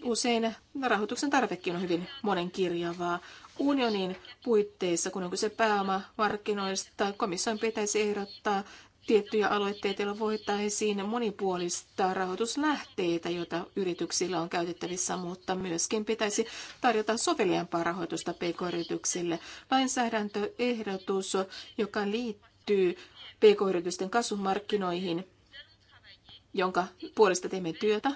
Usein rahoituksen tarvekin on hyvin monenkirjavaa. Unionin puitteissa, kun on kyse pääomamarkkinoista, komission pitäisi ehdottaa tiettyjä aloitteita, joilla voitaisiin monipuolistaa rahoituslähteitä, joita yrityksillä on käytettävissä, mutta myöskin pitäisi tarjota soveliaampaa rahoitusta pk-yrityksille. Lainsäädäntöehdotus, joka liittyy pk-yritysten kasvumarkkinoihin, jonka puolesta teemme työtä,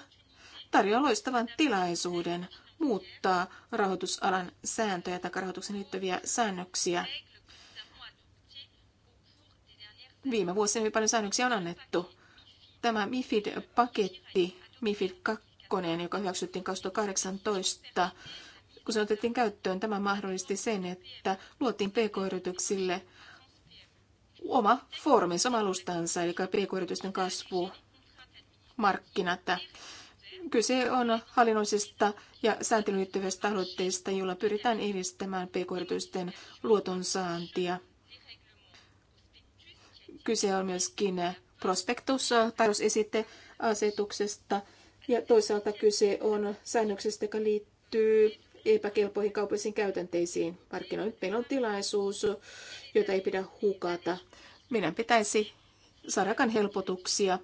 tarjoaa loistavan tilaisuuden muuttaa rahoitusalan sääntöjä tai rahoituksen liittyviä säännöksiä Viime vuosina hyvin paljon säännöksiä on annettu. Tämä MIFID-paketti, MIFID 2, joka hyväksyttiin 2018, kun se otettiin käyttöön, tämä mahdollisti sen, että luotiin pk-yrityksille oma fooruminsa, oma alustansa, eli pk-yritysten kasvu, markkinat. Kyse on hallinnollisista ja sääntelyyn liittyvistä aloitteista, joilla pyritään edistämään pk-yritysten luotonsaantia Kyse on myöskin prospektus- asetuksesta ja toisaalta kyse on säännöksestä, joka liittyy epäkelpoihin kaupallisiin käytänteisiin markkinoille. Meillä on tilaisuus, jota ei pidä hukata. Meidän pitäisi saada helpotuksia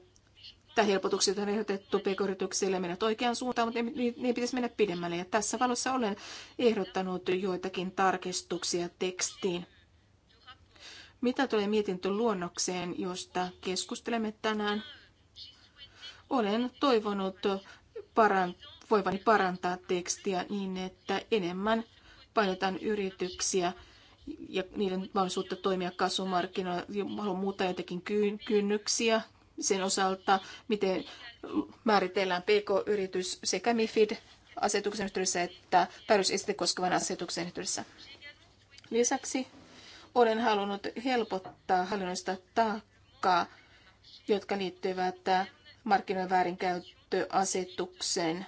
Tämä helpotukset on ehdotettu pk-yrityksille, mennä oikeaan suuntaan, mutta niin pitäisi mennä pidemmälle. Ja tässä valossa olen ehdottanut joitakin tarkistuksia tekstiin. Mitä tulee mietintöluonnokseen, josta keskustelemme tänään? Olen toivonut parantaa voivani parantaa tekstiä niin, että enemmän painetaan yrityksiä ja niiden mahdollisuutta toimia kasvumarkkinoilla. Haluan muuttaa jotenkin kynnyksiä sen osalta, miten määritellään PK-yritys sekä MIFID asetuksen yhteydessä että peruseste koskevan asetuksen yhteydessä. Lisäksi olen halunnut helpottaa hallinnollista taakkaa, jotka liittyvät markkinoiden väärinkäyttöasetukseen.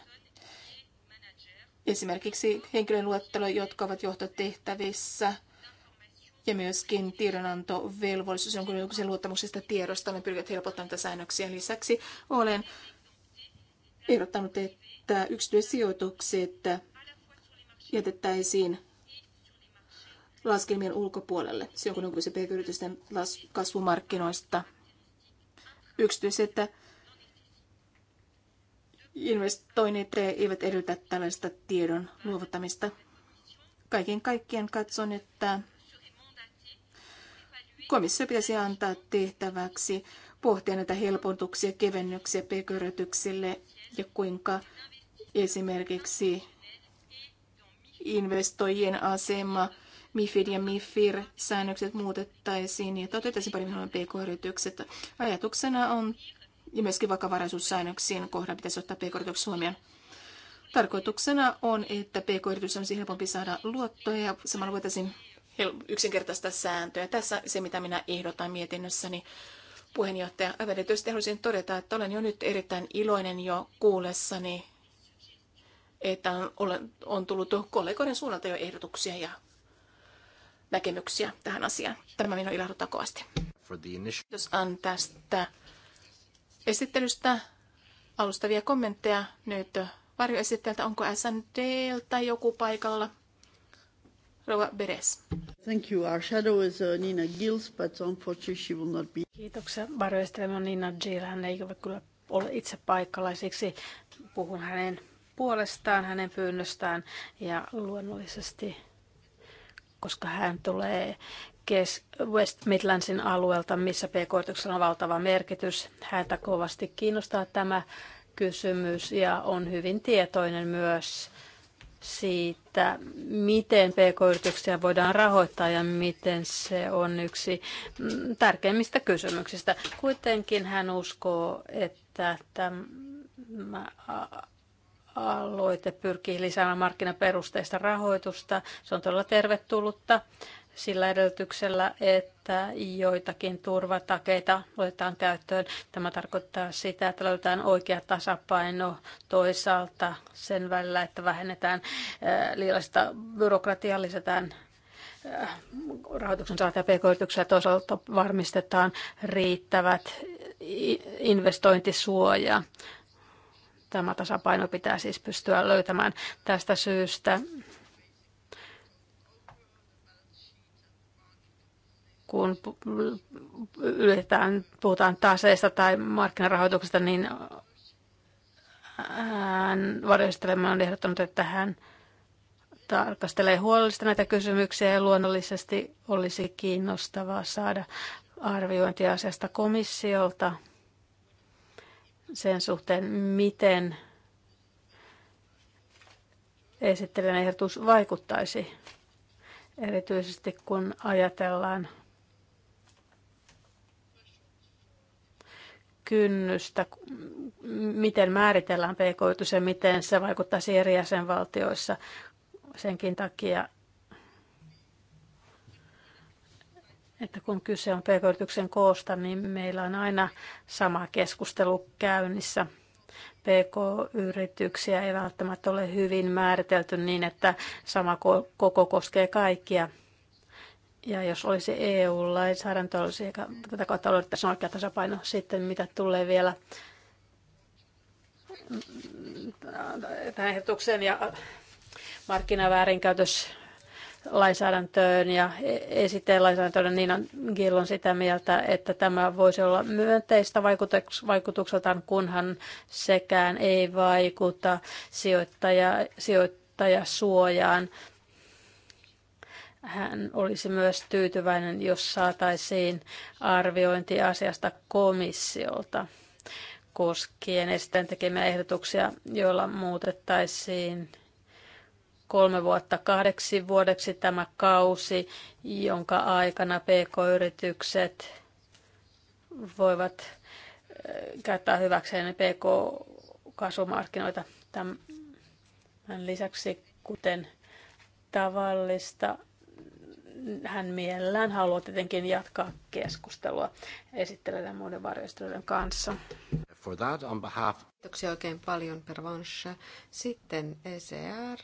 Esimerkiksi henkilön luettelo, jotka ovat johtotehtävissä, ja myöskin tiedonantovelvollisuus, jonkun julkisen luottamuksesta tiedosta olen pyrkinyt helpottamaan tätä säännöksiä. Lisäksi olen ehdottanut, että yksityissijoitukset jätettäisiin laskelmien ulkopuolelle, silloin kun on kyse pk-yritysten kasvumarkkinoista. Yksityiset investoinnit eivät edellytä tällaista tiedon luovuttamista. Kaiken kaikkien katson, että komissio pitäisi antaa tehtäväksi pohtia näitä helpotuksia, kevennyksiä pk ja kuinka esimerkiksi investoijien asema – MIFID ja MIFIR-säännökset muutettaisiin niin, että otettaisiin paremmin huomioon pk-yritykset. Ajatuksena on, ja myöskin vakavaraisuussäännöksiin kohdan pitäisi ottaa pk-yritykset huomioon. Tarkoituksena on, että pk-yritys on siis helpompi saada luottoja ja samalla voitaisiin yksinkertaista sääntöä. Tässä se, mitä minä ehdotan mietinnössäni. Puheenjohtaja, aivan erityisesti haluaisin todeta, että olen jo nyt erittäin iloinen jo kuullessani, että on, on tullut kollegoiden suunnalta jo ehdotuksia ja näkemyksiä tähän asiaan. Tämä minua ilahduttaa kovasti. Kiitos An tästä esittelystä. Alustavia kommentteja nyt varjoesittäjältä. Onko tai joku paikalla? Rova Beres. Thank you. Our shadow is uh, Nina Gills, but unfortunately she will not be. Kiitoksia. Varjoestelemme on Nina Gill. Hän ei ole kyllä ole itse paikalla, siksi puhun hänen puolestaan, hänen pyynnöstään ja luonnollisesti koska hän tulee kes- West Midlandsin alueelta, missä pk on valtava merkitys. Häntä kovasti kiinnostaa tämä kysymys ja on hyvin tietoinen myös siitä, miten pk-yrityksiä voidaan rahoittaa ja miten se on yksi mm, tärkeimmistä kysymyksistä. Kuitenkin hän uskoo, että tämä aloite pyrkii lisäämään markkinaperusteista rahoitusta. Se on todella tervetullutta sillä edellytyksellä, että joitakin turvatakeita otetaan käyttöön. Tämä tarkoittaa sitä, että löytetään oikea tasapaino toisaalta sen välillä, että vähennetään äh, liiallista byrokratiaa, lisätään äh, rahoituksen saataja pk ja toisaalta varmistetaan riittävät investointisuoja Tämä tasapaino pitää siis pystyä löytämään tästä syystä. kun yletään puhutaan taseista tai markkinarahoituksesta, niin hän varjostelema on ehdottanut, että hän tarkastelee huolellisesti näitä kysymyksiä ja luonnollisesti olisi kiinnostavaa saada arviointia asiasta komissiolta sen suhteen, miten esittelijän ehdotus vaikuttaisi, erityisesti kun ajatellaan kynnystä, miten määritellään pk ja miten se vaikuttaa eri jäsenvaltioissa senkin takia, että kun kyse on pk-yrityksen koosta, niin meillä on aina sama keskustelu käynnissä. PK-yrityksiä ei välttämättä ole hyvin määritelty niin, että sama koko koskee kaikkia. Ja jos olisi EU-lainsäädäntö, olisi eikä tätä kautta löydettäisiin oikea tasapaino. Sitten mitä tulee vielä tähän ehdotukseen ja markkinaväärinkäytös lainsäädäntöön ja e- esiteen lainsäädäntöön, niin on Gillon sitä mieltä, että tämä voisi olla myönteistä vaikutukseltaan, kunhan sekään ei vaikuta sijoittaja, sijoittajasuojaan. Hän olisi myös tyytyväinen, jos saataisiin arviointi asiasta komissiolta koskien esitän tekemiä ehdotuksia, joilla muutettaisiin kolme vuotta kahdeksi vuodeksi tämä kausi, jonka aikana pk-yritykset voivat eh, käyttää hyväkseen pk-kasvumarkkinoita. Tämän lisäksi, kuten tavallista, hän mielellään haluaa tietenkin jatkaa keskustelua esittelevän muiden varjostelijoiden kanssa. For that on behalf... Kiitoksia oikein paljon, Pervanche. Sitten ECR,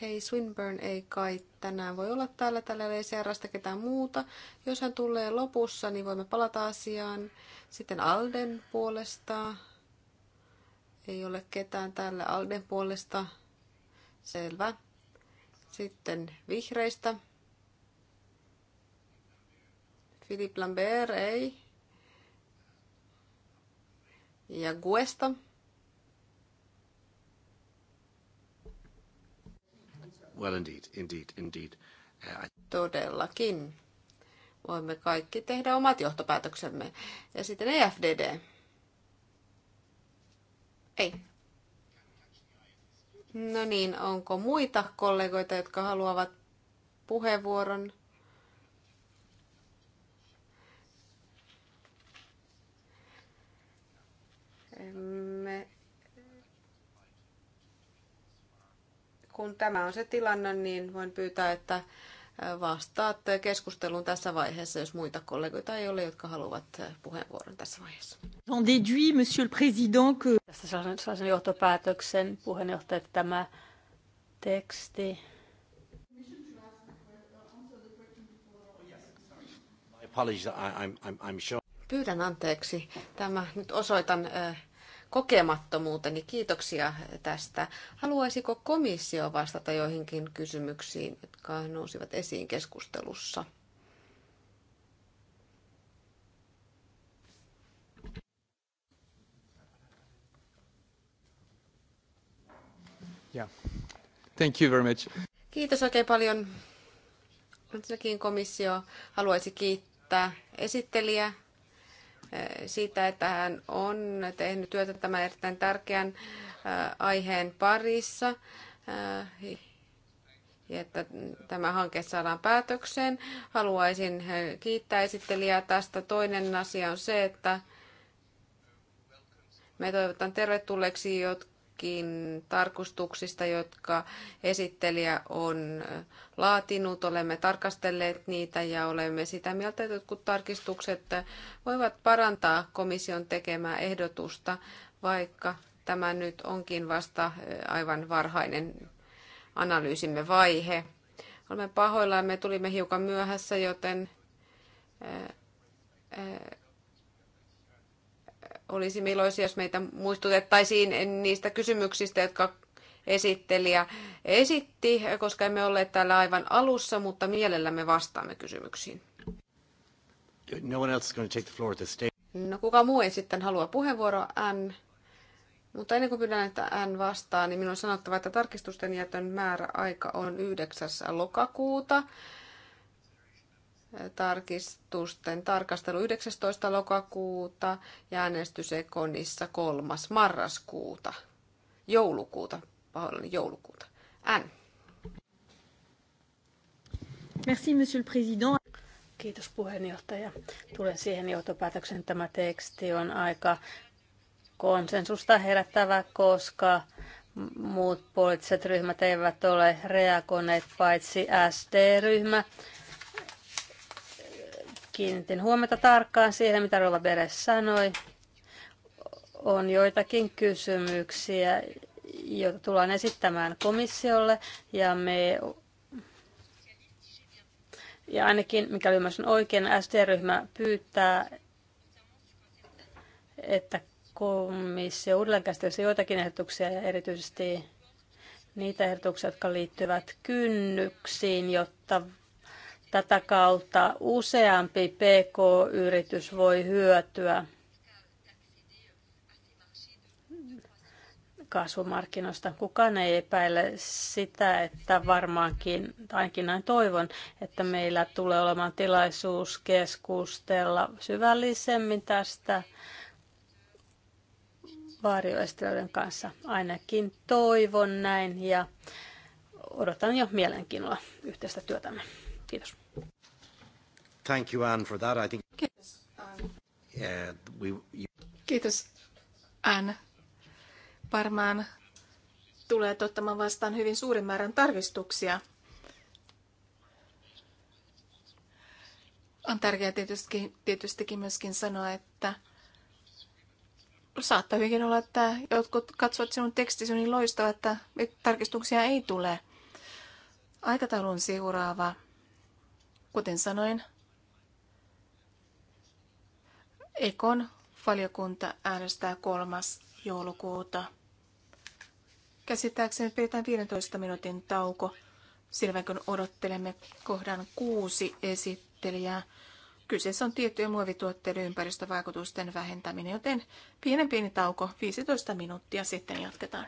Kay Swinburne ei kai tänään voi olla täällä, tällä ei seurasta ketään muuta. Jos hän tulee lopussa, niin voimme palata asiaan. Sitten Alden puolesta. Ei ole ketään täällä Alden puolesta. Selvä. Sitten vihreistä. Philippe Lambert ei. Ja Guesta. Well, indeed, indeed, indeed. Uh, I... Todellakin. Voimme kaikki tehdä omat johtopäätöksemme. Ja sitten EFDD. Ei. No niin, onko muita kollegoita, jotka haluavat puheenvuoron? Mm kun tämä on se tilanne, niin voin pyytää, että vastaat keskusteluun tässä vaiheessa, jos muita kollegoita ei ole, jotka haluavat puheenvuoron tässä vaiheessa. On déduit, monsieur le président, que... Tästä sellaisen, sellaisen johtopäätöksen puheenjohtaja, että tämä teksti... Pyydän anteeksi. Tämä nyt osoitan äh, kokemattomuuteni. Kiitoksia tästä. Haluaisiko komissio vastata joihinkin kysymyksiin, jotka nousivat esiin keskustelussa? Thank you very much. Kiitos oikein paljon. Ensinnäkin komissio haluaisi kiittää esittelijä Eh, siitä, että hän on tehnyt työtä tämän erittäin tärkeän eh, aiheen parissa eh, ja että tämä hanke saadaan päätökseen. Haluaisin kiittää esittelijää tästä. Toinen asia on se, että me toivotan tervetulleeksi jotka joistakin tarkustuksista, jotka esittelijä on laatinut. Olemme tarkastelleet niitä ja olemme sitä mieltä, että jotkut tarkistukset voivat parantaa komission tekemää ehdotusta, vaikka tämä nyt onkin vasta eh, aivan varhainen analyysimme vaihe. Olemme pahoillamme, tulimme hiukan myöhässä, joten eh, eh, Olisimme iloisia, jos meitä muistutettaisiin niistä kysymyksistä, jotka esittelijä esitti, koska emme olleet täällä aivan alussa, mutta mielellämme vastaamme kysymyksiin. No, one else is going to take the floor this no kuka muu ei sitten halua puheenvuoroa, Anne. Mutta ennen kuin pyydän, että N vastaa, niin minun on sanottava, että tarkistusten jätön määräaika on 9. lokakuuta tarkistusten tarkastelu 19. lokakuuta ja äänestys Ekonissa 3. marraskuuta. Joulukuuta, pahoillani joulukuuta. N. Merci, monsieur le président. Kiitos puheenjohtaja. Tulen siihen johtopäätöksen, että tämä teksti on aika konsensusta herättävä, koska muut poliittiset ryhmät eivät ole reagoineet paitsi SD-ryhmä Kiinnitin huomiota tarkkaan siihen, mitä Rova Beres sanoi. On joitakin kysymyksiä, joita tullaan esittämään komissiolle, ja me ja ainakin, mikä ymmärsin oikein, SD-ryhmä pyytää, että komissio uudelleen joitakin ehdotuksia ja erityisesti niitä ehdotuksia, jotka liittyvät kynnyksiin, jotta Tätä kautta useampi PK-yritys voi hyötyä kasvumarkkinoista. Kukaan ei epäile sitä, että varmaankin, ainakin näin toivon, että meillä tulee olemaan tilaisuus keskustella syvällisemmin tästä vaarioestelöiden kanssa. Ainakin toivon näin ja odotan jo mielenkiinnolla yhteistä työtämme. Kiitos. Thank you, Anne, for that. I think... Kiitos, Anne. Yeah, we, Kiitos, Anne. Varmaan tulee ottamaan vastaan hyvin suuren määrän tarkistuksia. On tärkeää tietysti, tietystikin myöskin sanoa, että saattaa hyvinkin olla, että jotkut katsovat sinun tekstisi niin loistava, että tarkistuksia ei tule. Aikataulun seuraava Kuten sanoin, Ekon valiokunta äänestää 3. joulukuuta. Käsittääkseni pidetään 15 minuutin tauko, silloin kun odottelemme kohdan kuusi esittelijää. Kyseessä on tiettyjen muovituotteiden ympäristövaikutusten vähentäminen, joten pienen pieni tauko, 15 minuuttia sitten jatketaan.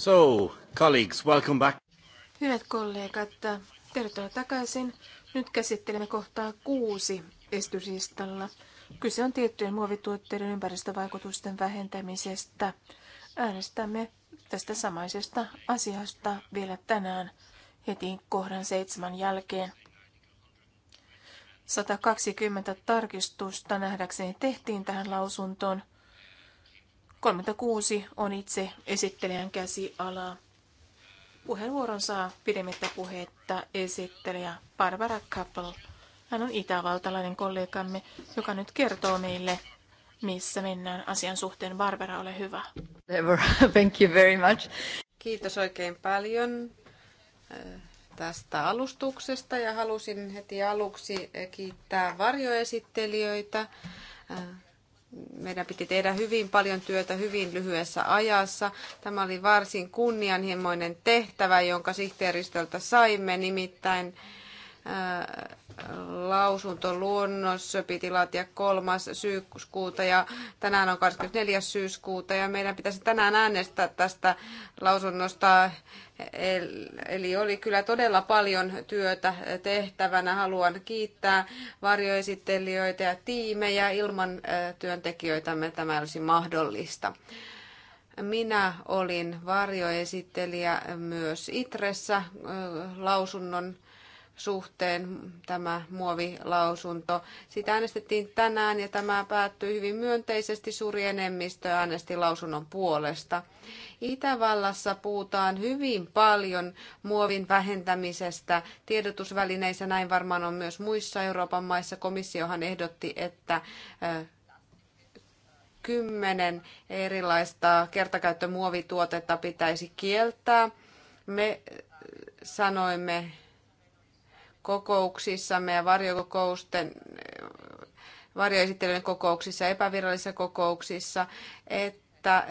So, colleagues, welcome back. Hyvät kollegat, tervetuloa takaisin. Nyt käsittelemme kohtaa kuusi esityslistalla. Kyse on tiettyjen muovituotteiden ympäristövaikutusten vähentämisestä. Äänestämme tästä samaisesta asiasta vielä tänään heti kohdan seitsemän jälkeen. 120 tarkistusta nähdäkseni tehtiin tähän lausuntoon. 36 on itse esittelijän käsiala. Puheenvuoron saa pidemmittä puhetta esittelijä Barbara Kappel. Hän on itävaltalainen kollegamme, joka nyt kertoo meille, missä mennään asian suhteen. Barbara, ole hyvä. thank you very much. Kiitos oikein paljon eh, tästä alustuksesta ja halusin heti aluksi eh, kiittää varjoesittelijöitä eh, meidän piti tehdä hyvin paljon työtä hyvin lyhyessä ajassa. Tämä oli varsin kunnianhimoinen tehtävä, jonka sihteeristöltä saimme, nimittäin äh, lausuntoluonnos piti laatia kolmas syyskuuta ja tänään on 24. syyskuuta ja meidän pitäisi tänään äänestää tästä lausunnosta Eli oli kyllä todella paljon työtä tehtävänä. Haluan kiittää varjoesittelijöitä ja tiimejä. Ilman työntekijöitämme tämä olisi mahdollista. Minä olin varjoesittelijä myös Itressä lausunnon suhteen tämä muovilausunto. Sitä äänestettiin tänään ja tämä päättyi hyvin myönteisesti. Suuri enemmistö äänesti lausunnon puolesta. Itävallassa puhutaan hyvin paljon muovin vähentämisestä tiedotusvälineissä. Näin varmaan on myös muissa Euroopan maissa. Komissiohan ehdotti, että kymmenen erilaista kertakäyttömuovituotetta pitäisi kieltää. Me sanoimme kokouksissamme ja varjokokousten varjoesittelyiden kokouksissa, epävirallisissa kokouksissa, että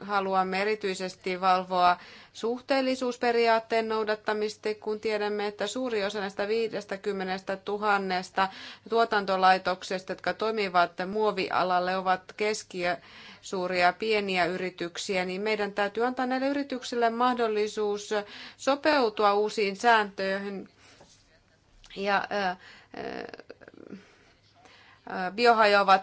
haluamme erityisesti valvoa suhteellisuusperiaatteen noudattamista, kun tiedämme, että suuri osa näistä 50 000 tuotantolaitoksesta, jotka toimivat muovialalle, ovat keskiä suuria pieniä yrityksiä, niin meidän täytyy antaa näille yrityksille mahdollisuus sopeutua uusiin sääntöihin ja biohajoavat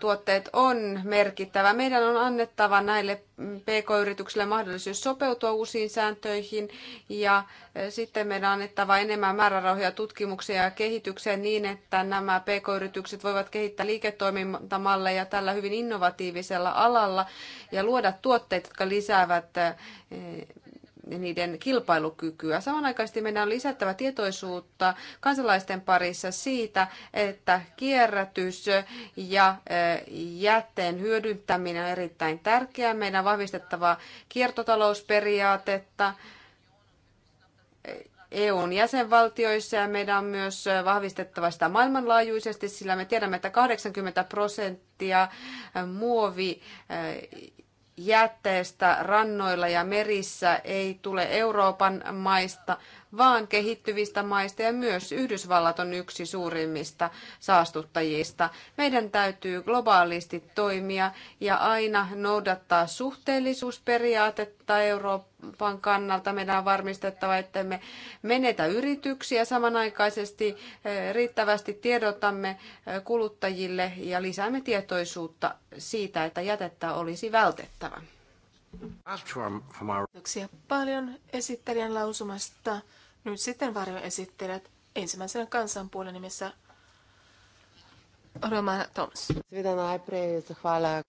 tuotteet on merkittävä. Meidän on annettava näille PK-yrityksille mahdollisuus sopeutua uusiin sääntöihin ja sitten meidän on annettava enemmän määrärahoja tutkimukseen ja kehitykseen niin, että nämä PK-yritykset voivat kehittää liiketoimintamalleja tällä hyvin innovatiivisella alalla ja luoda tuotteita, jotka lisäävät niiden kilpailukykyä. Samanaikaisesti meidän on lisättävä tietoisuutta kansalaisten parissa siitä, että kierrätys ja e, jätteen hyödyntäminen on erittäin tärkeää. Meidän on vahvistettava kiertotalousperiaatetta. EUn jäsenvaltioissa ja meidän on myös vahvistettava sitä maailmanlaajuisesti, sillä me tiedämme, että 80 prosenttia muovi e, jätteestä rannoilla ja merissä ei tule Euroopan maista, vaan kehittyvistä maista ja myös Yhdysvallat on yksi suurimmista saastuttajista. Meidän täytyy globaalisti toimia ja aina noudattaa suhteellisuusperiaatetta Euroopan kannalta. Meidän on varmistettava, että me menetä yrityksiä samanaikaisesti, eh, riittävästi tiedotamme eh, kuluttajille ja lisäämme tietoisuutta siitä, että jätettä olisi vältettävä. Kiitoksia paljon esittelijän lausumasta. Nyt sitten varjoesittelijät ensimmäisenä kansanpuolen nimessä Roman Toms.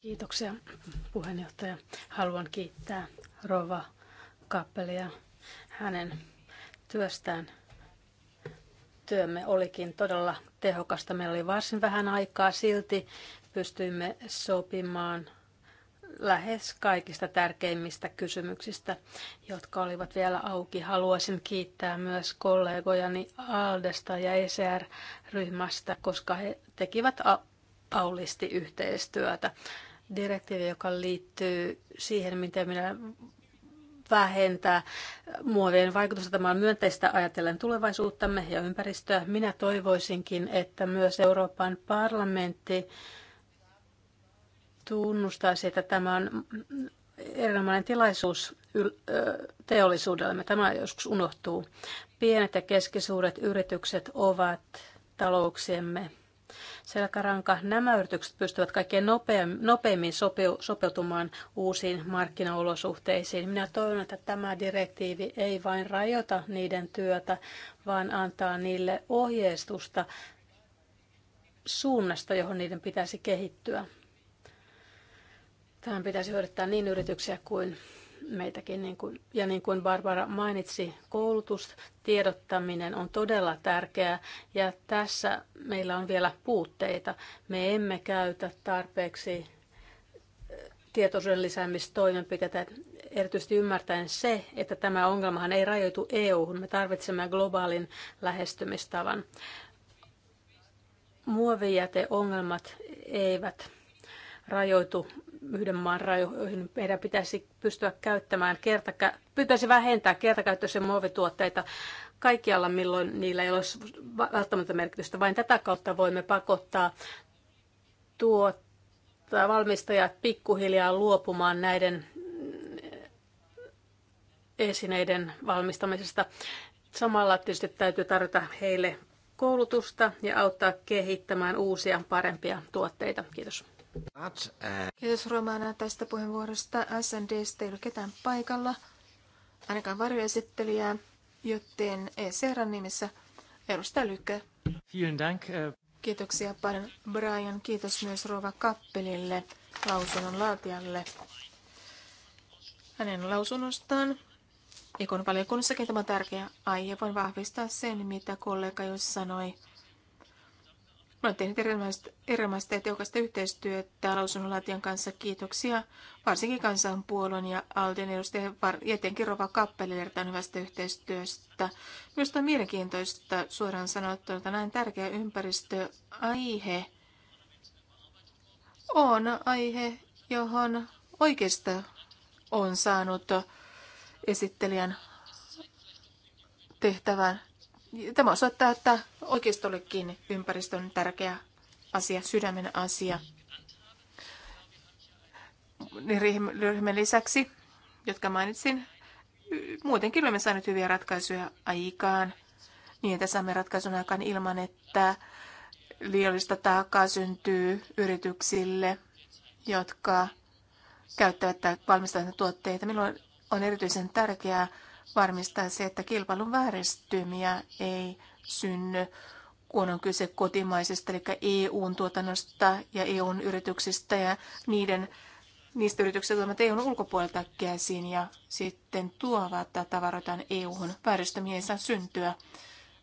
Kiitoksia puheenjohtaja. Haluan kiittää Rova Kappelia hänen työstään. Työmme olikin todella tehokasta. Meillä oli varsin vähän aikaa, silti pystyimme sopimaan lähes kaikista tärkeimmistä kysymyksistä, jotka olivat vielä auki. Haluaisin kiittää myös kollegojani Aldesta ja ECR-ryhmästä, koska he tekivät paulisti yhteistyötä. Direktiivi, joka liittyy siihen, miten minä vähentää muovien vaikutusta. Tämä on myönteistä ajatellen tulevaisuuttamme ja ympäristöä. Minä toivoisinkin, että myös Euroopan parlamentti tunnustaisi, että tämä on erinomainen tilaisuus teollisuudelle. Tämä joskus unohtuu. Pienet ja keskisuuret yritykset ovat talouksiemme selkäranka. Nämä yritykset pystyvät kaikkein nopeimmin sopeutumaan uusiin markkinaolosuhteisiin. Minä toivon, että tämä direktiivi ei vain rajoita niiden työtä, vaan antaa niille ohjeistusta suunnasta, johon niiden pitäisi kehittyä. Tähän pitäisi hyödyttää niin yrityksiä kuin meitäkin, niin kuin, ja niin kuin Barbara mainitsi, koulutus, tiedottaminen on todella tärkeää, ja tässä meillä on vielä puutteita. Me emme käytä tarpeeksi eh, tietoisuuden lisäämistoimenpiteitä, erityisesti ymmärtäen se, että tämä ongelmahan ei rajoitu EU-hun. Me tarvitsemme globaalin lähestymistavan. Muovijäteongelmat eivät rajoitu yhden maan rajoihin. Meidän pitäisi pystyä käyttämään, kertakä, pitäisi vähentää kertakäyttöisiä muovituotteita kaikkialla, milloin niillä ei olisi välttämättä merkitystä. Vain tätä kautta voimme pakottaa tuot valmistajat pikkuhiljaa luopumaan näiden mm, esineiden valmistamisesta. Samalla tietysti täytyy tarjota heille koulutusta ja auttaa kehittämään uusia parempia tuotteita. Kiitos. Kiitos Romana tästä puheenvuorosta. SNDstä ei ole ketään paikalla, ainakaan varjoesittelijää, joten ECRn nimissä edustaja Lykke. Vielen dank. Äh. Kiitoksia paljon Brian. Kiitos myös Rova Kappelille, lausunnon laatijalle. Hänen lausunnostaan Ekon valiokunnassakin tämä on tärkeä aihe. Voin vahvistaa sen, mitä kollega jo sanoi olen tehnyt erilaista ja teokasta yhteistyötä lausunnonlaatijan kanssa. Kiitoksia varsinkin kansanpuolon ja Alden edustajien ja etenkin Rova Kappelille hyvästä yhteistyöstä. Minusta on mielenkiintoista suoraan sanottuna, että näin tärkeä ympäristöaihe on aihe, johon oikeasta on saanut esittelijän tehtävän Tämä osoittaa, että oikeistollekin ympäristön on tärkeä asia, sydämen asia. Niin ryhmän lisäksi, jotka mainitsin, muutenkin olemme saaneet hyviä ratkaisuja aikaan. Niin, että saamme ratkaisun aikaan ilman, että liiallista taakkaa syntyy yrityksille, jotka käyttävät tai valmistavat tuotteita. Minulla on erityisen tärkeää varmistaa se, että kilpailun vääristymiä ei synny, kun on kyse kotimaisesta, eli EUn tuotannosta ja EUn yrityksistä ja niiden niistä yrityksistä jotka EUn ulkopuolelta käsin ja sitten tuovat tavaroitaan EUhun. Vääristymiä ei saa syntyä.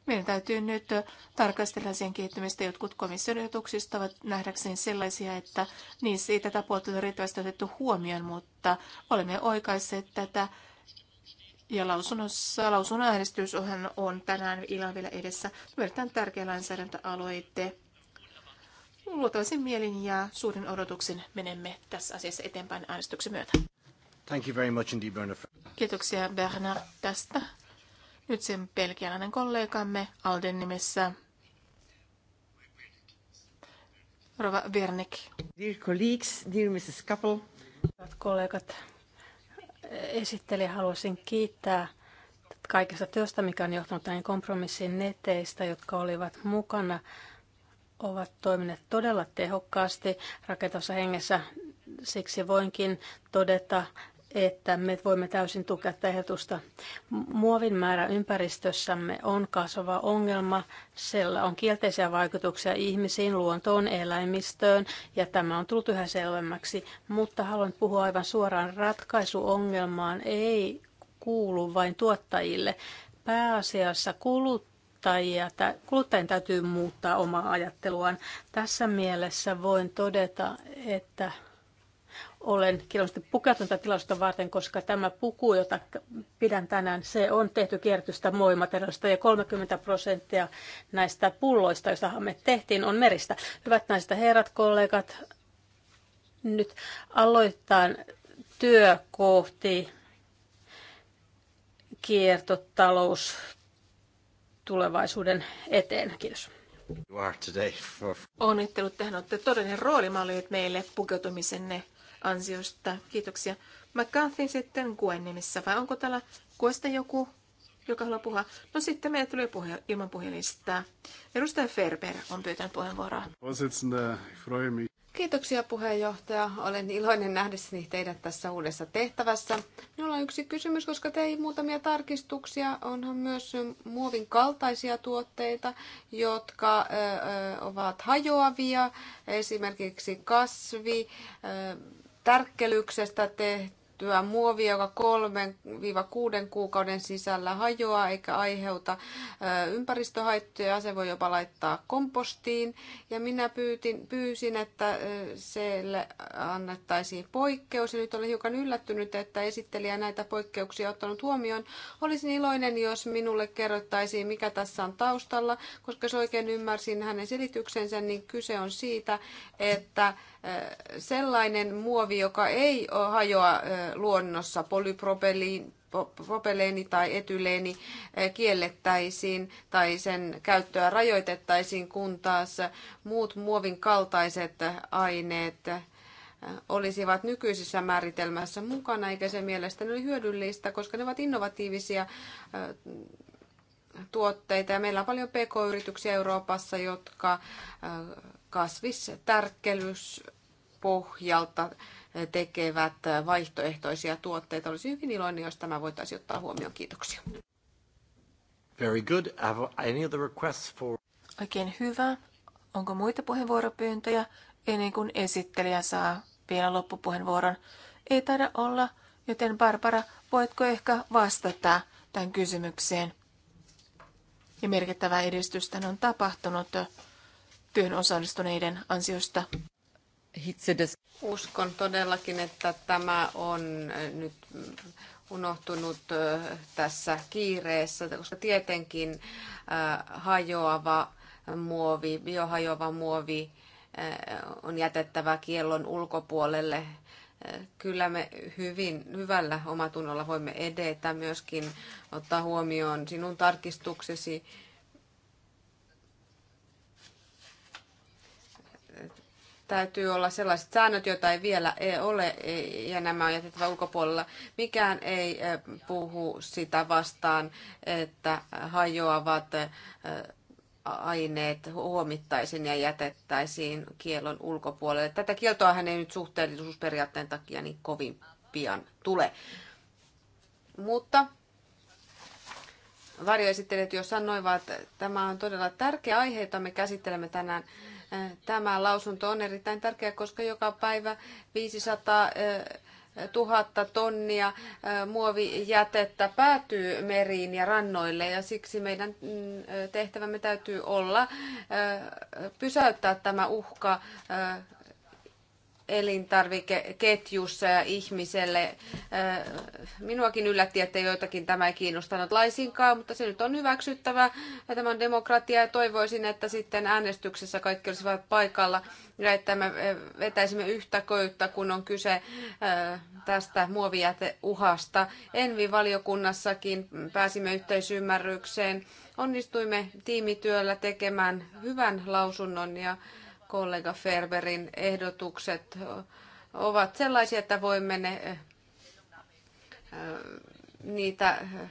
Meidän täytyy nyt tarkastella sen kehittymistä. Jotkut komission ehdotuksista ovat nähdäkseni sellaisia, että niissä ei tätä puolta ole riittävästi otettu huomioon, mutta olemme oikaisseet tätä ja lausunnossa, lausunnon äänestysohjelma on tänään illalla vielä edessä. Yritetään tärkeä lainsäädäntöaloite. Luultavasti mielin ja suurin odotuksen menemme tässä asiassa eteenpäin äänestyksen myötä. Thank you very much indeed, Bernard. Kiitoksia Bernard tästä. Nyt sen pelkialainen kollegamme Alden nimessä. Rova Wernick. Dear colleagues, dear Mrs. Kappel. Hyvät kollegat, esittelijä haluaisin kiittää kaikesta työstä, mikä on johtanut näihin kompromissiin neteistä, jotka olivat mukana, ovat toimineet todella tehokkaasti rakentavassa hengessä. Siksi voinkin todeta että me voimme täysin tukea tätä Muovin määrä ympäristössämme on kasvava ongelma. Sillä on kielteisiä vaikutuksia ihmisiin, luontoon, eläimistöön ja tämä on tullut yhä selvemmäksi. Mutta haluan puhua aivan suoraan ratkaisuongelmaan. Ei kuulu vain tuottajille. Pääasiassa kulut kuluttajia, kuluttajien täytyy muuttaa omaa ajatteluaan. Tässä mielessä voin todeta, että olen kilometrin pukeutunut tätä tilausta varten, koska tämä puku, jota pidän tänään, se on tehty kierrätystä moimateriaalista ja 30 prosenttia näistä pulloista, joista me tehtiin, on meristä. Hyvät naiset herrat, kollegat, nyt aloittaa työ kohti kiertotalous tulevaisuuden eteen. Kiitos. Onnittelut, tehän olette todellinen roolimalli meille pukeutumisenne ansiosta. Kiitoksia. McCarthy sitten Kuen nimissä, vai onko täällä Kuesta joku, joka haluaa puhua? No sitten meidän tuli puhe, ilman puhelistaa. Edustaja Ferber on pyytänyt puheenvuoroa. Kiitoksia puheenjohtaja. Olen iloinen nähdessäni teidät tässä uudessa tehtävässä. Minulla on yksi kysymys, koska tein muutamia tarkistuksia. Onhan myös muovin kaltaisia tuotteita, jotka ö, ö, ovat hajoavia, esimerkiksi kasvi, ö, tärkkelyksestä tehtyä muovia, joka 3-6 kuukauden sisällä hajoaa eikä aiheuta ympäristöhaittoja. Se voi jopa laittaa kompostiin. Ja minä pyytin, pyysin, että sille annettaisiin poikkeus. Ja nyt olen hiukan yllättynyt, että esittelijä näitä poikkeuksia ottanut huomioon. Olisin iloinen, jos minulle kerrottaisiin, mikä tässä on taustalla, koska jos oikein ymmärsin hänen selityksensä, niin kyse on siitä, että sellainen muovi, joka ei hajoa luonnossa polypropeliin, propeleeni tai etyleeni kiellettäisiin tai sen käyttöä rajoitettaisiin, kun taas muut muovin kaltaiset aineet olisivat nykyisessä määritelmässä mukana, eikä se mielestäni ole hyödyllistä, koska ne ovat innovatiivisia tuotteita ja meillä on paljon pk-yrityksiä Euroopassa, jotka kasvistärkkelys pohjalta tekevät vaihtoehtoisia tuotteita. Olisi hyvin iloinen, jos tämä voitaisiin ottaa huomioon. Kiitoksia. Very good. Have any other requests for... Oikein hyvä. Onko muita puheenvuoropyyntöjä ennen kuin esittelijä saa vielä loppupuheenvuoron? Ei taida olla, joten Barbara, voitko ehkä vastata tämän kysymykseen? Ja merkittävää edistystä on tapahtunut työhön osallistuneiden ansiosta. Uskon todellakin, että tämä on nyt unohtunut tässä kiireessä, koska tietenkin hajoava muovi, biohajoava muovi on jätettävä kiellon ulkopuolelle. Kyllä me hyvin hyvällä omatunnolla voimme edetä myöskin ottaa huomioon sinun tarkistuksesi täytyy olla sellaiset säännöt, joita ei vielä e, ole, e, ja nämä on jätettävä ulkopuolella. Mikään ei e, puhu sitä vastaan, että hajoavat aineet huomittaisiin ja jätettäisiin kielon ulkopuolelle. Tätä kieltoa hän ei nyt suhteellisuusperiaatteen takia niin kovin pian tule. Mutta varjoesittelijät jo sanoivat, että tämä on todella tärkeä aihe, jota me käsittelemme tänään. Tämä lausunto on erittäin tärkeä, koska joka päivä 500 tuhatta tonnia muovijätettä päätyy meriin ja rannoille ja siksi meidän mm, tehtävämme täytyy olla pysäyttää tämä uhka elintarvikeketjussa ja ihmiselle. Äh, minuakin yllätti, että joitakin tämä ei kiinnostanut laisinkaan, mutta se nyt on hyväksyttävä. Ja tämä on demokratia ja toivoisin, että sitten äänestyksessä kaikki olisivat paikalla ja että me äh, vetäisimme yhtä köyttä, kun on kyse äh, tästä muovijäteuhasta. Envi-valiokunnassakin pääsimme yhteisymmärrykseen. Onnistuimme tiimityöllä tekemään hyvän lausunnon ja kollega Ferberin ehdotukset ovat sellaisia, että voimme ne, eh, niitä eh,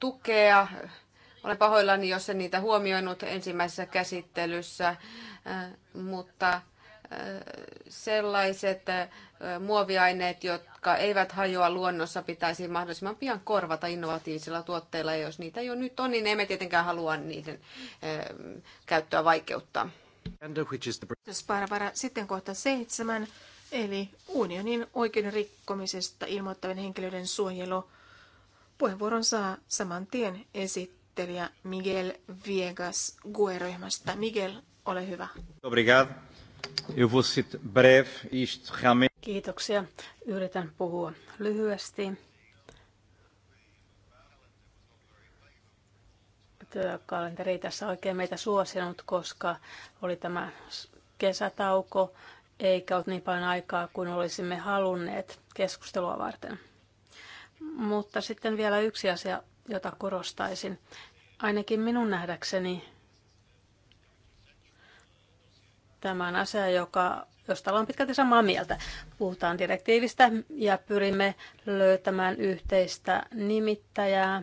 tukea. Olen pahoillani, jos en niitä huomioinut ensimmäisessä käsittelyssä, eh, mutta sellaiset äh, muoviaineet, jotka eivät hajoa luonnossa, pitäisi mahdollisimman pian korvata innovatiivisilla tuotteilla. Ja jos niitä jo nyt on, niin emme tietenkään halua niiden äh, käyttöä vaikeuttaa. Barbara, sitten kohta seitsemän, eli unionin oikeuden rikkomisesta ilmoittavien henkilöiden suojelu. Puheenvuoron saa saman tien esittelijä Miguel Viegas GUE-ryhmästä. Miguel, ole hyvä. Obrigado. Kiitoksia. Yritän puhua lyhyesti. Työkalenteri ei tässä oikein meitä suosinut, koska oli tämä kesätauko, eikä ollut niin paljon aikaa kuin olisimme halunneet keskustelua varten. Mutta sitten vielä yksi asia, jota korostaisin. Ainakin minun nähdäkseni Tämä on asia, joka, josta ollaan pitkälti samaa mieltä. Puhutaan direktiivistä ja pyrimme löytämään yhteistä nimittäjää.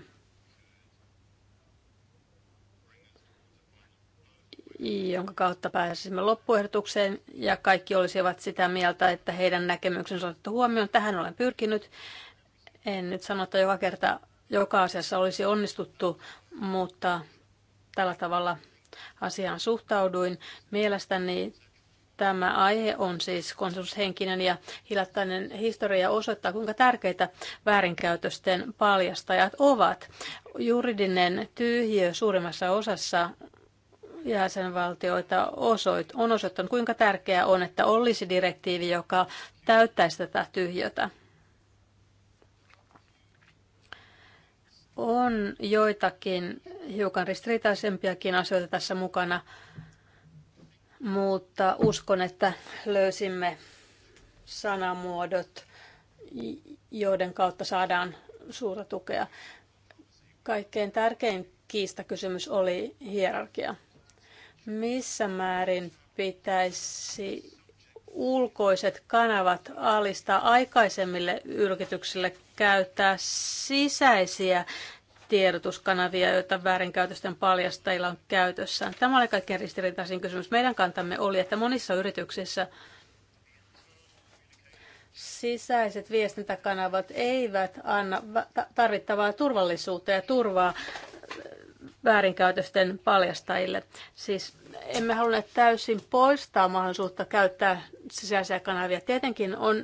jonka kautta pääsisimme loppuehdotukseen ja kaikki olisivat sitä mieltä, että heidän näkemyksensä on otettu huomioon. Tähän olen pyrkinyt. En nyt sano, että joka kerta joka asiassa olisi onnistuttu, mutta tällä tavalla asiaan suhtauduin. Mielestäni tämä aihe on siis konsensushenkinen ja hiljattainen historia osoittaa, kuinka tärkeitä väärinkäytösten paljastajat ovat. Juridinen tyhjiö suurimmassa osassa jäsenvaltioita osoit, on osoittanut, kuinka tärkeää on, että olisi direktiivi, joka täyttäisi tätä tyhjötä. on joitakin hiukan ristiriitaisempiakin asioita tässä mukana, mutta uskon, että löysimme sanamuodot, joiden kautta saadaan suurta tukea. Kaikkein tärkein kiistakysymys oli hierarkia. Missä määrin pitäisi ulkoiset kanavat alistaa aikaisemmille yrityksille käyttää sisäisiä tiedotuskanavia, joita väärinkäytösten paljastajilla on käytössään. Tämä oli kaikkein ristiriitaisin kysymys. Meidän kantamme oli, että monissa yrityksissä sisäiset viestintäkanavat eivät anna tarvittavaa turvallisuutta ja turvaa väärinkäytösten paljastajille. Siis emme halunneet täysin poistaa mahdollisuutta käyttää sisäisiä kanavia. Tietenkin on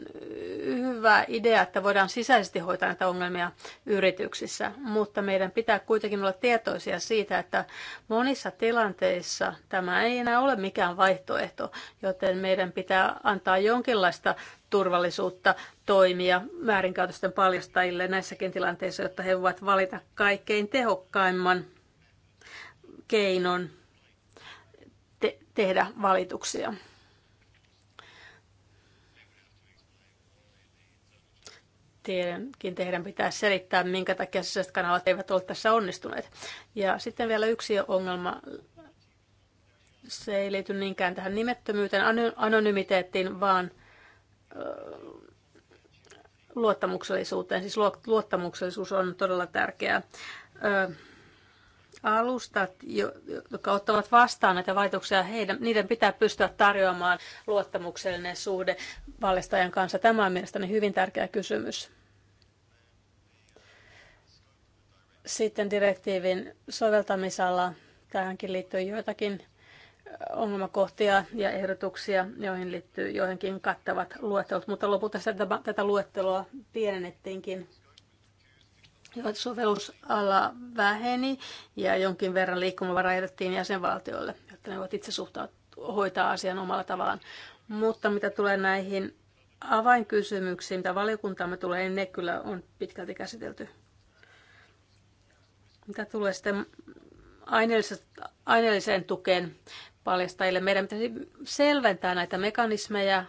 hyvä idea, että voidaan sisäisesti hoitaa näitä ongelmia yrityksissä, mutta meidän pitää kuitenkin olla tietoisia siitä, että monissa tilanteissa tämä ei enää ole mikään vaihtoehto, joten meidän pitää antaa jonkinlaista turvallisuutta toimia väärinkäytösten paljastajille näissäkin tilanteissa, jotta he voivat valita kaikkein tehokkaimman keinon te- tehdä valituksia. Teidänkin teidän pitää selittää, minkä takia sisäiset kanavat eivät ole tässä onnistuneet. Ja sitten vielä yksi ongelma se ei liity niinkään tähän nimettömyyteen, anonymiteettiin, vaan luottamuksellisuuteen. Siis luottamuksellisuus on todella tärkeää alustat, jotka ottavat vastaan näitä vaikutuksia. heidän, niiden pitää pystyä tarjoamaan luottamuksellinen suhde valistajan kanssa. Tämä on mielestäni hyvin tärkeä kysymys. Sitten direktiivin soveltamisalla tähänkin liittyy joitakin ongelmakohtia ja ehdotuksia, joihin liittyy joihinkin kattavat luettelut, mutta lopulta tätä, luettelua luetteloa pienennettiinkin sovellusala väheni ja jonkin verran liikkumavara jätettiin jäsenvaltioille, jotta ne voivat itse suhtautua, hoitaa asian omalla tavallaan. Mutta mitä tulee näihin avainkysymyksiin, mitä valiokuntaamme tulee, niin ne kyllä on pitkälti käsitelty. Mitä tulee sitten aineelliseen tukeen paljastajille, meidän pitäisi selventää näitä mekanismeja.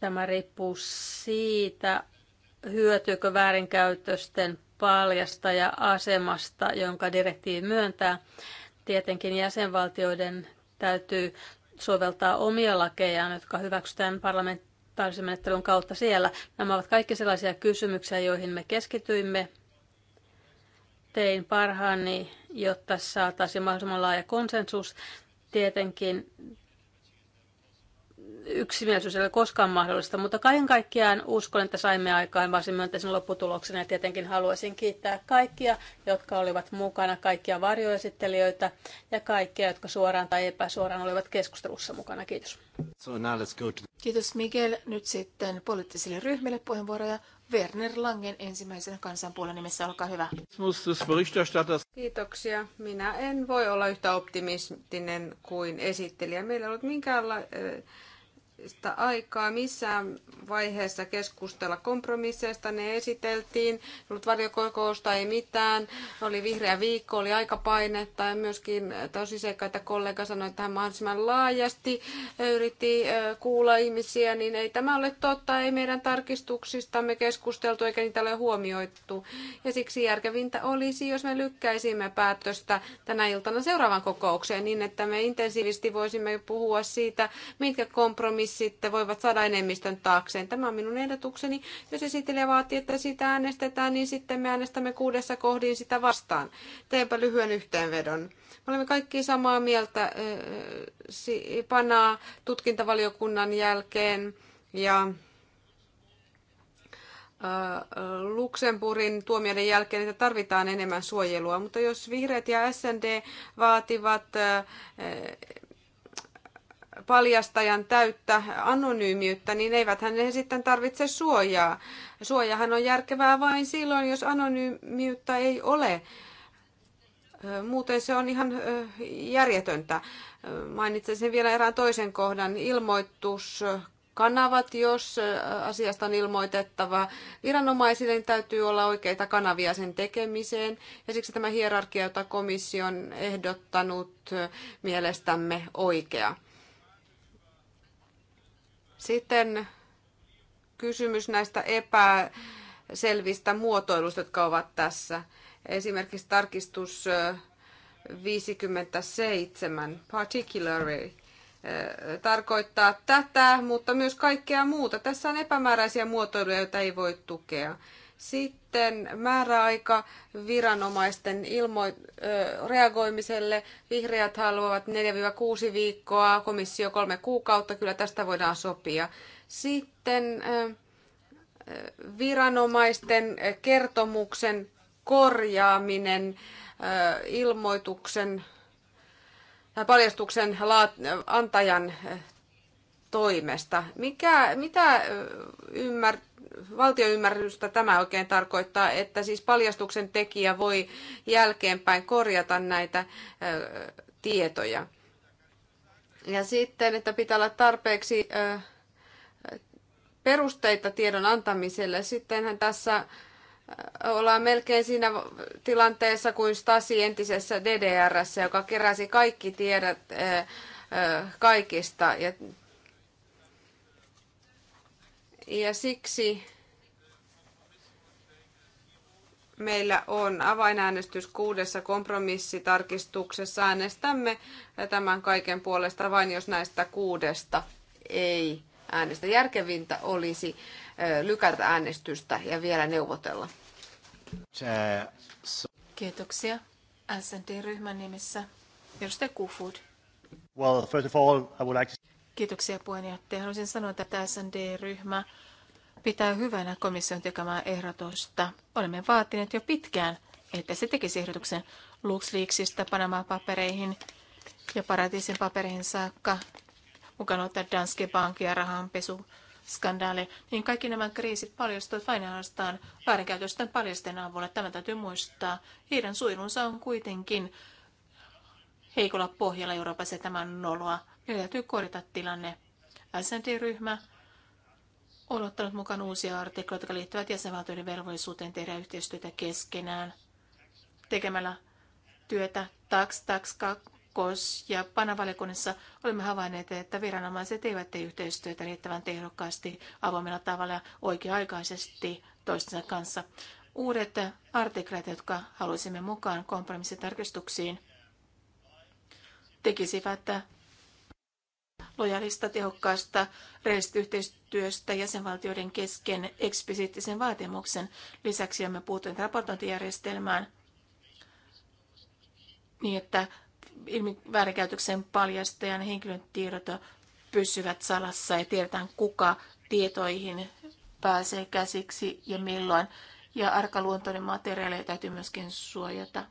Tämä riippuu siitä, hyötyykö väärinkäytösten paljastaja asemasta, jonka direktiivi myöntää. Tietenkin jäsenvaltioiden täytyy soveltaa omia lakejaan, jotka hyväksytään parlamentaarisen menettelyn kautta siellä. Nämä ovat kaikki sellaisia kysymyksiä, joihin me keskityimme. Tein parhaani, jotta saataisiin mahdollisimman laaja konsensus. Tietenkin yksimielisyys ei ole koskaan mahdollista, mutta kaiken kaikkiaan uskon, että saimme aikaan varsin myönteisen lopputuloksen ja tietenkin haluaisin kiittää kaikkia, jotka olivat mukana, kaikkia varjoesittelijöitä ja kaikkia, jotka suoraan tai epäsuoraan olivat keskustelussa mukana. Kiitos. So Kiitos Miguel. Nyt sitten poliittisille ryhmille puheenvuoroja. Werner Langen ensimmäisenä kansanpuolen nimessä, olkaa hyvä. Kiitoksia. Minä en voi olla yhtä optimistinen kuin esittelijä. Meillä ei ollut minkäänlaista sitä aikaa missään vaiheessa keskustella kompromisseista. Ne esiteltiin, ei ollut varjokokousta, ei mitään. Oli vihreä viikko, oli aika painetta ja myöskin tosi seikka, että kollega sanoi, että hän mahdollisimman laajasti yritti kuulla ihmisiä, niin ei tämä ole totta. Ei meidän tarkistuksistamme keskusteltu eikä niitä ole huomioittu, Ja siksi järkevintä olisi, jos me lykkäisimme päätöstä tänä iltana seuraavan kokoukseen niin, että me intensiivisesti voisimme puhua siitä, mitkä kompromissit sitten voivat saada enemmistön taakseen. Tämä on minun ehdotukseni. Jos esittelijä vaatii, että sitä äänestetään, niin sitten me äänestämme kuudessa kohdin sitä vastaan. Teenpä lyhyen yhteenvedon. Me olemme kaikki samaa mieltä panaa tutkintavaliokunnan jälkeen ja Luxemburgin tuomioiden jälkeen, että tarvitaan enemmän suojelua. Mutta jos vihreät ja SND vaativat paljastajan täyttä anonyymiyttä, niin eivät hän sitten tarvitse suojaa. Suojahan on järkevää vain silloin, jos anonyymiyttä ei ole. Muuten se on ihan järjetöntä. Mainitsen vielä erään toisen kohdan, ilmoitus kanavat, jos asiasta on ilmoitettava. Viranomaisille niin täytyy olla oikeita kanavia sen tekemiseen, ja siksi tämä hierarkia, jota komissio on ehdottanut, mielestämme oikea. Sitten kysymys näistä epäselvistä muotoiluista, jotka ovat tässä. Esimerkiksi tarkistus 57, particularly, tarkoittaa tätä, mutta myös kaikkea muuta. Tässä on epämääräisiä muotoiluja, joita ei voi tukea. Sitten määräaika viranomaisten ilmo- reagoimiselle. Vihreät haluavat 4-6 viikkoa, komissio kolme kuukautta. Kyllä tästä voidaan sopia. Sitten viranomaisten kertomuksen korjaaminen ilmoituksen tai paljastuksen antajan toimesta. Mikä, mitä ymmär, valtioymmärrystä tämä oikein tarkoittaa, että siis paljastuksen tekijä voi jälkeenpäin korjata näitä ö, tietoja? Ja sitten, että pitää olla tarpeeksi ö, perusteita tiedon antamiselle. Sittenhän tässä ollaan melkein siinä tilanteessa kuin Stasi entisessä DDRssä, joka keräsi kaikki tiedot kaikista. Ja ja siksi meillä on avainäänestys kuudessa kompromissitarkistuksessa. Äänestämme tämän kaiken puolesta vain, jos näistä kuudesta ei äänestä. Järkevintä olisi lykätä äänestystä ja vielä neuvotella. Kiitoksia. SND-ryhmän nimissä edustaja Kufud. Well, first of all, I would like to... Kiitoksia puheenjohtaja. Haluaisin sanoa, että SND-ryhmä pitää hyvänä komission tekemää ehdotusta. Olemme vaatineet jo pitkään, että se tekisi ehdotuksen LuxLeaksista Panama-papereihin ja paratiisin papereihin saakka, mukaan ottaa Danske Bank ja rahanpesu skandaali, niin kaikki nämä kriisit paljastuvat vain ainoastaan väärinkäytösten paljasten avulla. Tämä täytyy muistaa. Heidän suojelunsa on kuitenkin heikolla pohjalla Euroopassa. ja tämän noloa. Meidän täytyy korjata tilanne. SND-ryhmä on ottanut mukaan uusia artikloita, jotka liittyvät jäsenvaltioiden velvollisuuteen tehdä yhteistyötä keskenään tekemällä työtä TAX, TAX kos ja panavalikunnissa olemme havainneet, että viranomaiset eivät tee yhteistyötä riittävän tehokkaasti, avoimella tavalla ja oikea-aikaisesti toistensa kanssa. Uudet artiklet, jotka haluaisimme mukaan kompromissitarkistuksiin, tekisivät lojalista, tehokkaasta, rehellisestä yhteistyöstä jäsenvaltioiden kesken eksplisiittisen vaatimuksen. Lisäksi olemme puuttuneet raportointijärjestelmään niin, että ilmi väärinkäytöksen paljastajan henkilön tiedot pysyvät salassa ja tiedetään, kuka tietoihin pääsee käsiksi ja milloin. Ja arkaluontoinen materiaali täytyy myöskin suojata.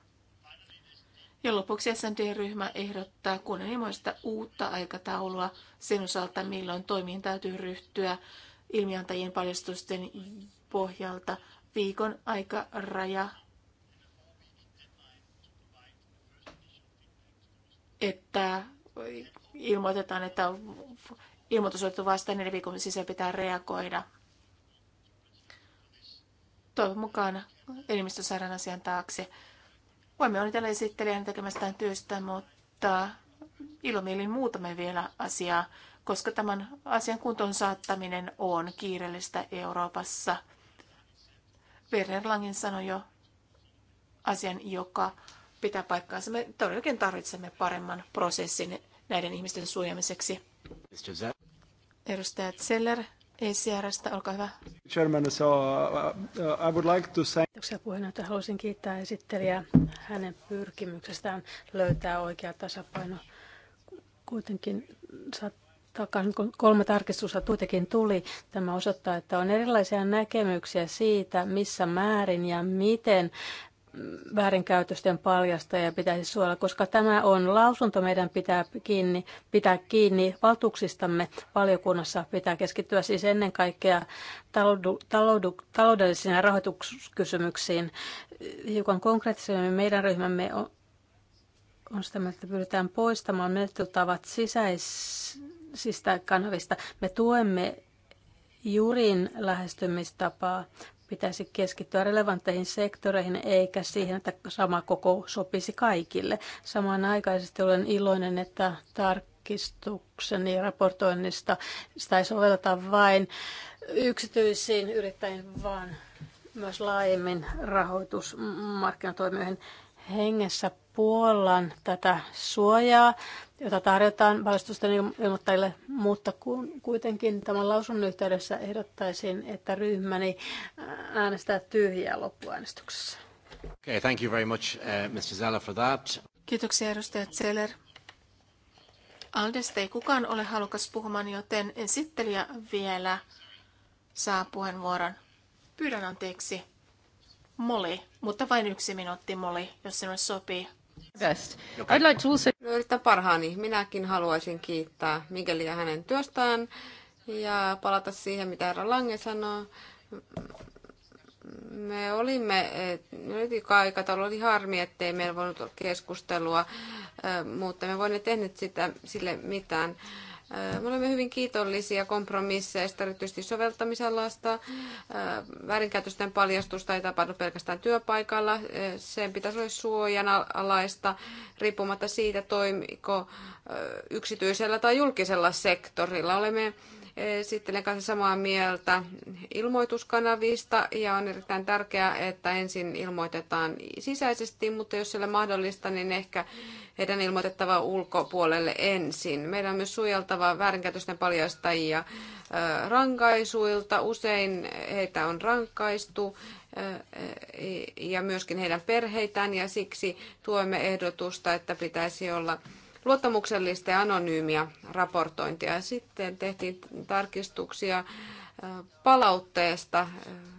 Ja lopuksi SND-ryhmä ehdottaa kunnianhimoista uutta aikataulua sen osalta, milloin toimiin täytyy ryhtyä ilmiantajien paljastusten pohjalta viikon aikaraja, että ilmoitetaan, että ilmoitus on vasta neljän viikon sisällä pitää reagoida. Toivon mukaan enemmistö saadaan asian taakse. Voimme onnitella esittelijän tekemästään työstä, mutta ilomielin muutamme vielä asiaa, koska tämän asian kuntoon saattaminen on kiireellistä Euroopassa. Werner Langin sanoi jo asian, joka pitää paikkaansa. Me todellakin tarvitsemme paremman prosessin näiden ihmisten suojamiseksi. Edustaja Zeller ECRstä, olkaa hyvä. Chairman, so, uh, uh, I would like to say... Kiitoksia puheenjohtaja. Haluaisin kiittää esittelijää hänen pyrkimyksestään löytää oikea tasapaino. Kuitenkin kolme tarkistusta kuitenkin tuli. Tämä osoittaa, että on erilaisia näkemyksiä siitä, missä määrin ja miten väärinkäytösten paljastaja pitäisi suojella, koska tämä on lausunto. Meidän pitää kiinni, pitää kiinni valtuuksistamme valiokunnassa. Pitää keskittyä siis ennen kaikkea taloudu, taloudu, taloudellisiin ja rahoituskysymyksiin. Hiukan konkreettisemmin meidän ryhmämme on, on sitä että pyritään poistamaan menettelytavat sisäisistä kanavista. Me tuemme jurin lähestymistapaa pitäisi keskittyä relevantteihin sektoreihin eikä siihen, että sama koko sopisi kaikille. Samanaikaisesti olen iloinen, että tarkistuksen ja raportoinnista sitä ei sovelleta vain yksityisiin yrittäjiin, vaan myös laajemmin rahoitusmarkkinatoimijoihin hengessä puollan tätä suojaa, jota tarjotaan valistusten ilmoittajille, mutta kuitenkin tämän lausunnon yhteydessä ehdottaisin, että ryhmäni äänestää tyhjää loppuäänestyksessä. Okay, thank you very much, uh, Mr. Zeller, for that. Kiitoksia edustaja Zeller. Aldesta ei kukaan ole halukas puhumaan, joten esittelijä vielä saa puheenvuoron. Pyydän anteeksi. Moli, mutta vain yksi minuutti Moli, jos sinulle sopii. Best. I'd like to also... No, yritän parhaani. Minäkin haluaisin kiittää Mikeliä hänen työstään ja palata siihen, mitä herra Lange sanoi. Me olimme, no, nyt aikataulu oli harmi, ettei meillä voinut olla keskustelua, mutta me voimme tehnyt sitä sille mitään. Äh, me olemme hyvin kiitollisia kompromisseista, erityisesti soveltamisalasta. Äh, väärinkäytösten paljastusta ei tapahdu pelkästään työpaikalla. Äh, sen pitäisi olla suojanalaista, riippumatta siitä, toimiko yksityisellä tai julkisella sektorilla. Olemme esittelen kanssa samaa mieltä ilmoituskanavista ja on erittäin tärkeää, että ensin ilmoitetaan sisäisesti, mutta jos sillä mahdollista, niin ehkä heidän ilmoitettava ulkopuolelle ensin. Meidän on myös suojeltava väärinkäytösten paljastajia rankaisuilta. Usein heitä on rankaistu e, ja myöskin heidän perheitään ja siksi tuemme ehdotusta, että pitäisi olla luottamuksellista ja anonyymiä raportointia. Sitten tehtiin tarkistuksia palautteesta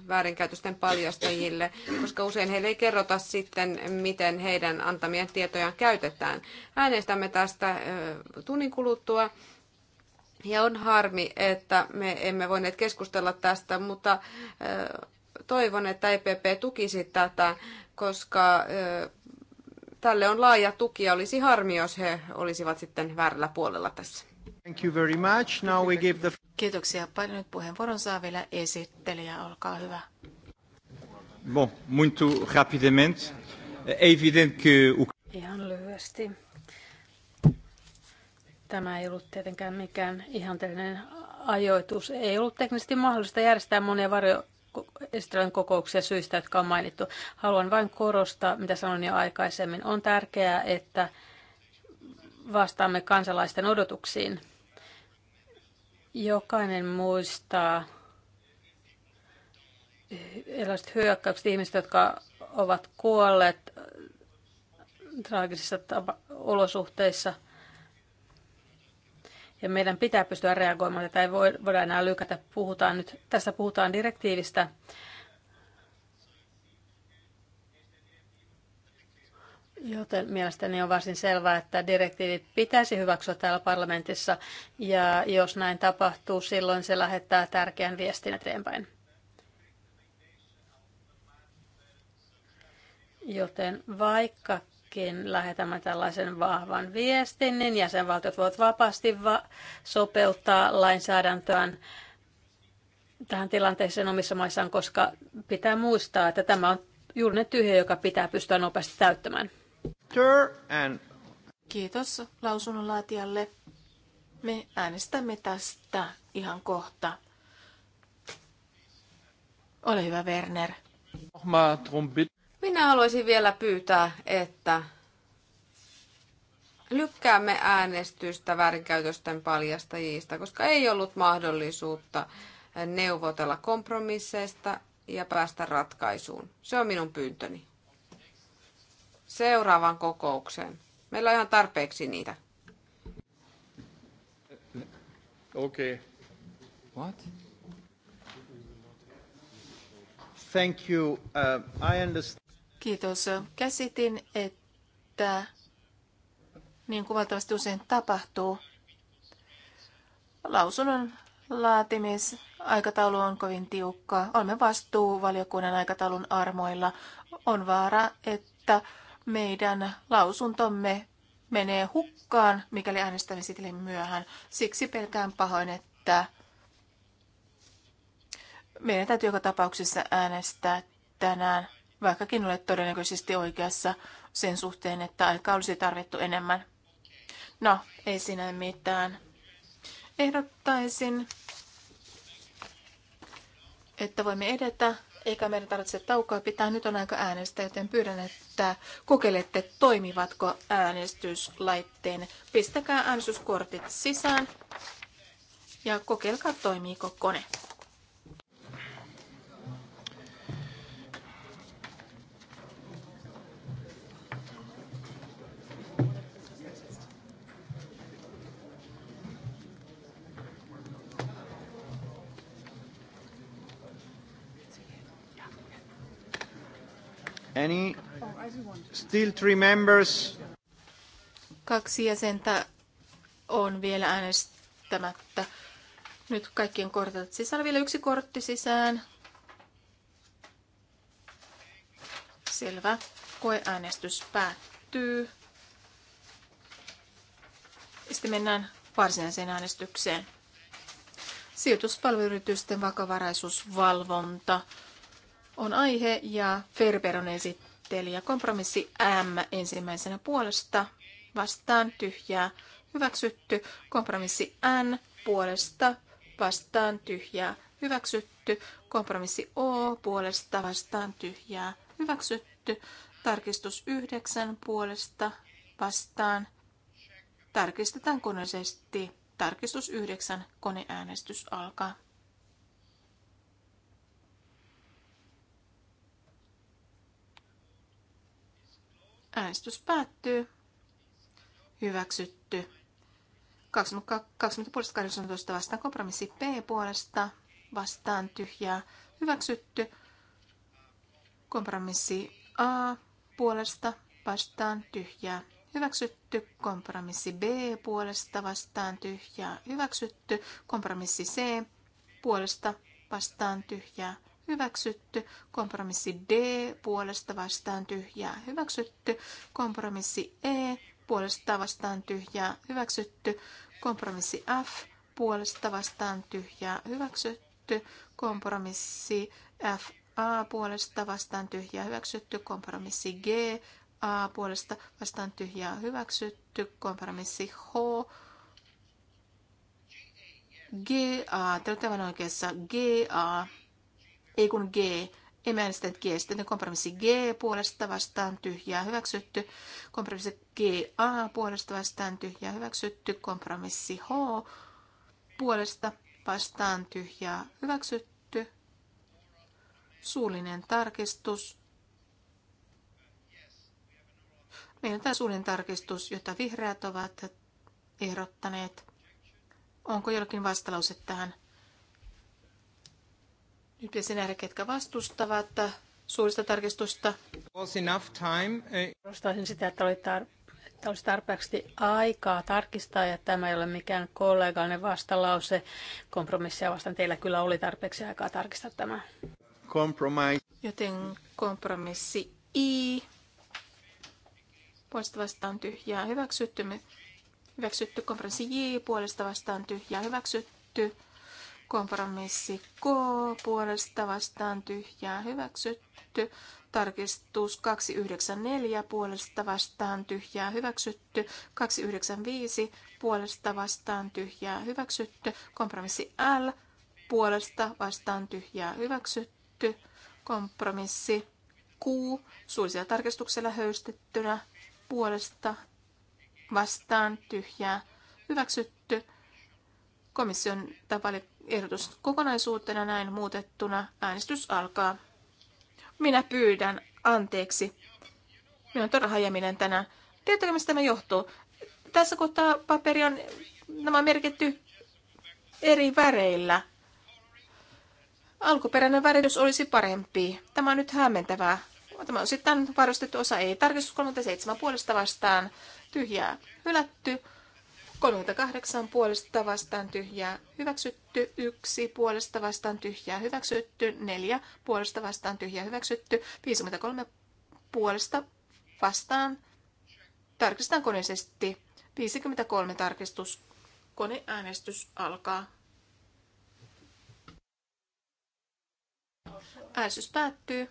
väärinkäytösten paljastajille, koska usein heille ei kerrota sitten, miten heidän antamien tietojaan käytetään. Äänestämme tästä tunnin kuluttua. Ja on harmi, että me emme voineet keskustella tästä, mutta toivon, että EPP tukisi tätä, koska tälle on laaja tuki ja olisi harmi, jos he olisivat sitten väärällä puolella tässä. Thank you very much. Now we give the... Kiitoksia paljon. Nyt puheenvuoron saa vielä esittelijä. Olkaa hyvä. Bon, muito rapidamente. É evidente que... Ihan lyhyesti. Tämä ei ollut tietenkään mikään ihanteellinen ajoitus. Ei ollut teknisesti mahdollista järjestää monia varjo esittelyn kokouksia syistä, jotka on mainittu. Haluan vain korostaa, mitä sanoin jo aikaisemmin. On tärkeää, että vastaamme kansalaisten odotuksiin. Jokainen muistaa erilaiset hyökkäykset, ihmiset, jotka ovat kuolleet traagisissa olosuhteissa – ja meidän pitää pystyä reagoimaan, tätä ei voida enää lykätä. Puhutaan nyt, tässä puhutaan direktiivistä, Joten mielestäni on varsin selvää, että direktiivit pitäisi hyväksyä täällä parlamentissa ja jos näin tapahtuu, silloin se lähettää tärkeän viestin eteenpäin. Joten vaikka Todellakin lähetämme tällaisen vahvan viestin, niin jäsenvaltiot voivat vapaasti va- sopeuttaa lainsäädäntöään tähän tilanteeseen omissa maissaan, koska pitää muistaa, että tämä on juuri ne tyhjä, joka pitää pystyä nopeasti täyttämään. Kiitos lausunnonlaatijalle. Me äänestämme tästä ihan kohta. Ole hyvä, Werner. Minä haluaisin vielä pyytää, että lykkäämme äänestystä väärinkäytösten paljastajista, koska ei ollut mahdollisuutta neuvotella kompromisseista ja päästä ratkaisuun. Se on minun pyyntöni. Seuraavaan kokoukseen. Meillä on ihan tarpeeksi niitä. Okei. Okay. What? Thank you. Uh, I understand. Kiitos. Käsitin, että niin kuin valtavasti usein tapahtuu, lausunnon laatimis Aikataulu on kovin tiukka. Olemme vastuuvaliokunnan aikataulun armoilla. On vaara, että meidän lausuntomme menee hukkaan, mikäli äänestämme sitille myöhään. Siksi pelkään pahoin, että meidän täytyy joka tapauksessa äänestää tänään vaikkakin olet todennäköisesti oikeassa sen suhteen, että aikaa olisi tarvittu enemmän. No, ei siinä mitään. Ehdottaisin, että voimme edetä, eikä meidän tarvitse taukoa pitää. Nyt on aika äänestä, joten pyydän, että kokeilette, toimivatko äänestyslaitteen. Pistäkää äänestyskortit sisään ja kokeilkaa, toimiiko kone. Any? Still three members. Kaksi jäsentä on vielä äänestämättä. Nyt kaikkien kortit sisällä. Vielä yksi kortti sisään. Selvä. Koeäänestys päättyy. Sitten mennään varsinaiseen äänestykseen. Sijoituspalveluyritysten vakavaraisuusvalvonta on aihe ja Ferber on esittelijä. Kompromissi M ensimmäisenä puolesta vastaan tyhjää hyväksytty. Kompromissi N puolesta vastaan tyhjää hyväksytty. Kompromissi O puolesta vastaan tyhjää hyväksytty. Tarkistus 9 puolesta vastaan. Tarkistetaan koneisesti. Tarkistus 9. Koneäänestys alkaa. Äänestys päättyy. Hyväksytty. 20.18 vastaan kompromissi P puolesta vastaan tyhjää hyväksytty. Kompromissi A puolesta vastaan tyhjää hyväksytty. Kompromissi B puolesta vastaan tyhjää hyväksytty. Kompromissi C puolesta vastaan tyhjää hyväksytty. Kompromissi D puolesta vastaan tyhjää hyväksytty. Kompromissi E puolesta vastaan tyhjää hyväksytty. Kompromissi F puolesta vastaan tyhjää hyväksytty. Kompromissi F A puolesta vastaan tyhjää hyväksytty. Kompromissi G A puolesta vastaan tyhjää hyväksytty. Kompromissi H GA, te olette aivan oikeassa, GA ei kun G. Emme äänestänyt G. Sitten kompromissi G puolesta vastaan tyhjää hyväksytty. Kompromissi G A puolesta vastaan tyhjää hyväksytty. Kompromissi H puolesta vastaan tyhjää hyväksytty. Suullinen tarkistus. Meillä on tämä suullinen tarkistus, jota vihreät ovat ehdottaneet. Onko jollakin vastalause tähän? Nyt pitäisi nähdä, ketkä vastustavat suurista tarkistusta. Eh? Korostaisin sitä, että oli tar- että olisi tarpeeksi aikaa tarkistaa, ja tämä ei ole mikään kollegainen vastalause. Kompromissia vastaan teillä kyllä oli tarpeeksi aikaa tarkistaa tämä. Compromise. Joten kompromissi I. Puolesta vastaan tyhjää hyväksytty. Hyväksytty kompromissi J. Puolesta vastaan tyhjää hyväksytty. Kompromissi K puolesta vastaan tyhjää hyväksytty. Tarkistus 294 puolesta vastaan tyhjää hyväksytty. 295 puolesta vastaan tyhjää hyväksytty. Kompromissi L puolesta vastaan tyhjää hyväksytty. Kompromissi Q suullisella tarkistuksella höystettynä puolesta vastaan tyhjää hyväksytty. Komission tai ehdotus kokonaisuutena näin muutettuna. Äänestys alkaa. Minä pyydän anteeksi. Minä on todella hajaminen tänään. Tiedättekö, mistä tämä johtuu? Tässä kohtaa paperi on, nämä on merkitty eri väreillä. Alkuperäinen väritys olisi parempi. Tämä on nyt hämmentävää. Tämä on sitten varustettu osa ei. Tarkistus 37 puolesta vastaan. Tyhjää hylätty. 38 puolesta vastaan tyhjää hyväksytty, 1 puolesta vastaan tyhjää hyväksytty, 4 puolesta vastaan tyhjää hyväksytty, 53 puolesta vastaan. Tarkistetaan koneisesti. 53 tarkistus. Koneäänestys alkaa. Äänestys päättyy.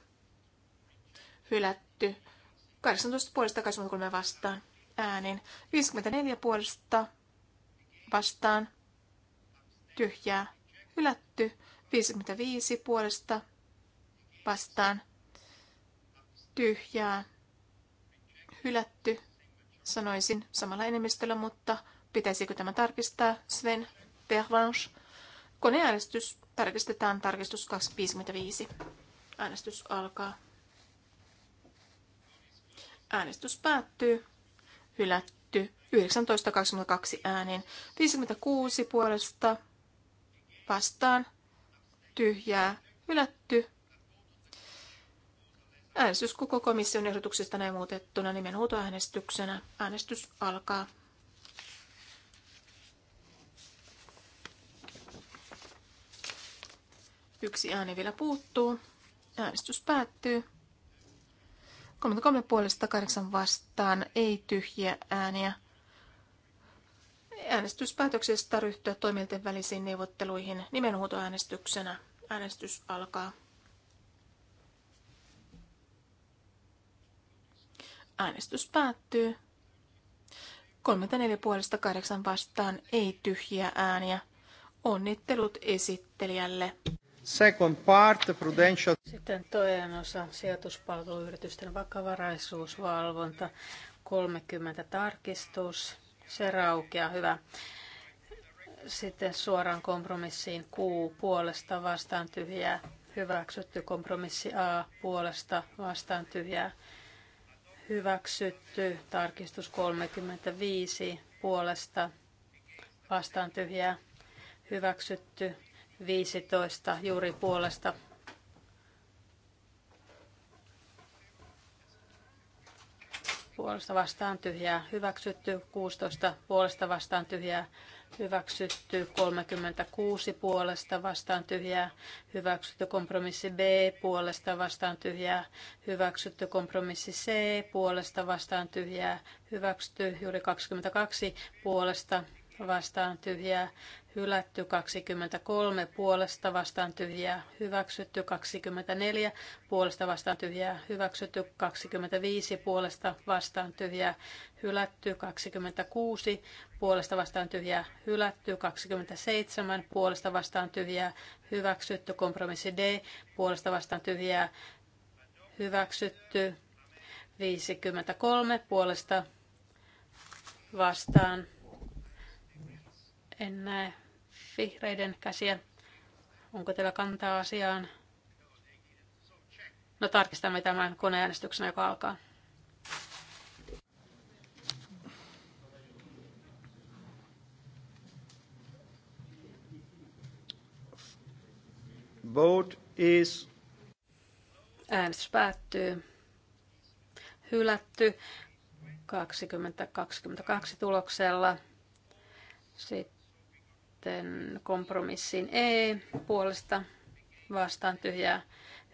Hylätty. 18 puolesta 23 vastaan äänin. 54 puolesta vastaan, tyhjää, hylätty. 55 puolesta vastaan, tyhjää, hylätty. Sanoisin samalla enemmistöllä, mutta pitäisikö tämä tarkistaa? Sven Pervanche. Koneäänestys tarkistetaan tarkistus 255. Äänestys alkaa. Äänestys päättyy. Hylätty hylätty 19.22 äänin. 56 puolesta vastaan tyhjää hylätty. Äänestys koko komission ehdotuksesta näin muutettuna nimenhuutoäänestyksenä. Äänestys alkaa. Yksi ääni vielä puuttuu. Äänestys päättyy. 33 puolesta 8 vastaan, ei tyhjiä ääniä. Äänestyspäätöksestä ryhtyä toimielten välisiin neuvotteluihin nimenhuutoäänestyksenä. Äänestys alkaa. Äänestys päättyy. 34 puolesta 8 vastaan, ei tyhjiä ääniä. Onnittelut esittelijälle. Second part, prudential. Sitten toinen osa, sijoituspalveluyritysten vakavaraisuusvalvonta, 30 tarkistus, se raukeaa, hyvä. Sitten suoraan kompromissiin Q puolesta vastaan tyhjää, hyväksytty kompromissi A puolesta vastaan tyhjää, hyväksytty tarkistus 35 puolesta vastaan tyhjää, hyväksytty 15 juuri puolesta. Puolesta vastaan tyhjää hyväksytty, 16 puolesta vastaan tyhjää hyväksytty, 36 puolesta vastaan tyhjää hyväksytty, kompromissi B puolesta vastaan tyhjää hyväksytty, kompromissi C puolesta vastaan tyhjää hyväksytty, juuri 22 puolesta vastaan tyhjää hylätty 23 puolesta vastaan tyhjää hyväksytty 24 puolesta vastaan tyhjää hyväksytty 25 puolesta vastaan tyhjää hylätty 26 puolesta vastaan tyhjää hylätty 27 puolesta vastaan tyhjää hyväksytty kompromissi D puolesta vastaan tyhjää hyväksytty 53 puolesta vastaan en näe vihreiden käsiä. Onko teillä kantaa asiaan? No tarkistamme tämän koneäänestyksen, joka alkaa. Vote is... Äänestys päättyy. Hylätty 2022 tuloksella. Sitten sitten kompromissiin E puolesta vastaan tyhjää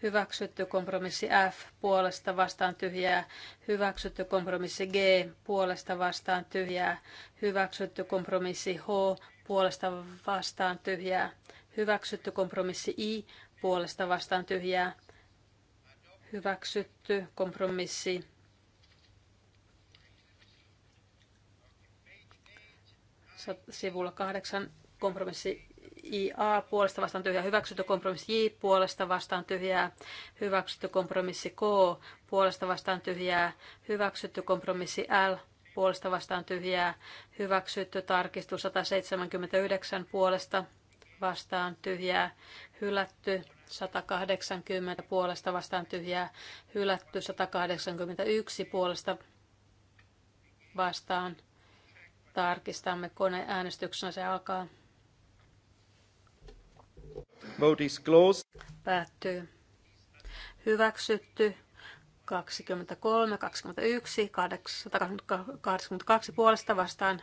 hyväksytty kompromissi F puolesta vastaan tyhjää, hyväksytty kompromissi G puolesta vastaan tyhjää, hyväksytty kompromissi H puolesta vastaan tyhjää, hyväksytty kompromissi I puolesta vastaan tyhjää, hyväksytty kompromissi sivulla kahdeksan Kompromissi IA puolesta vastaan tyhjää hyväksytty, kompromissi J puolesta vastaan tyhjää hyväksytty, kompromissi K puolesta vastaan tyhjää hyväksytty, kompromissi L puolesta vastaan tyhjää hyväksytty, tarkistus 179 puolesta vastaan tyhjää hylätty, 180 puolesta vastaan tyhjää hylätty, 181 puolesta vastaan tarkistamme koneäänestyksenä se alkaa. Vote is closed. Päättyy. Hyväksytty. 23, 21, 82 puolesta vastaan.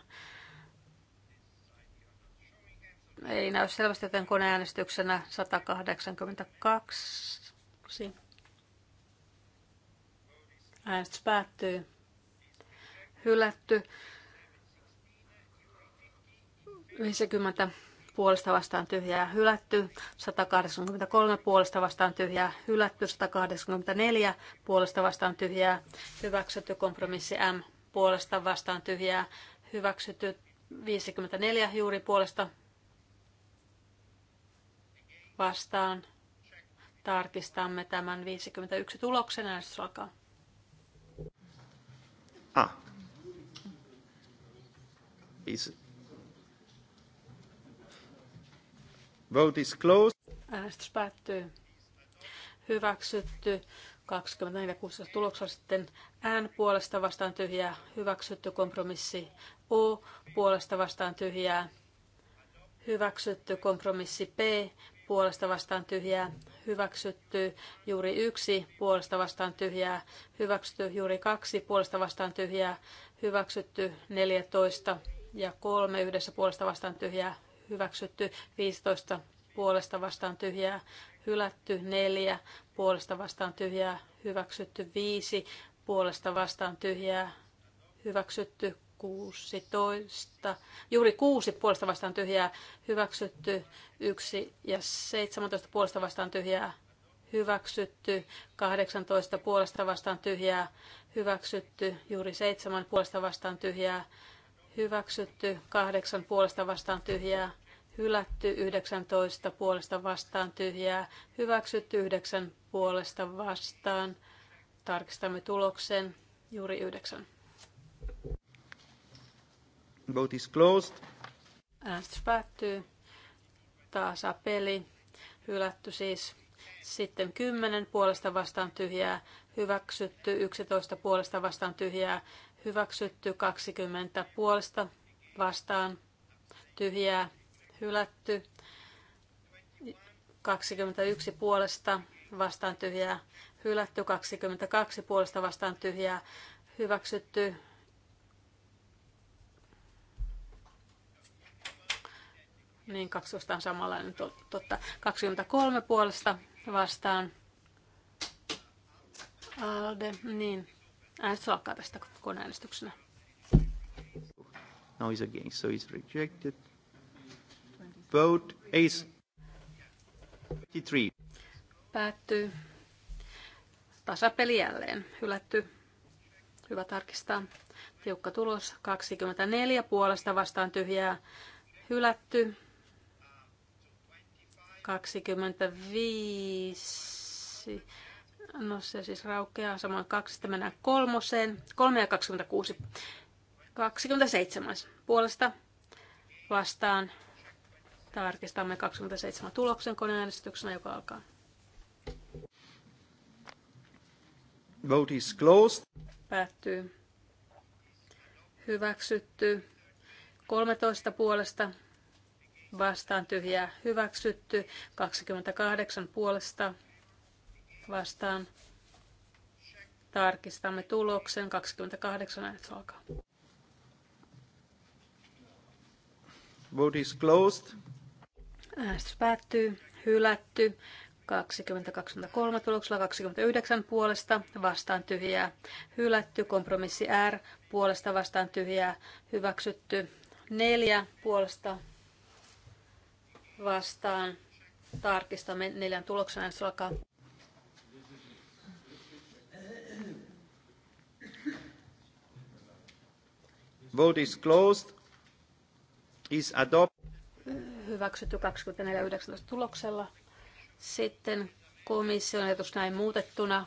Ei näy selvästi, joten koneäänestyksenä 182. Äänestys päättyy. Hylätty. 50 puolesta vastaan tyhjää hylätty, 183 puolesta vastaan tyhjää hylätty, 184 puolesta vastaan tyhjää hyväksytty, kompromissi M puolesta vastaan tyhjää hyväksytty, 54 juuri puolesta vastaan. Tarkistamme tämän 51 tuloksen äänestys alkaa. Ah. Is Vote is closed. Äänestys päättyy. Hyväksytty. 24.16 tuloksella sitten N puolesta vastaan tyhjää, hyväksytty kompromissi. O puolesta vastaan tyhjää, hyväksytty kompromissi P puolesta vastaan tyhjää, hyväksytty juuri yksi puolesta vastaan tyhjää, hyväksytty juuri kaksi puolesta vastaan tyhjää, hyväksytty 14 ja kolme yhdessä puolesta vastaan tyhjää, hyväksytty 15 puolesta vastaan tyhjää, hylätty 4 puolesta vastaan tyhjää, hyväksytty 5 puolesta vastaan tyhjää, hyväksytty 16, juuri 6 puolesta vastaan tyhjää, hyväksytty 1 ja 17 puolesta vastaan tyhjää, hyväksytty, 18 puolesta vastaan tyhjää, hyväksytty, juuri 7 puolesta vastaan tyhjää, hyväksytty, 8 puolesta vastaan tyhjää, hylätty 19 puolesta vastaan tyhjää, hyväksytty 9 puolesta vastaan. Tarkistamme tuloksen juuri 9. Vote is closed. Äänestys päättyy. apeli, Hylätty siis. Sitten 10 puolesta vastaan tyhjää, hyväksytty 11 puolesta vastaan tyhjää, hyväksytty 20 puolesta vastaan tyhjää, hylätty. 21 puolesta vastaan tyhjää hylätty, 22 puolesta vastaan tyhjää hyväksytty. Niin, 12 on samanlainen, totta. 23 puolesta vastaan Alde, niin. Äänestys alkaa tästä koneäänestyksenä. No, he's against, so he's rejected. Vote is 23. Päättyy. Tasapeli jälleen. Hylätty. Hyvä tarkistaa. Tiukka tulos. 24 puolesta vastaan tyhjää. Hylätty. 25. No se siis raukeaa. Samoin kaksi. mennään kolmoseen. 3 ja 26. 27. Puolesta vastaan Tarkistamme 27 tuloksen koneäänestyksenä, joka alkaa. Vote is closed. Päättyy. Hyväksytty. 13 puolesta vastaan tyhjää hyväksytty. 28 puolesta vastaan tarkistamme tuloksen. 28 äänet alkaa. Vote is closed. Äänestys päättyy. Hylätty. 2023 tuloksella 29 puolesta vastaan tyhjää. Hylätty. Kompromissi R puolesta vastaan tyhjää. Hyväksytty. 4 puolesta vastaan. Tarkistamme neljän tuloksen äänestys alkaa. Vote is closed. Is adopted hyväksytty 24.19 tuloksella. Sitten komission ehdotus näin muutettuna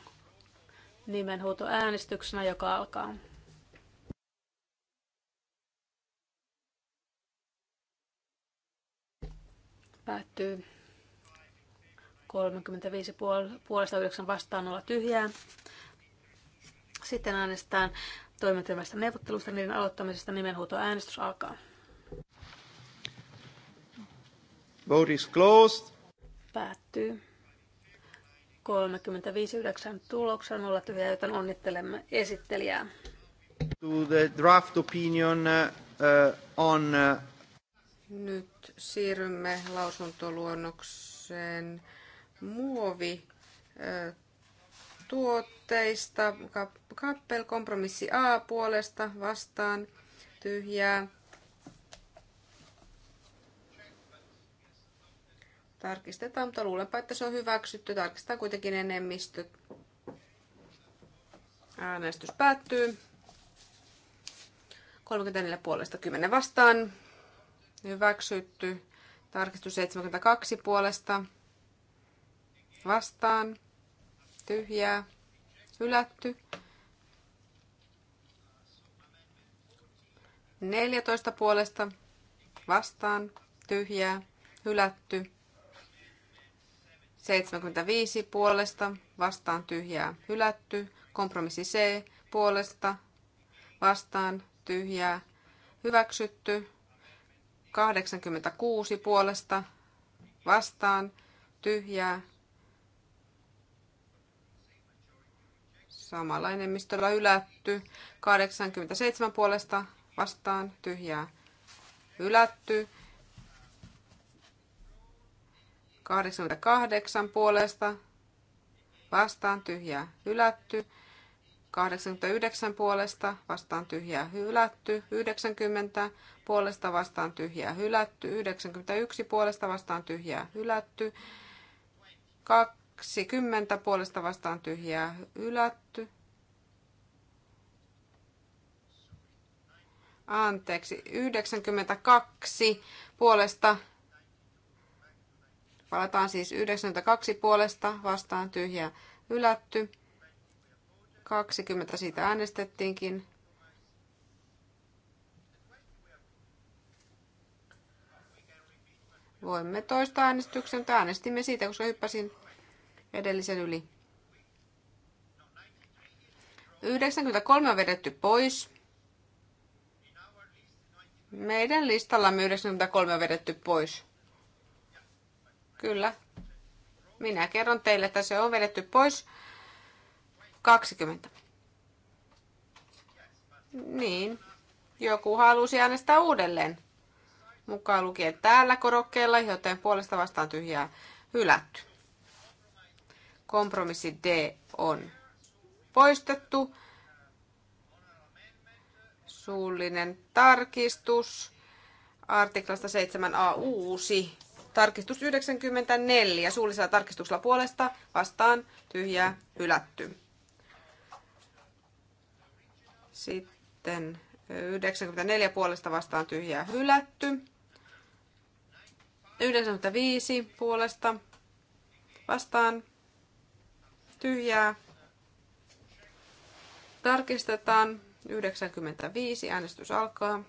nimenhuutoäänestyksenä, joka alkaa. Päättyy 35 puolesta 9 vastaan olla tyhjää. Sitten äänestetään toimintaryhmästä neuvottelusta niiden aloittamisesta nimenhuutoäänestys alkaa. Vote is closed. Päättyy. 35.9. tuloksen olla tyhjä, joten onnittelemme esittelijää. To the draft opinion uh, uh, on... Uh... Nyt siirrymme lausuntoluonnokseen muovi uh, tuotteista. Kappel kompromissi A puolesta vastaan tyhjää Tarkistetaan, mutta luulenpa, että se on hyväksytty. Tarkistetaan kuitenkin enemmistö. Äänestys päättyy. 34 puolesta 10 vastaan. Hyväksytty. Tarkistus 72 puolesta. Vastaan. Tyhjää. Hylätty. 14 puolesta. Vastaan. Tyhjää. Hylätty. 75 puolesta vastaan tyhjää hylätty. Kompromissi C puolesta vastaan tyhjää hyväksytty. 86 puolesta vastaan tyhjää samalla enemmistöllä ylätty 87 puolesta vastaan tyhjää hylätty. 88 puolesta vastaan tyhjää hylätty. 89 puolesta vastaan tyhjää hylätty, 90 puolesta vastaan tyhjää hylätty, 91 puolesta vastaan tyhjää hylätty, 20 puolesta vastaan tyhjää hylätty. Anteeksi, 92 puolesta Palataan siis 92 puolesta vastaan tyhjä ylätty 20 siitä äänestettiinkin. Voimme toista äänestyksen, mutta äänestimme siitä, koska hyppäsin edellisen yli. 93 on vedetty pois. Meidän listallamme 93 on vedetty pois. Kyllä. Minä kerron teille, että se on vedetty pois. 20. Niin. Joku halusi äänestää uudelleen. Mukaan lukien täällä korokkeella, joten puolesta vastaan tyhjää hylätty. Kompromissi D on poistettu. Suullinen tarkistus. Artiklasta 7a uusi Tarkistus 94 suullisella tarkistuksella puolesta vastaan tyhjää hylätty. Sitten 94 puolesta vastaan tyhjää hylätty. 95 puolesta vastaan tyhjää. Tarkistetaan 95. Äänestys alkaa.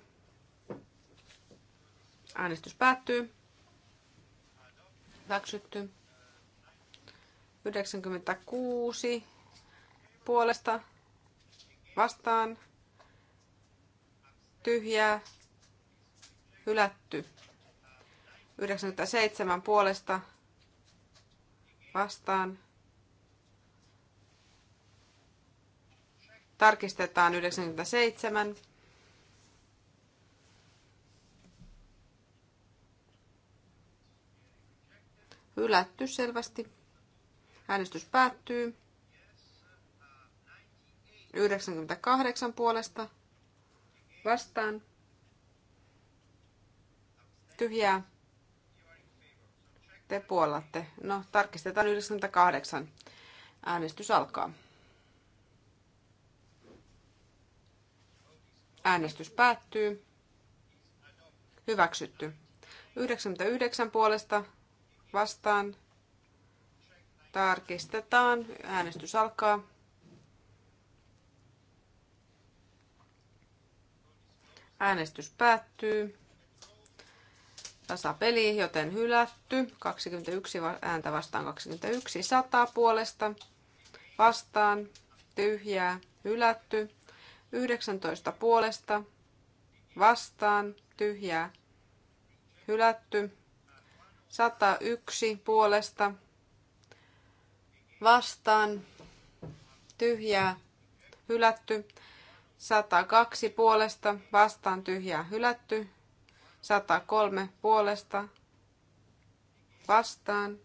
Äänestys päättyy hyväksytty. 96 puolesta vastaan tyhjää hylätty. 97 puolesta vastaan tarkistetaan 97 Hylätty selvästi. Äänestys päättyy. 98 puolesta. Vastaan. Tyhjää. Te puolatte. No, tarkistetaan 98. Äänestys alkaa. Äänestys päättyy. Hyväksytty. 99 puolesta vastaan. Tarkistetaan. Äänestys alkaa. Äänestys päättyy. Tasapeli, joten hylätty. 21 ääntä vastaan 21. 100 puolesta vastaan. Tyhjää. Hylätty. 19 puolesta vastaan. Tyhjää. Hylätty. 101 puolesta vastaan tyhjää hylätty. 102 puolesta vastaan tyhjää hylätty. 103 puolesta vastaan.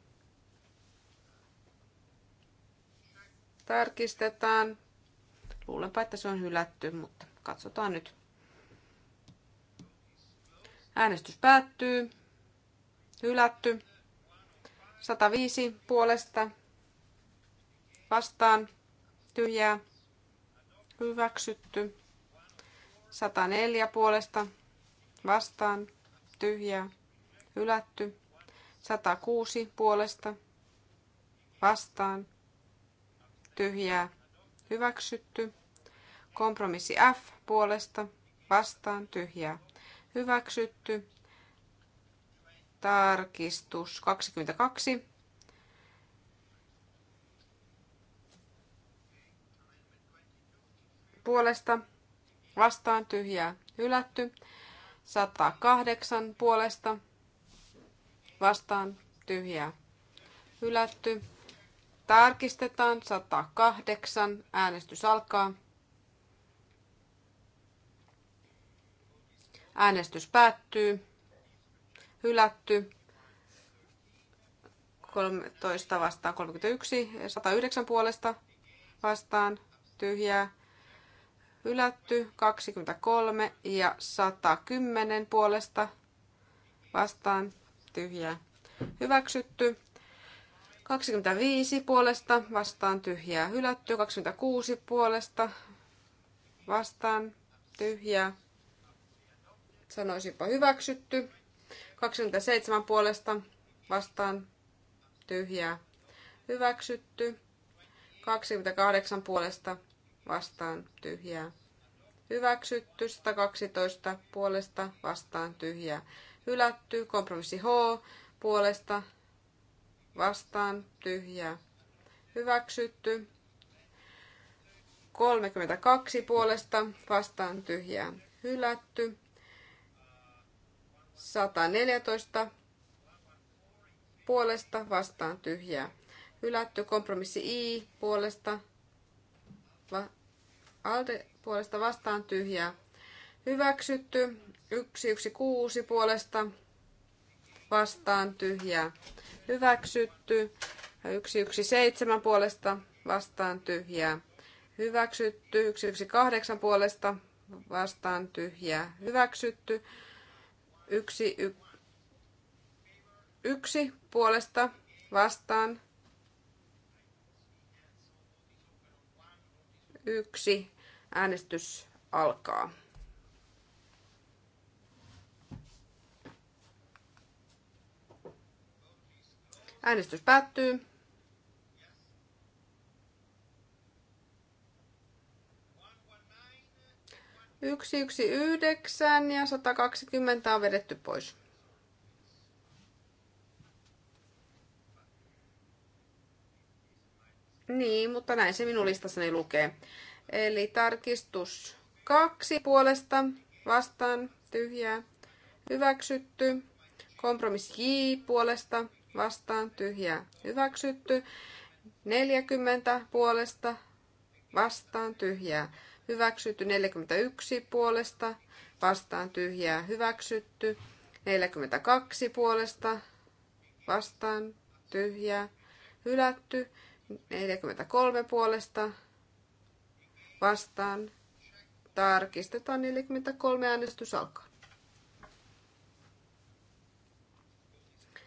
Tarkistetaan. Luulenpa, että se on hylätty, mutta katsotaan nyt. Äänestys päättyy hylätty. 105 puolesta vastaan tyhjää hyväksytty. 104 puolesta vastaan tyhjää hylätty. 106 puolesta vastaan tyhjää hyväksytty. Kompromissi F puolesta vastaan tyhjää hyväksytty. Tarkistus 22. Puolesta vastaan tyhjää hylätty. 108 puolesta vastaan tyhjää hylätty. Tarkistetaan 108. Äänestys alkaa. Äänestys päättyy hylätty. 13 vastaan 31, 109 puolesta vastaan tyhjää hylätty, 23 ja 110 puolesta vastaan tyhjää hyväksytty. 25 puolesta vastaan tyhjää hylätty, 26 puolesta vastaan tyhjää, sanoisinpa hyväksytty, 27 puolesta vastaan tyhjää hyväksytty. 28 puolesta vastaan tyhjää hyväksytty. 112 puolesta vastaan tyhjää hylätty. Kompromissi H puolesta vastaan tyhjää hyväksytty. 32 puolesta vastaan tyhjää hylätty. 114 puolesta vastaan tyhjää. Hylätty kompromissi I puolesta, va, ALDE puolesta vastaan tyhjää. Hyväksytty 116 puolesta vastaan tyhjää. Hyväksytty 117 puolesta vastaan tyhjää. Hyväksytty 118 puolesta vastaan tyhjää. Hyväksytty Yksi, y, yksi puolesta vastaan. Yksi. Äänestys alkaa. Äänestys päättyy. 119 ja 120 on vedetty pois. Niin, mutta näin se minun listassani lukee. Eli tarkistus kaksi puolesta vastaan tyhjää hyväksytty. Kompromissi J puolesta vastaan tyhjää hyväksytty. 40 puolesta vastaan tyhjää hyväksytty. 41 puolesta vastaan tyhjää hyväksytty. 42 puolesta vastaan tyhjää hylätty. 43 puolesta vastaan tarkistetaan 43 äänestys alkaa.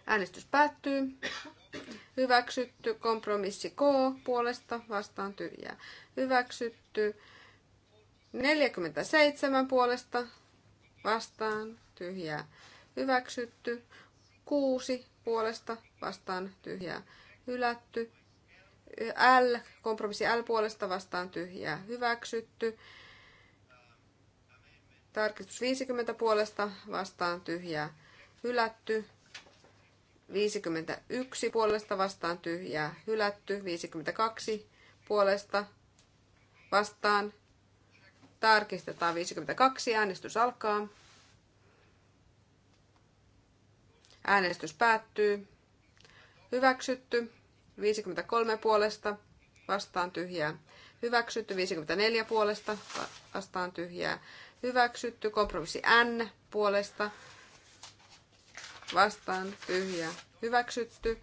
Äänestys päättyy. Hyväksytty kompromissi K puolesta vastaan tyhjää. Hyväksytty 47 puolesta vastaan tyhjää hyväksytty. 6 puolesta vastaan tyhjää hylätty. L, kompromissi L puolesta vastaan tyhjää hyväksytty. Tarkistus 50 puolesta vastaan tyhjää hylätty. 51 puolesta vastaan tyhjää hylätty. 52 puolesta vastaan Tarkistetaan 52. Äänestys alkaa. Äänestys päättyy. Hyväksytty. 53 puolesta vastaan tyhjää. Hyväksytty 54 puolesta vastaan tyhjää. Hyväksytty kompromissi N puolesta vastaan tyhjää. Hyväksytty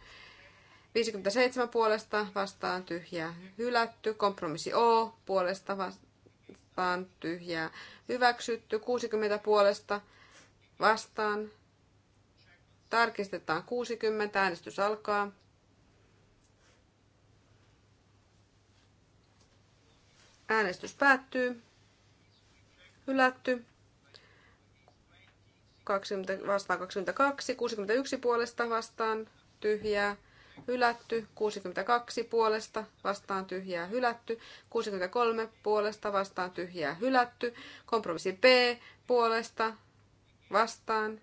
57 puolesta vastaan tyhjää. Hylätty kompromissi O puolesta vastaan vastaan tyhjää hyväksytty. 60 puolesta vastaan. Tarkistetaan 60. Äänestys alkaa. Äänestys päättyy. Hylätty. 20, vastaan 22, 61 puolesta vastaan, tyhjää, hylätty, 62 puolesta vastaan tyhjää hylätty, 63 puolesta vastaan tyhjää hylätty, kompromissi B puolesta vastaan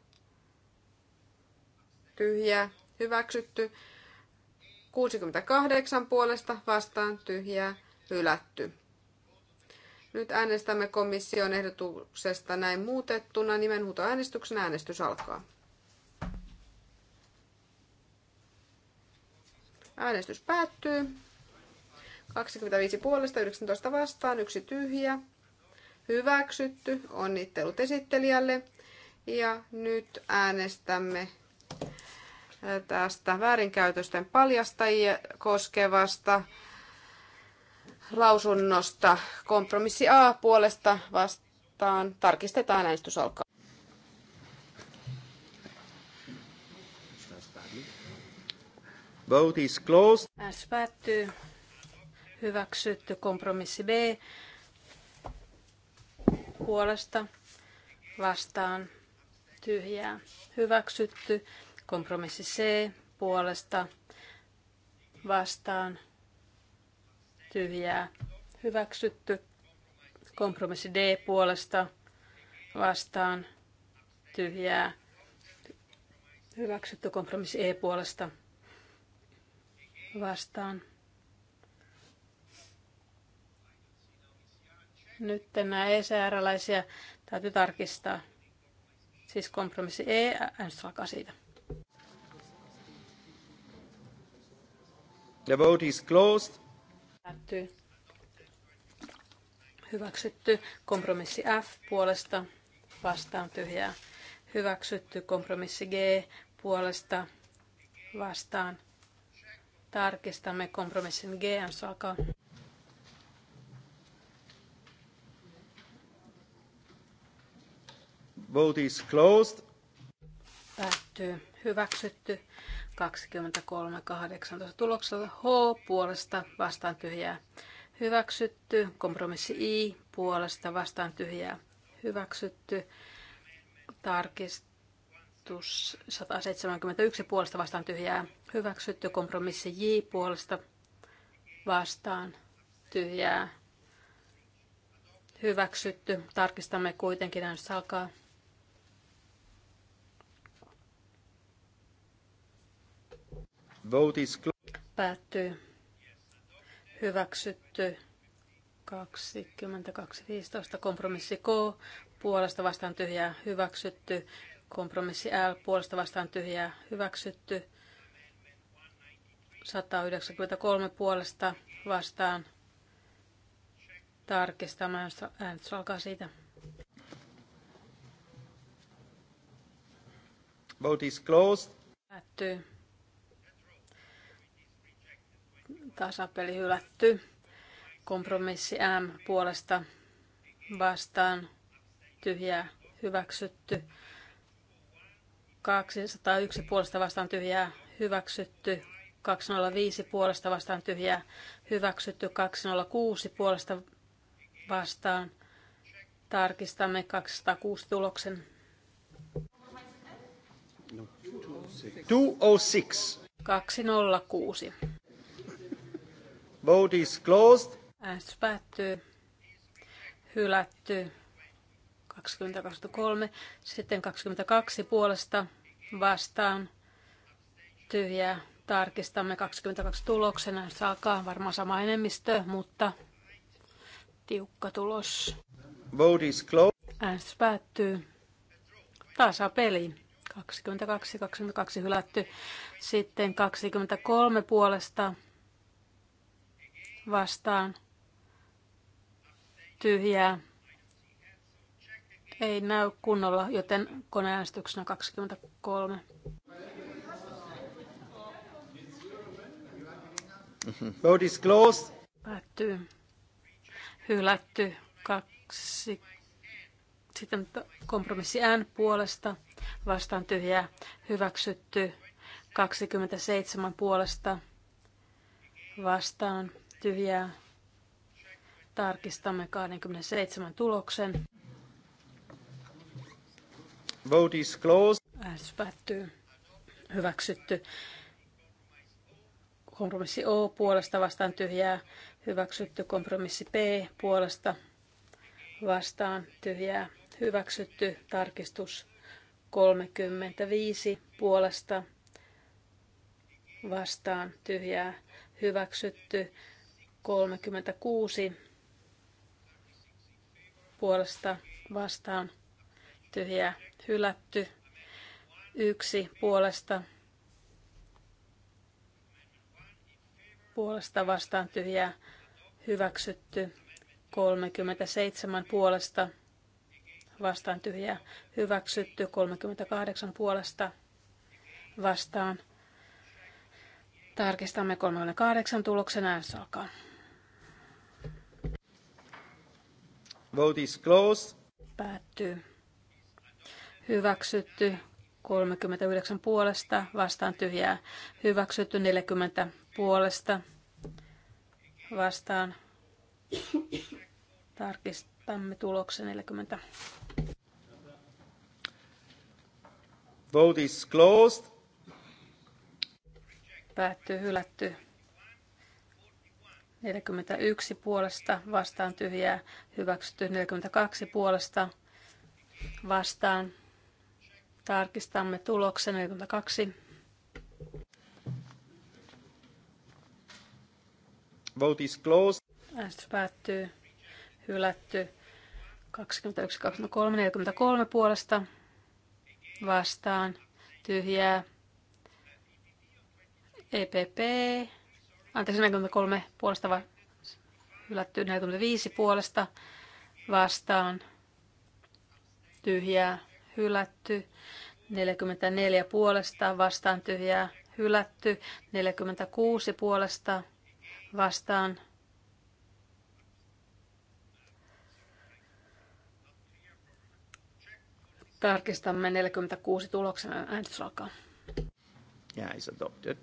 tyhjää hyväksytty, 68 puolesta vastaan tyhjää hylätty. Nyt äänestämme komission ehdotuksesta näin muutettuna. Nimenhuutoäänestyksen äänestys alkaa. Äänestys päättyy. 25 puolesta, 19 vastaan, yksi tyhjä. Hyväksytty. Onnittelut esittelijälle. Ja nyt äänestämme tästä väärinkäytösten paljastajia koskevasta lausunnosta. Kompromissi A puolesta vastaan. Tarkistetaan äänestys alkaa. Vote is closed. Äänestys päättyy. Hyväksytty kompromissi B. Puolesta vastaan tyhjää. Hyväksytty kompromissi C. Puolesta vastaan tyhjää. Hyväksytty kompromissi D. Puolesta vastaan tyhjää. Hyväksytty kompromissi E puolesta vastaan. Nyt nämä ecr laisia täytyy tarkistaa. Siis kompromissi E, äänestys siitä. The vote is closed. Päättyy. Hyväksytty kompromissi F puolesta vastaan tyhjää. Hyväksytty kompromissi G puolesta vastaan Tarkistamme kompromissin G. Alkaa. Vote is closed. Päättyy. Hyväksytty. 23.18 tuloksella H puolesta vastaan tyhjää. Hyväksytty. Kompromissi I puolesta vastaan tyhjää. Hyväksytty. Tarkist Tarkistus 171 puolesta vastaan tyhjää. Hyväksytty kompromissi J puolesta vastaan tyhjää. Hyväksytty. Tarkistamme kuitenkin äänestys alkaa. Vote is Päättyy. Hyväksytty. 22.15. Kompromissi K. Puolesta vastaan tyhjää hyväksytty. Kompromissi L puolesta vastaan tyhjää hyväksytty. 193 puolesta vastaan tarkistamaan, äänestys alkaa siitä. Vote is closed. Päättyy. Tasapeli hylätty. Kompromissi M puolesta vastaan tyhjää hyväksytty. 201 puolesta vastaan tyhjää hyväksytty, 205 puolesta vastaan tyhjää hyväksytty, 206 puolesta vastaan. Tarkistamme 206 tuloksen. 206. 206. Vote is closed. Äänestys päättyy. Hylätty. 2023, sitten 22 puolesta vastaan tyhjää. Tarkistamme 22 tuloksena, saakaa varmaan sama enemmistö, mutta tiukka tulos. Vote is Äänestys päättyy. Tasapeli. 22-22 hylätty. Sitten 23 puolesta vastaan tyhjää ei näy kunnolla, joten koneäänestyksenä 23. Vote is closed. Päättyy. Hylätty. Kaksi. Sitten kompromissi N puolesta. Vastaan tyhjää. Hyväksytty. 27 puolesta. Vastaan tyhjää. Tarkistamme 27 tuloksen. Vote is closed. Äänestys päättyy. Hyväksytty. Kompromissi O puolesta vastaan tyhjää. Hyväksytty. Kompromissi P puolesta vastaan tyhjää. Hyväksytty. Tarkistus 35 puolesta vastaan tyhjää. Hyväksytty. 36 puolesta vastaan tyhjää hylätty yksi puolesta puolesta vastaan tyhjää hyväksytty 37 puolesta vastaan tyhjää hyväksytty 38 puolesta vastaan Tarkistamme 38 tuloksen äänestys alkaa. Vote is closed. Päättyy hyväksytty 39 puolesta, vastaan tyhjää hyväksytty 40 puolesta, vastaan tarkistamme tuloksen 40. Vote is closed. Päättyy hylätty 41 puolesta, vastaan tyhjää hyväksytty 42 puolesta, vastaan Tarkistamme tuloksen 42. Vote is closed. Äänestys päättyy. Hylätty. 21, 23, 43 puolesta vastaan. Tyhjää. EPP. Anteeksi, 43 puolesta va- hylätty. 45 puolesta vastaan. Tyhjää hylätty, 44 puolesta vastaan tyhjää hylätty, 46 puolesta vastaan Tarkistamme 46 tuloksen äänestysalkaa. Yeah, is adopted.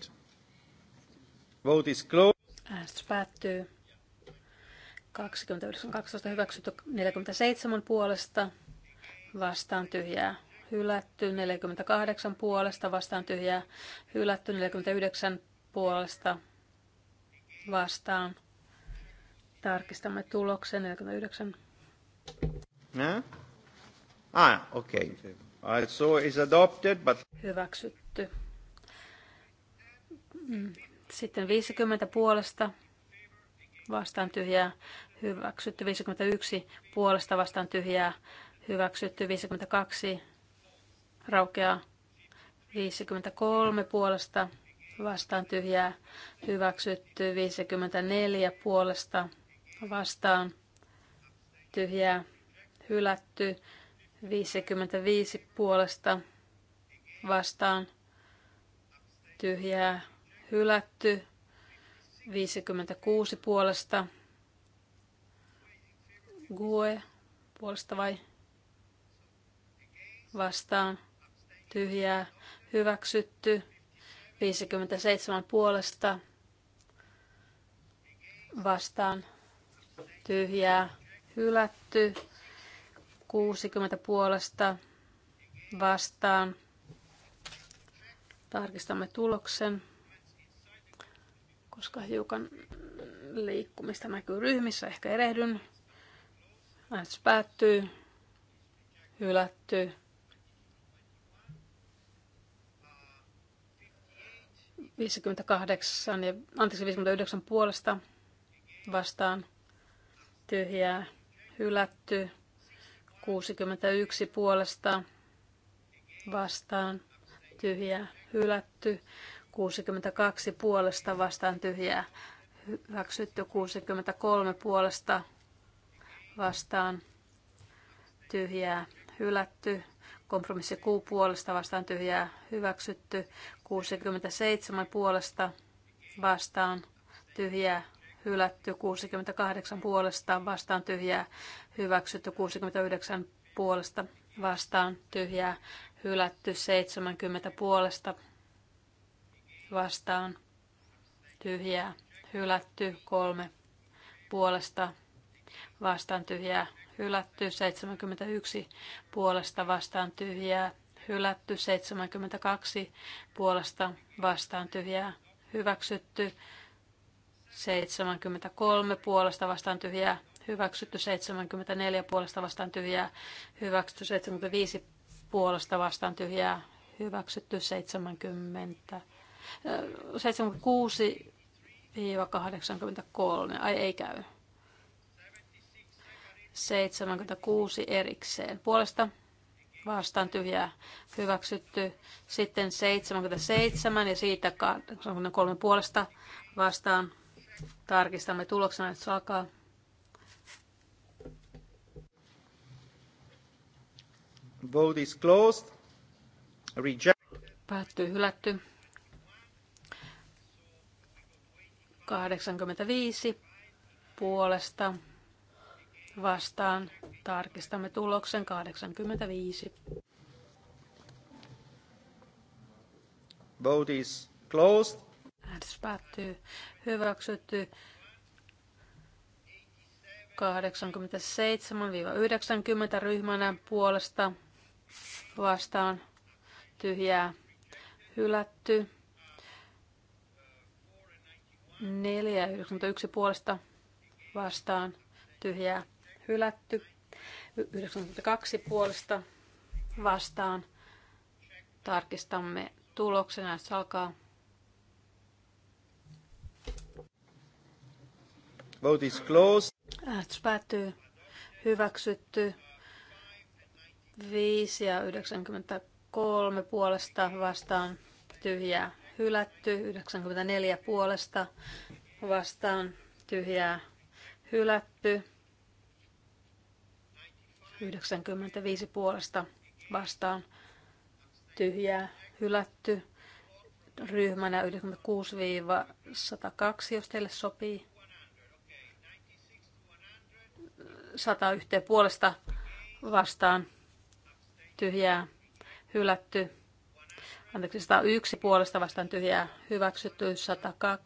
Vote is closed. Äänestys päättyy. 29.12. hyväksytty 47 puolesta vastaan tyhjää hylätty, 48 puolesta vastaan tyhjää hylätty, 49 puolesta vastaan. Tarkistamme tuloksen 49. No? Ah, okei. Okay. Also is adopted, but... Hyväksytty. Mm. Sitten 50 puolesta vastaan tyhjää hyväksytty, 51 puolesta vastaan tyhjää hyväksytty 52 raukeaa 53 puolesta vastaan tyhjää hyväksytty 54 puolesta vastaan tyhjää hylätty 55 puolesta vastaan tyhjää hylätty 56 puolesta GUE puolesta vai vastaan tyhjää hyväksytty. 57 puolesta vastaan tyhjää hylätty. 60 puolesta vastaan. Tarkistamme tuloksen, koska hiukan liikkumista näkyy ryhmissä. Ehkä erehdyn. Äänestys päättyy. Hylätty. 58 ja anteeksi 59 puolesta vastaan tyhjää hylätty. 61 puolesta vastaan tyhjää hylätty. 62 puolesta vastaan tyhjää hyväksytty. 63 puolesta vastaan tyhjää hylätty. Kompromissi Q puolesta vastaan tyhjää hyväksytty. 67 puolesta vastaan tyhjää hylätty. 68 puolesta vastaan tyhjää hyväksytty. 69 puolesta vastaan tyhjää hylätty. 70 puolesta vastaan tyhjää hylätty. 3 puolesta vastaan tyhjää hylätty, 71 puolesta vastaan tyhjää hylätty, 72 puolesta vastaan tyhjää hyväksytty, 73 puolesta vastaan tyhjää hyväksytty, 74 puolesta vastaan tyhjää hyväksytty, 75 puolesta vastaan tyhjää hyväksytty, 70 76-83. Ai ei käy. 76 erikseen. Puolesta vastaan tyhjää hyväksytty. Sitten 77 ja siitä 83 puolesta vastaan tarkistamme tuloksena, että alkaa. Vote is closed. Reject. Päättyy hylätty. 85 puolesta vastaan. Tarkistamme tuloksen 85. Vote is closed. Äänestys päättyy. Hyväksytty 87-90 ryhmänä puolesta vastaan tyhjää hylätty. 4 91 puolesta vastaan tyhjää hylätty. 92 puolesta vastaan. Tarkistamme tuloksena, jos alkaa. Vote is closed. Äänestys päättyy. Hyväksytty. 5 ja 93 puolesta vastaan tyhjää hylätty. 94 puolesta vastaan tyhjää hylätty. 95 puolesta vastaan tyhjää hylätty ryhmänä 96-102, jos teille sopii. 101 puolesta vastaan tyhjää hylätty. Anteeksi, 101 puolesta vastaan tyhjää hyväksytty, 102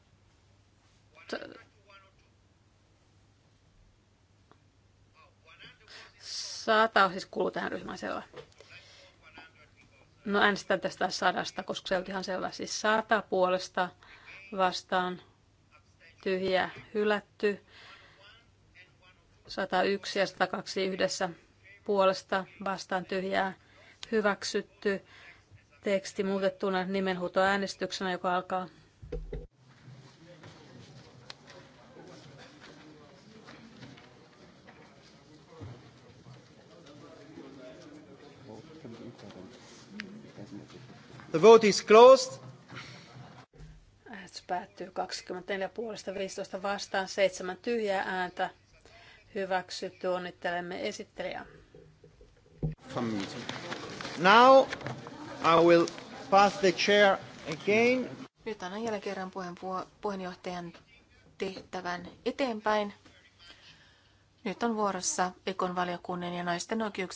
Sata siis kuuluu tähän ryhmään selvä. No äänestän tästä sadasta, koska se on ihan selvä. Siis sata puolesta vastaan tyhjä hylätty. 101 ja 102 yhdessä puolesta vastaan tyhjää hyväksytty. Teksti muutettuna nimenhuutoäänestyksenä, joka alkaa. The vote is closed. Äänestys päättyy 24 puolesta 15 vastaan, 7 tyhjää ääntä. Hyväksytty, onnittelemme esittelijää. Now I will pass the chair again. Nyt annan jälleen kerran puheen, puheenjohtajan tehtävän eteenpäin. Nyt on vuorossa Ekon valiokunnan ja naisten oikeuksien